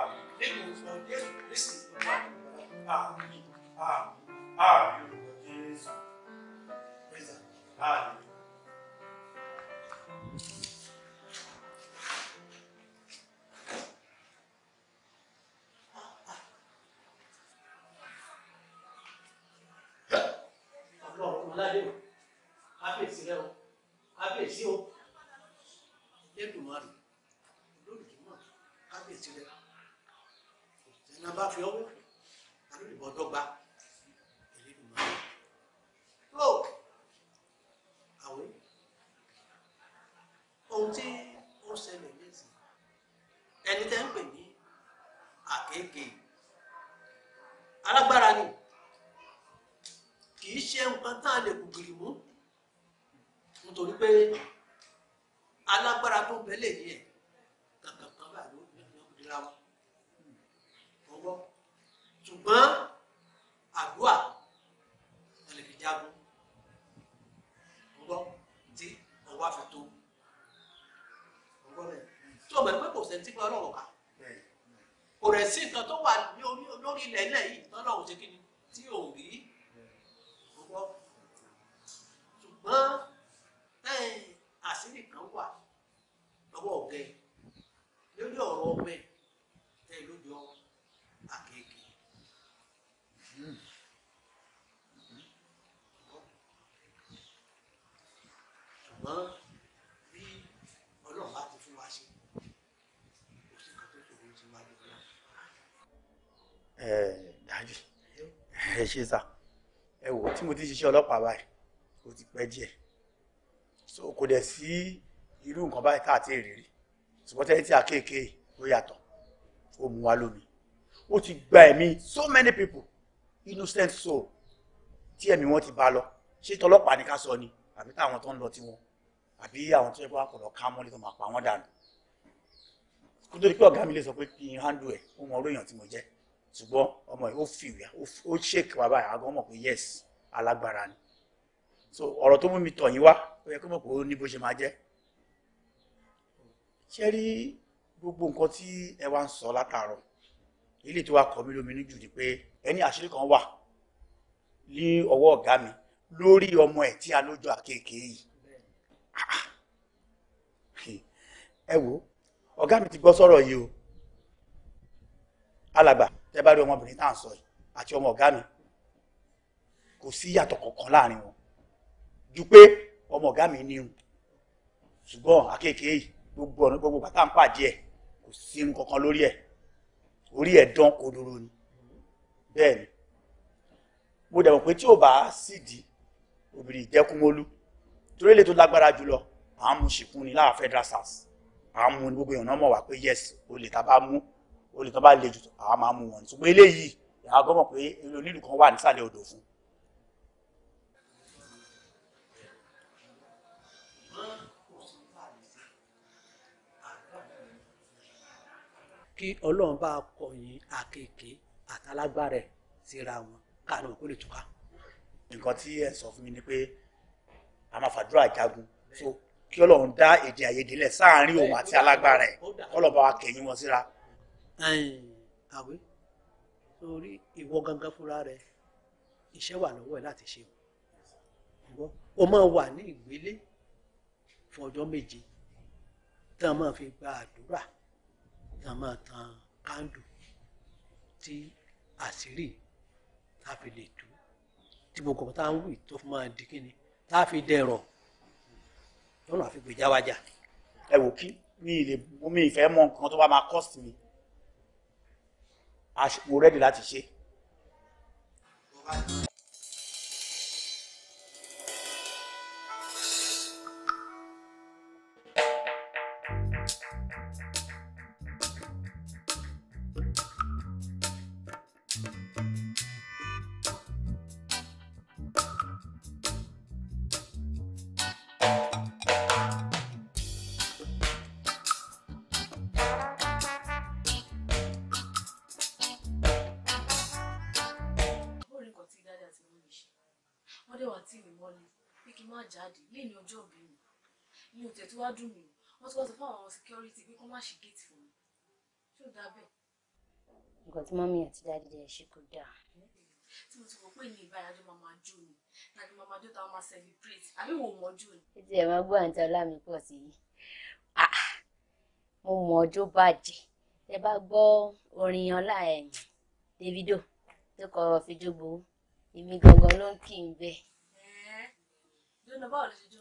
object in ṣe sà ẹ wò tí mo ti ṣiṣẹ́ ọlọ́pàá báyìí ó ti pẹ́ díẹ̀ so kò dẹ̀ sí irú nǹkan báyìí tá àti èrè rí ṣùgbọ́n tẹ́lẹ̀ tí akéèké ló yàtọ̀ ó mú wa lómi ó ti gba ẹ̀mí so many people innocent soul tí ẹ̀mí wọn ti bá lọ ṣé tọlọ́pàá ní ká sọ ni àbí táwọn tó ń lọ tiwọn àbí àwọn tó yẹ kó àkọlọ ká mọ́lé tó máa pa wọ́n dànù kó tó di pé ọ̀gá mi lè sọ pé kí n handle ẹ̀ ó mọ tí mo jẹ́ ṣùgbọ́n ọmọ yìí ó fi ìwé ó ṣèkì wá báyìí àgọ́ mọ̀ pé yes alágbára ni so ọ̀rọ̀ tó mú mi tọ̀ yín wá ó yẹ kó mọ̀ pé ó ní bó ṣe máa jẹ́ ṣé rí gbogbo nǹkan tí ẹ wá ń sọ látàárọ̀ ilé tó wá kọ mí lómi níjù ni pé ẹni àṣírí kan wà ní ọwọ́ ọ̀gá mi lórí ọmọ ẹ̀ tí a lójọ àkekèé yìí ah, ah. ẹ wo ọ̀gá mi ti gbọ́ sọ̀rọ̀ yìí o alàgbà tẹ́ bá rí ọmọbìnrin tá à ń sọ yìí àti ọmọ ọ̀gá mi kò sí yàtọ̀ kankan láàrin wọn ju pé ọmọ ọ̀gá mi ní irun ṣùgbọ́n akéèké yìí gbogbo ọ̀nà gbogbo bàtà ń pàdé ẹ̀ kò sí irun kankan lórí ẹ̀ orí ẹ̀ dán kodoro ni bẹ́ẹ̀ ni mo dẹ̀ mọ̀ pé tí ò bá sídìí obìnrin ìjẹ́kúmólú torí èlé tó lágbára jùlọ à ń mu ṣìkún ni láwọn federal sars à ń mu ní gbogbo èèyàn wá pé yes olè tá bá mú olè tó bá le jù àwọn máa mú wọn ní ṣùgbọ́n eléyìí ìyá gọ́mọ̀ pé onílù kan wà nísàlẹ̀ odò fún. kí ọlọ́run bá kọ̀yìn àkèké àtàlágbára ẹ̀ síra wọn káàánú kó lè túká. nǹkan tí ẹ sọ fún mi ni pé a máa fàdúrà jagun so kí ọlọ́run dá èdè àìyedè lẹ̀ sáàárín òun àti alágbára ẹ̀ kọ́lọ́ bá wa kẹ̀yìn wọn síra àwé torí ìwọ gangan fúnra rẹ iṣẹ́ wà lọ́wọ́ ẹ láti ṣe ìwọ o máa wà ní ìgbélé fún ọjọ́ méje tá a máa fi gba àdúrà tá a máa tan kándù tí àṣírí tá a fi lè tú tí gbogbo tá a ń wì tó fi máa di kíni tá a fi dẹ̀rọ̀ lọ́nà àfi gbèjà wájà ẹ wò kí mi ì lè mú mi ìfẹ́ mọ nǹkan tó bá máa kọ́ sí mi wò rẹ́dì láti ṣe. pé kó má ṣe géètì fún mi ṣé ó dáa bẹ́ẹ̀. nǹkan tí mọ́mí àti dáàdì dẹ̀ ṣe kò dáa. tí mo ti wò pé ní ìbáyájọ́ máa máa jó ni tàbí máa máa jó táwọn máa celebrate àbí wò mọ́ jó ni. títí ẹ̀ máa gbọ́ àǹtí ọlámi pọ̀ sí i ah, mo mọ̀ ọjọ́ bàjẹ́ ẹ bá gbọ́ orin ọlá ẹ̀ Davido tó kọ fíjó gbowó èmi gangan ló ń kì í bẹ́ẹ̀. ẹ ẹ lónà báwo ló ṣe jó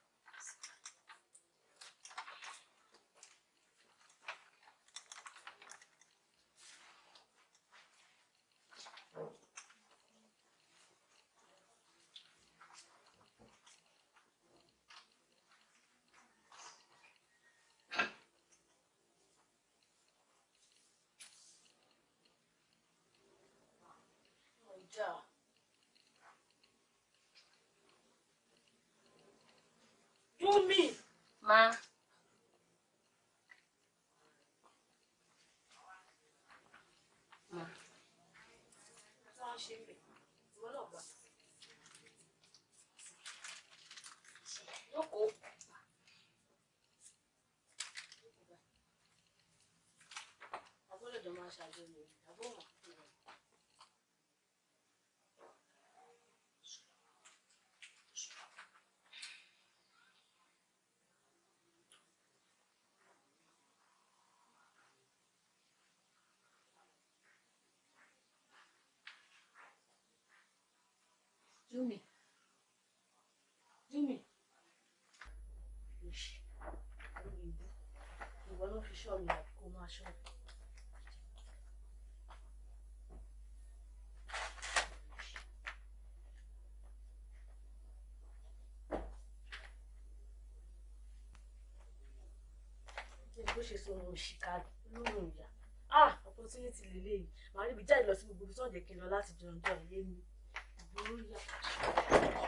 Ma. Ma. Jumi. Jumi. Ìṣe. Lórí ibú. Ìwọ ló fi ṣọ́ mi àbí kó máa ṣọ́ mi. bó ṣe sọ ah opportunity lélẹ́yìn màá ríbi jáde lọ sí gbogbo ibi tó ń jẹ́ kí n lọ láti jọjọ́ ayé mi. Hallelujah.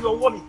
一个窝米。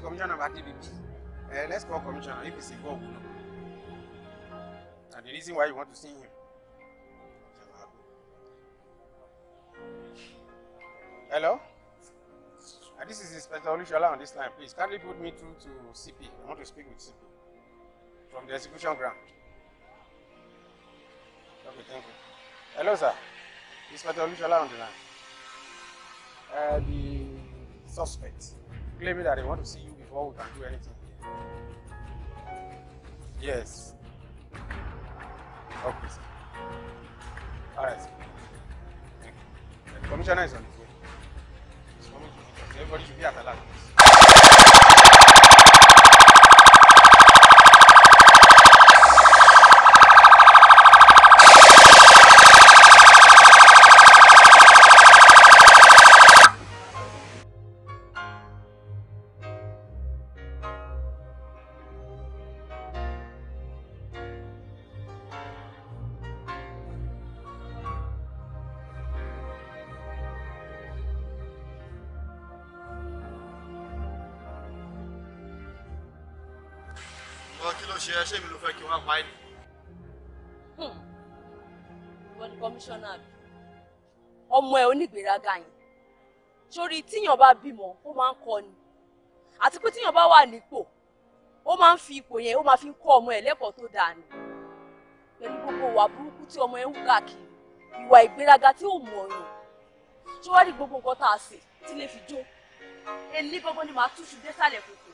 the commissioner of ADBB. Uh, let's call commissioner if he's involved. know. And the reason why you want to see him. Hello? Uh, this is Inspector Olushola on this line. Please kindly put me through to CP. I want to speak with CP from the execution ground. Okay, thank you. Hello, sir. Inspector Olushola on the line. Uh, the suspect claiming that they want to see you before we can do anything here. Yes. Okay, sir. All right, Thank you. The commissioner is on his way. He's coming to meet us. Everybody should be at a last. ọmọ ẹ onígbèéraga yẹn sórí tíyàn bá bímọ ó máa ń kọ́ ni àti pé tíyàn bá wà nípò ó máa ń fi ipò yẹn ó máa fi ń kọ́ ọmọ ẹ lẹ́kọ̀ọ́ tó dáa ni pẹ̀lú gbogbo ìwà burúkú tí ọmọ ẹ ń wù káàkiri ìwà ìgbéraga tí ò mú ọyàn tó wá ní gbogbo nǹkan tá a sè tí lè fi jó ẹni gbogbo ni màá túṣu désàlẹ̀ kòkò.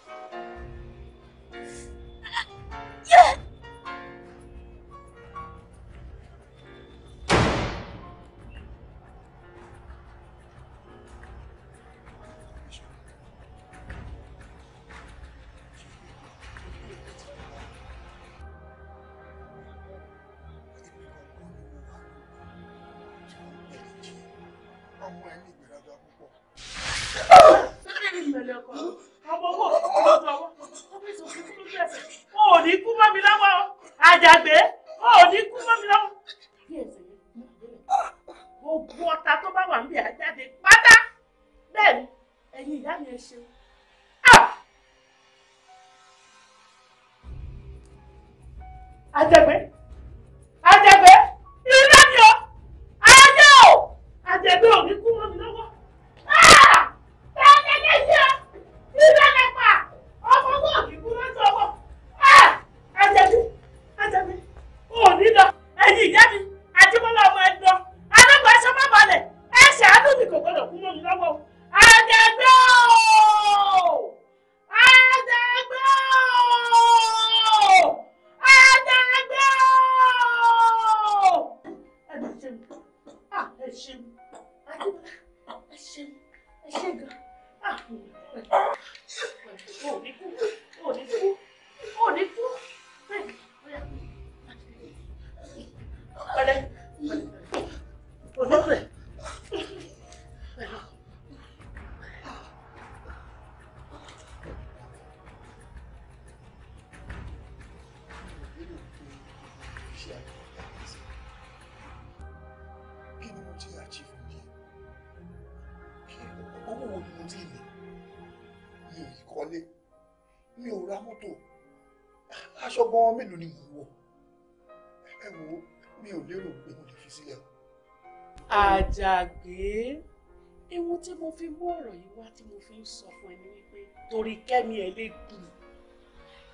kẹ́mi ẹ̀ lè dùn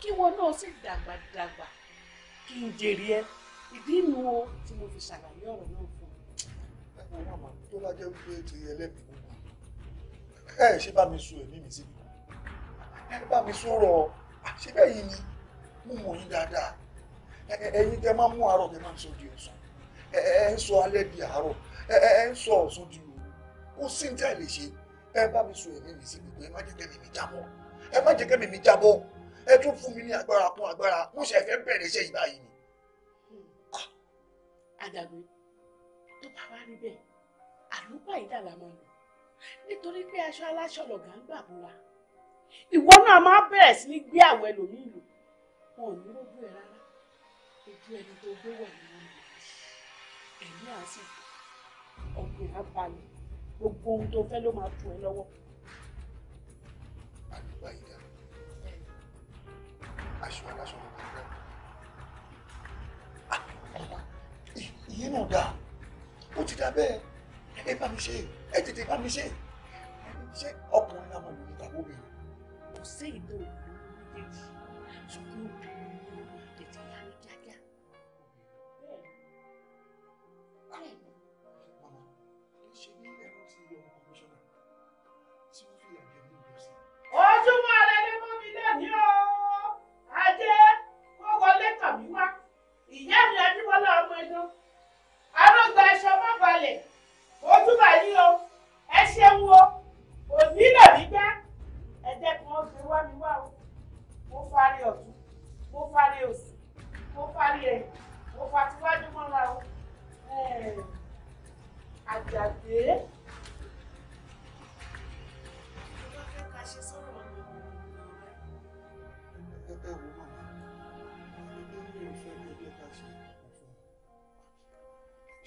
kí wọn náà sì dàgbà dàgbà kí n jèrè ẹ ìdí inú o tí mo fi ṣàlàyé ọ̀rọ̀ náà fún ọ. tó bá jẹ́ wípé ti ẹlẹ́bi gbogbo ẹ ṣe bá mi sọ ẹ̀mí mi síbi ẹ bá mi sọ̀rọ̀ ṣé bẹ́ẹ̀ yìí ni mo mọ̀ yín dáadáa ẹ̀yin tẹ máa ń mú àárọ̀ tẹ máa ń sọ di ọ̀sán ẹ ń sọ alẹ́ di àárọ̀ ẹ ń sọ ọ̀sán di òru ó sì ń ṣe ẹ bá mi sọ ẹ̀mí mi síbi pé má jẹ́ kẹ́mi mi jábọ̀ ẹ má jẹ́ kẹ́mi mi jábọ́ ẹ tún fún mi ní agbára kún agbára mo ṣe fẹ́ bẹ̀rẹ̀ iṣẹ́ yìí báyìí ni. Hmm. àdàgbé tó bá wá rí bẹ́ẹ̀ àlùbá yìí dàlà máa lò nítorí pé aṣọ aláṣọ lọ̀gá ń gbà búra ìwọ náà máa bẹ̀rẹ̀ sí ní gbé àwọ̀ ẹlòmíì lò wọn ò ní lójú ẹ rárá ojú ẹni tó gbé wà ní wọn ẹ̀mí àásìkò ọ̀gbìn á balẹ̀ gbogbo ohun tó fẹ́ ló máa tù ẹ́ lọ́wọ́. aṣọ aláṣọ ah, ló bá rẹ ọmọ ìyẹn náà dáa ó ti dá bẹ́ẹ̀ ẹ bá mi ṣe ẹ tètè bá mi ṣe ṣé ọkùnrin làwọn ènìyàn tàbí obìnrin. kò sí ìdó ìlú méjèèjì ṣùgbọ́n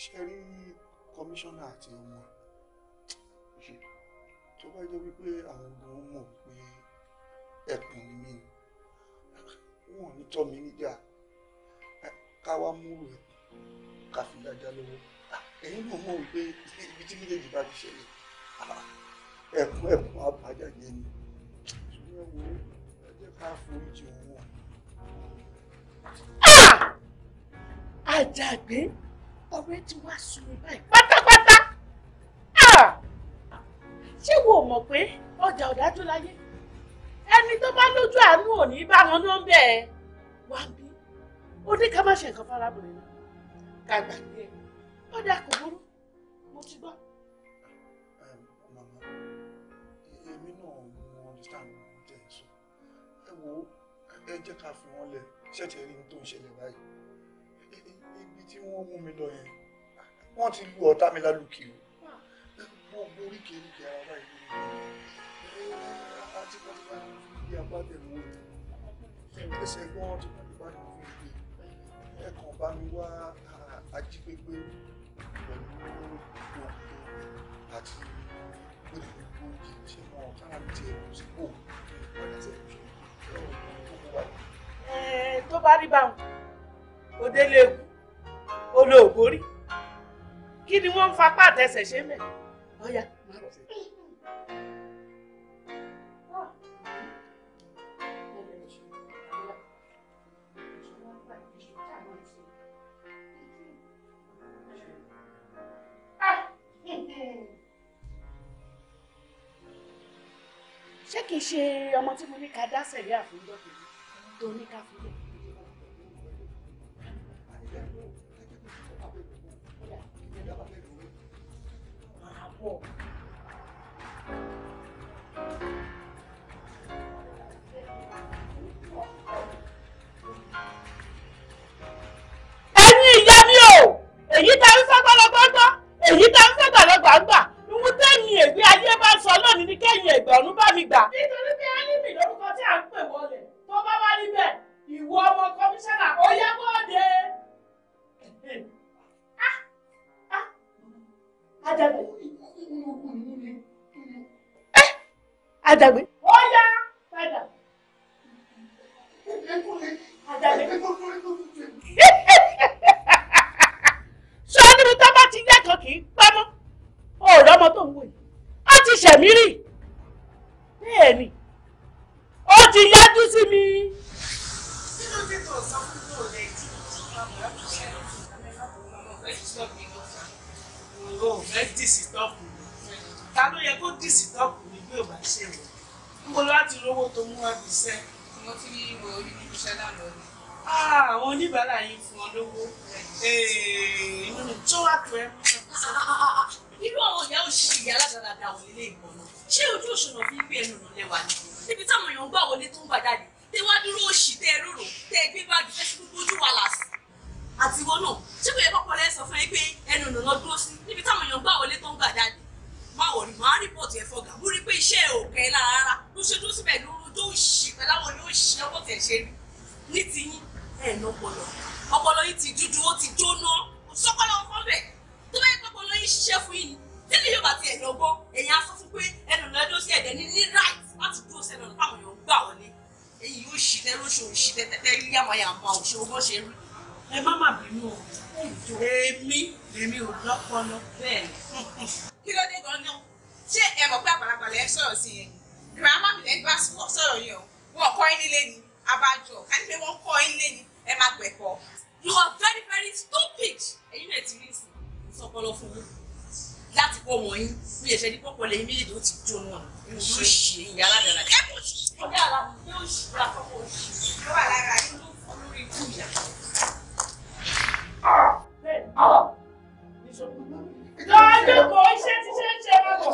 ṣe rí kọmíṣánná àti ọmọ tó bá jẹ́ wípé àwọn gan mọ̀ pé ẹ̀pọ̀n ni mí wọn ò ní tọ́ mi níjà ká wá múrò ẹ̀pọ̀n ká fi dájá lọ́wọ́ ẹ̀yin náà mọ̀ wípé ibi tí méjèèjì bá ti ṣẹlẹ̀ ẹ̀pọ̀n ẹ̀pọ̀n abájá jẹ́ ni ṣùgbọ́n ẹ wo ẹ jẹ́ ká foríjì ọ̀rẹ́ ti wá sú mi báyìí pátápátá ṣé wo mọ̀ pé ọjà ọ̀dájú láyé ẹni tó bá lójú àánú ò ní bá wọn náà bẹ́ẹ̀ wá bí ó ní ká má ṣe nǹkan fárábìnrin náà ká gbàgbé ẹ ó dà kò burú mo ti gbọ́. màmá èmi náà mo understand mo jẹ́ ẹ̀ sọ ẹ wo ẹ jẹ́ ká fi wọ́n lẹ̀ ṣẹ́tẹ̀ẹ́rí ní tó ń ṣẹlẹ̀ báyìí tí wọ́n mú mi lọ yẹn wọ́n ti lu ọ̀tá mi lálùkì o gbogbo oríkèéríkè ara báyìí àti wọ́n ti bá mi fi apá tẹ̀lé wọn ẹsẹ̀ gbọ́n ti bá mi bá mi gbé ẹ̀kan bá mi wá ajígbégbé pẹ̀lú gbogbo àti pẹ̀lú gbogbo jíjẹ náà kára mi tiẹ̀ kò sí kò padà sí ẹ̀kọ́ tó bá rí báwọn òdélé ewu olóògùn rí kí ni wọ́n ń fapá àtẹsẹ̀ ṣe mẹ́ ọ̀ya má lọ sí. ṣé kìí ṣe ọmọ tí mo ní ká dá sẹ̀rí àfúnjọ́ tó ní ká fi lẹ̀. pọ̀. ẹ̀yin ìyá mi o èyí tá ń fẹ́ gbọ́lọ́gbọ́gbọ́ èyí tá ń fẹ́ gbàlọ́gbàgbà ìwú tẹ́yìn èmi ayé bá sọ lónìí ní kẹ́yìn ẹ̀gbà ọ̀run bá mi gbà. nítorí pé ẹ́nìmì lórúkọ tí à ń pè wọlé tó bá wá níbẹ̀ ìwọ ọmọ kọmíṣánná ó yẹ kó dé. Adébẹ̀yẹ. àjàgbé. ó yá padà. àjàgbé. sọ níbi tó bá ti yẹ kan kì í pamọ́ ọ̀rọ̀ ọmọ tó ń wò yìí ó ti ṣẹ̀mí rì bẹ́ẹ̀ ni ó ti yájú sí mi. kí ló dé tó sọ fún mi ò lè tí mo ti máa mọ̀ ọ́ ṣe é ló fẹ́ dìsítọ́pù ta ló yẹ kó dìsítọ́pù pé ò bá ṣe wò ń bọ̀ láti rówó tó mú wá fi ṣẹ́. mo ti rí ìwé orí nínú iṣẹ́ náà lọ. Ah, àwọn oníbàárà yìí fún ọ lówó inú mi tó wà pẹ́. irú àwọn ìyá òṣìṣẹ́ ìyá aládàáda ò nílé ìbọn náà ṣé ojú òṣùnà fi gbé ẹnu rẹ wà ní níbi táwọn èèyàn ń gbà wọlé tó ń bà jáde tẹ wá dúró òṣì tẹ ẹ rúrò tẹ ẹ gbé báàgì fẹ́ sí gbogbo ojú wa làásì àtiwọ́ náà ṣé kò yẹ kọ́kọ́ lẹ́sọ̀ fún ẹ pé ẹnu ìnànà dúró sí níbi táwọn èèyàn gbà wọlé tó ń gbà jáde báwo ni màá rìpọ̀tì ẹ̀ fọ̀gà mo rí pé iṣẹ́ ẹ̀ ò kẹ́ ẹ lára rárá ló ṣe tó síbẹ̀ lóru tó ṣì pẹ̀lú àwọn yóò ṣe ọwọ́ tẹ̀ ṣe rí ní ti yín ẹ̀ ní ọpọlọ ọpọlọ yín ti dúdú ó ti jóná kò sọ́pọlọ fọ́ bẹ̀ tó bá yẹ pé ọpọlọ yín ṣiṣẹ́ fún yín tẹ́lẹ̀ yóò bá ti ẹ̀yàn gbọ́ ẹ̀yàn aṣọ fún pé ẹnu náà ló sí ẹ̀dẹ̀ ní ní right láti dúró sẹ́nu ẹ má má bínú o èmi èmi ò lọ́pọlọ. bẹ́ẹ̀ni kí ló dé gan-an ṣé ẹ mọ̀ pé àgbàlagbà lẹ́ ń sọ̀rọ̀ sí yẹn grandma mi lẹ́ ń bá sọ̀rọ̀ yẹn o wọn kọ́ ẹ nílé ni abájọ ká ní pé wọ́n kọ́ ẹ nílé ni ẹ má gbẹ̀kọ́. you are very very stupid. ẹ̀yin náà ti rí ìsìn sọpọlọ fún mi láti kó wọn yín mi yẹ ṣe ní pọpọ lẹ́yìn méjèèjì ó ti jó wọn ló ṣe ìyá aládàra ẹ kò sí. ọ̀dà àlàfo yóò ṣì Lọ́dúnkọ̀ iṣẹ́ ti ṣe ń ṣe lọ́dọ̀.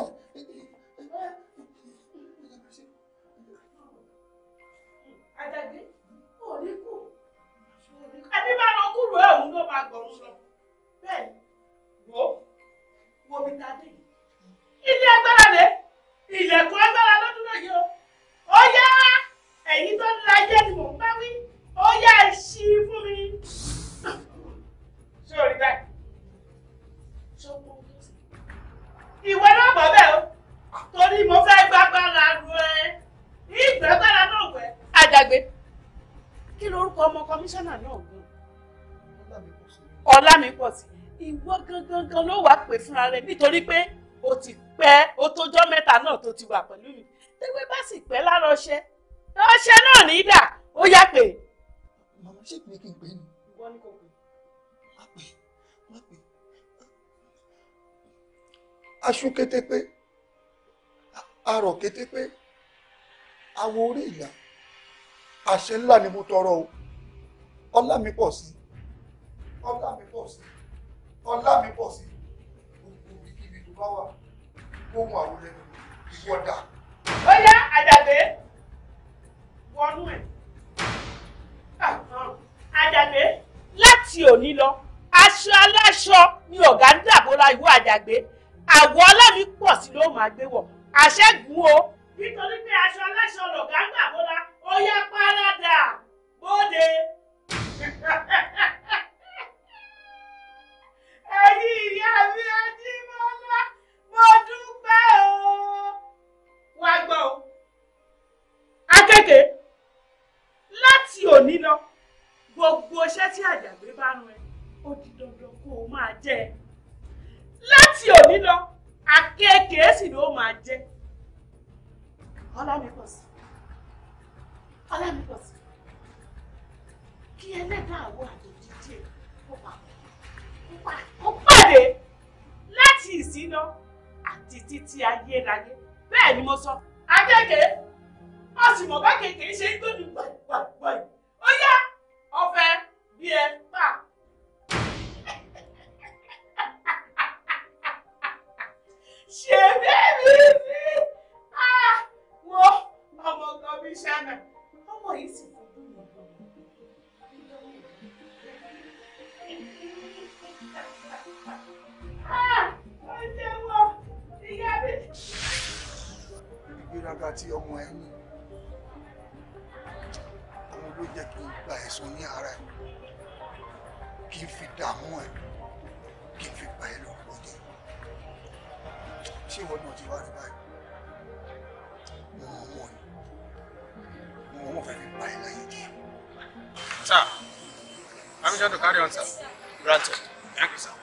Àjàgbé, ò ní kú. Ẹbí máa lọ kúrò ẹ̀hún ló máa gbọ̀rún lọ. Bẹ́ẹ̀ wo, wo mi ta dé. Ilé agbára lé, ilẹ̀kùn agbára lọ́dún náà yìí kọmíṣánná náà gan Ọlámipọ̀sí ìwọ gangan gan ló wàá pè fúnra rẹ nítorí pé o ti pẹ́ o tójọ́ mẹ́ta náà tó ti wà pẹ̀lú mi tẹ́gbẹ́ bá sì pẹ́ lára ọṣẹ ọṣẹ náà ní í dà ó yá pé. màmá ṣe pé kí n pè é ni. ìwọ ni kò pè. má pè má pè. aṣú kété pé arọ̀ kété orí ìyá àṣẹ ńlá ni mo tọrọ o ọlá mi pọ̀ sí ọlá mi pọ̀ sí ọlá mi pọ̀ sí gbogbo ibi tó bá wà gbóhùn àwòrán ẹni ìwọ dà. ó yá àdàgbé wọnú ẹ ah, ah. àdàgbé láti òní lọ aṣọ aláṣọ ni ọ̀gá ń dàbọ̀ra ìwọ àdàgbé àwọ̀ ọlá mi pọ̀ sí ló máa gbé wọ̀ àṣẹ́gun o nítorí pé aṣọ aláṣọ lọ̀gá ń dàbọ̀ra ó yá párádà bóde ẹ̀yin ìyá mi Ajímọ́lá mo dúpẹ́ o wá gbọ́ o akẹ́kẹ́ láti òní lọ gbogbo iṣẹ́ tí àjàgbé bá rán ẹ ó di dandan kó o máa jẹ ẹ láti òní lọ akẹ́kẹ́ sì ló máa jẹ ọlámìkọ̀sí ọlámìkọ̀sí kí ẹlẹ́dàá àwọn àtòjíjì kó pàdé láti ìsíná àti títí ayérayé bẹ́ẹ̀ ni mo sọ akẹ́kẹ́ ó sì mọ̀ bá kékeré ṣe ń gbóni gbàgbàgbà ó yá ọ̀fẹ́ bí ẹ pa. ṣe bẹ́ẹ̀ mi ni ah, wọ́n ọmọ kọmíṣánná ọmọ yìí sì nígbà tí ọmọ ẹ ní òun ló jẹ́ kí n gba ẹ̀sùn ní ara ẹ̀ kí n fi dààmú ẹ̀ kí n fi gba ẹ lórúkọ jẹ́ ṣé ìwọ náà ti wá rí báyìí mo mọ̀ mọ̀ mo mọ̀ fẹ́ fi gba ẹ láyé jẹ́. Sir, permission to carry on, sir. Granted. Thank you, sir.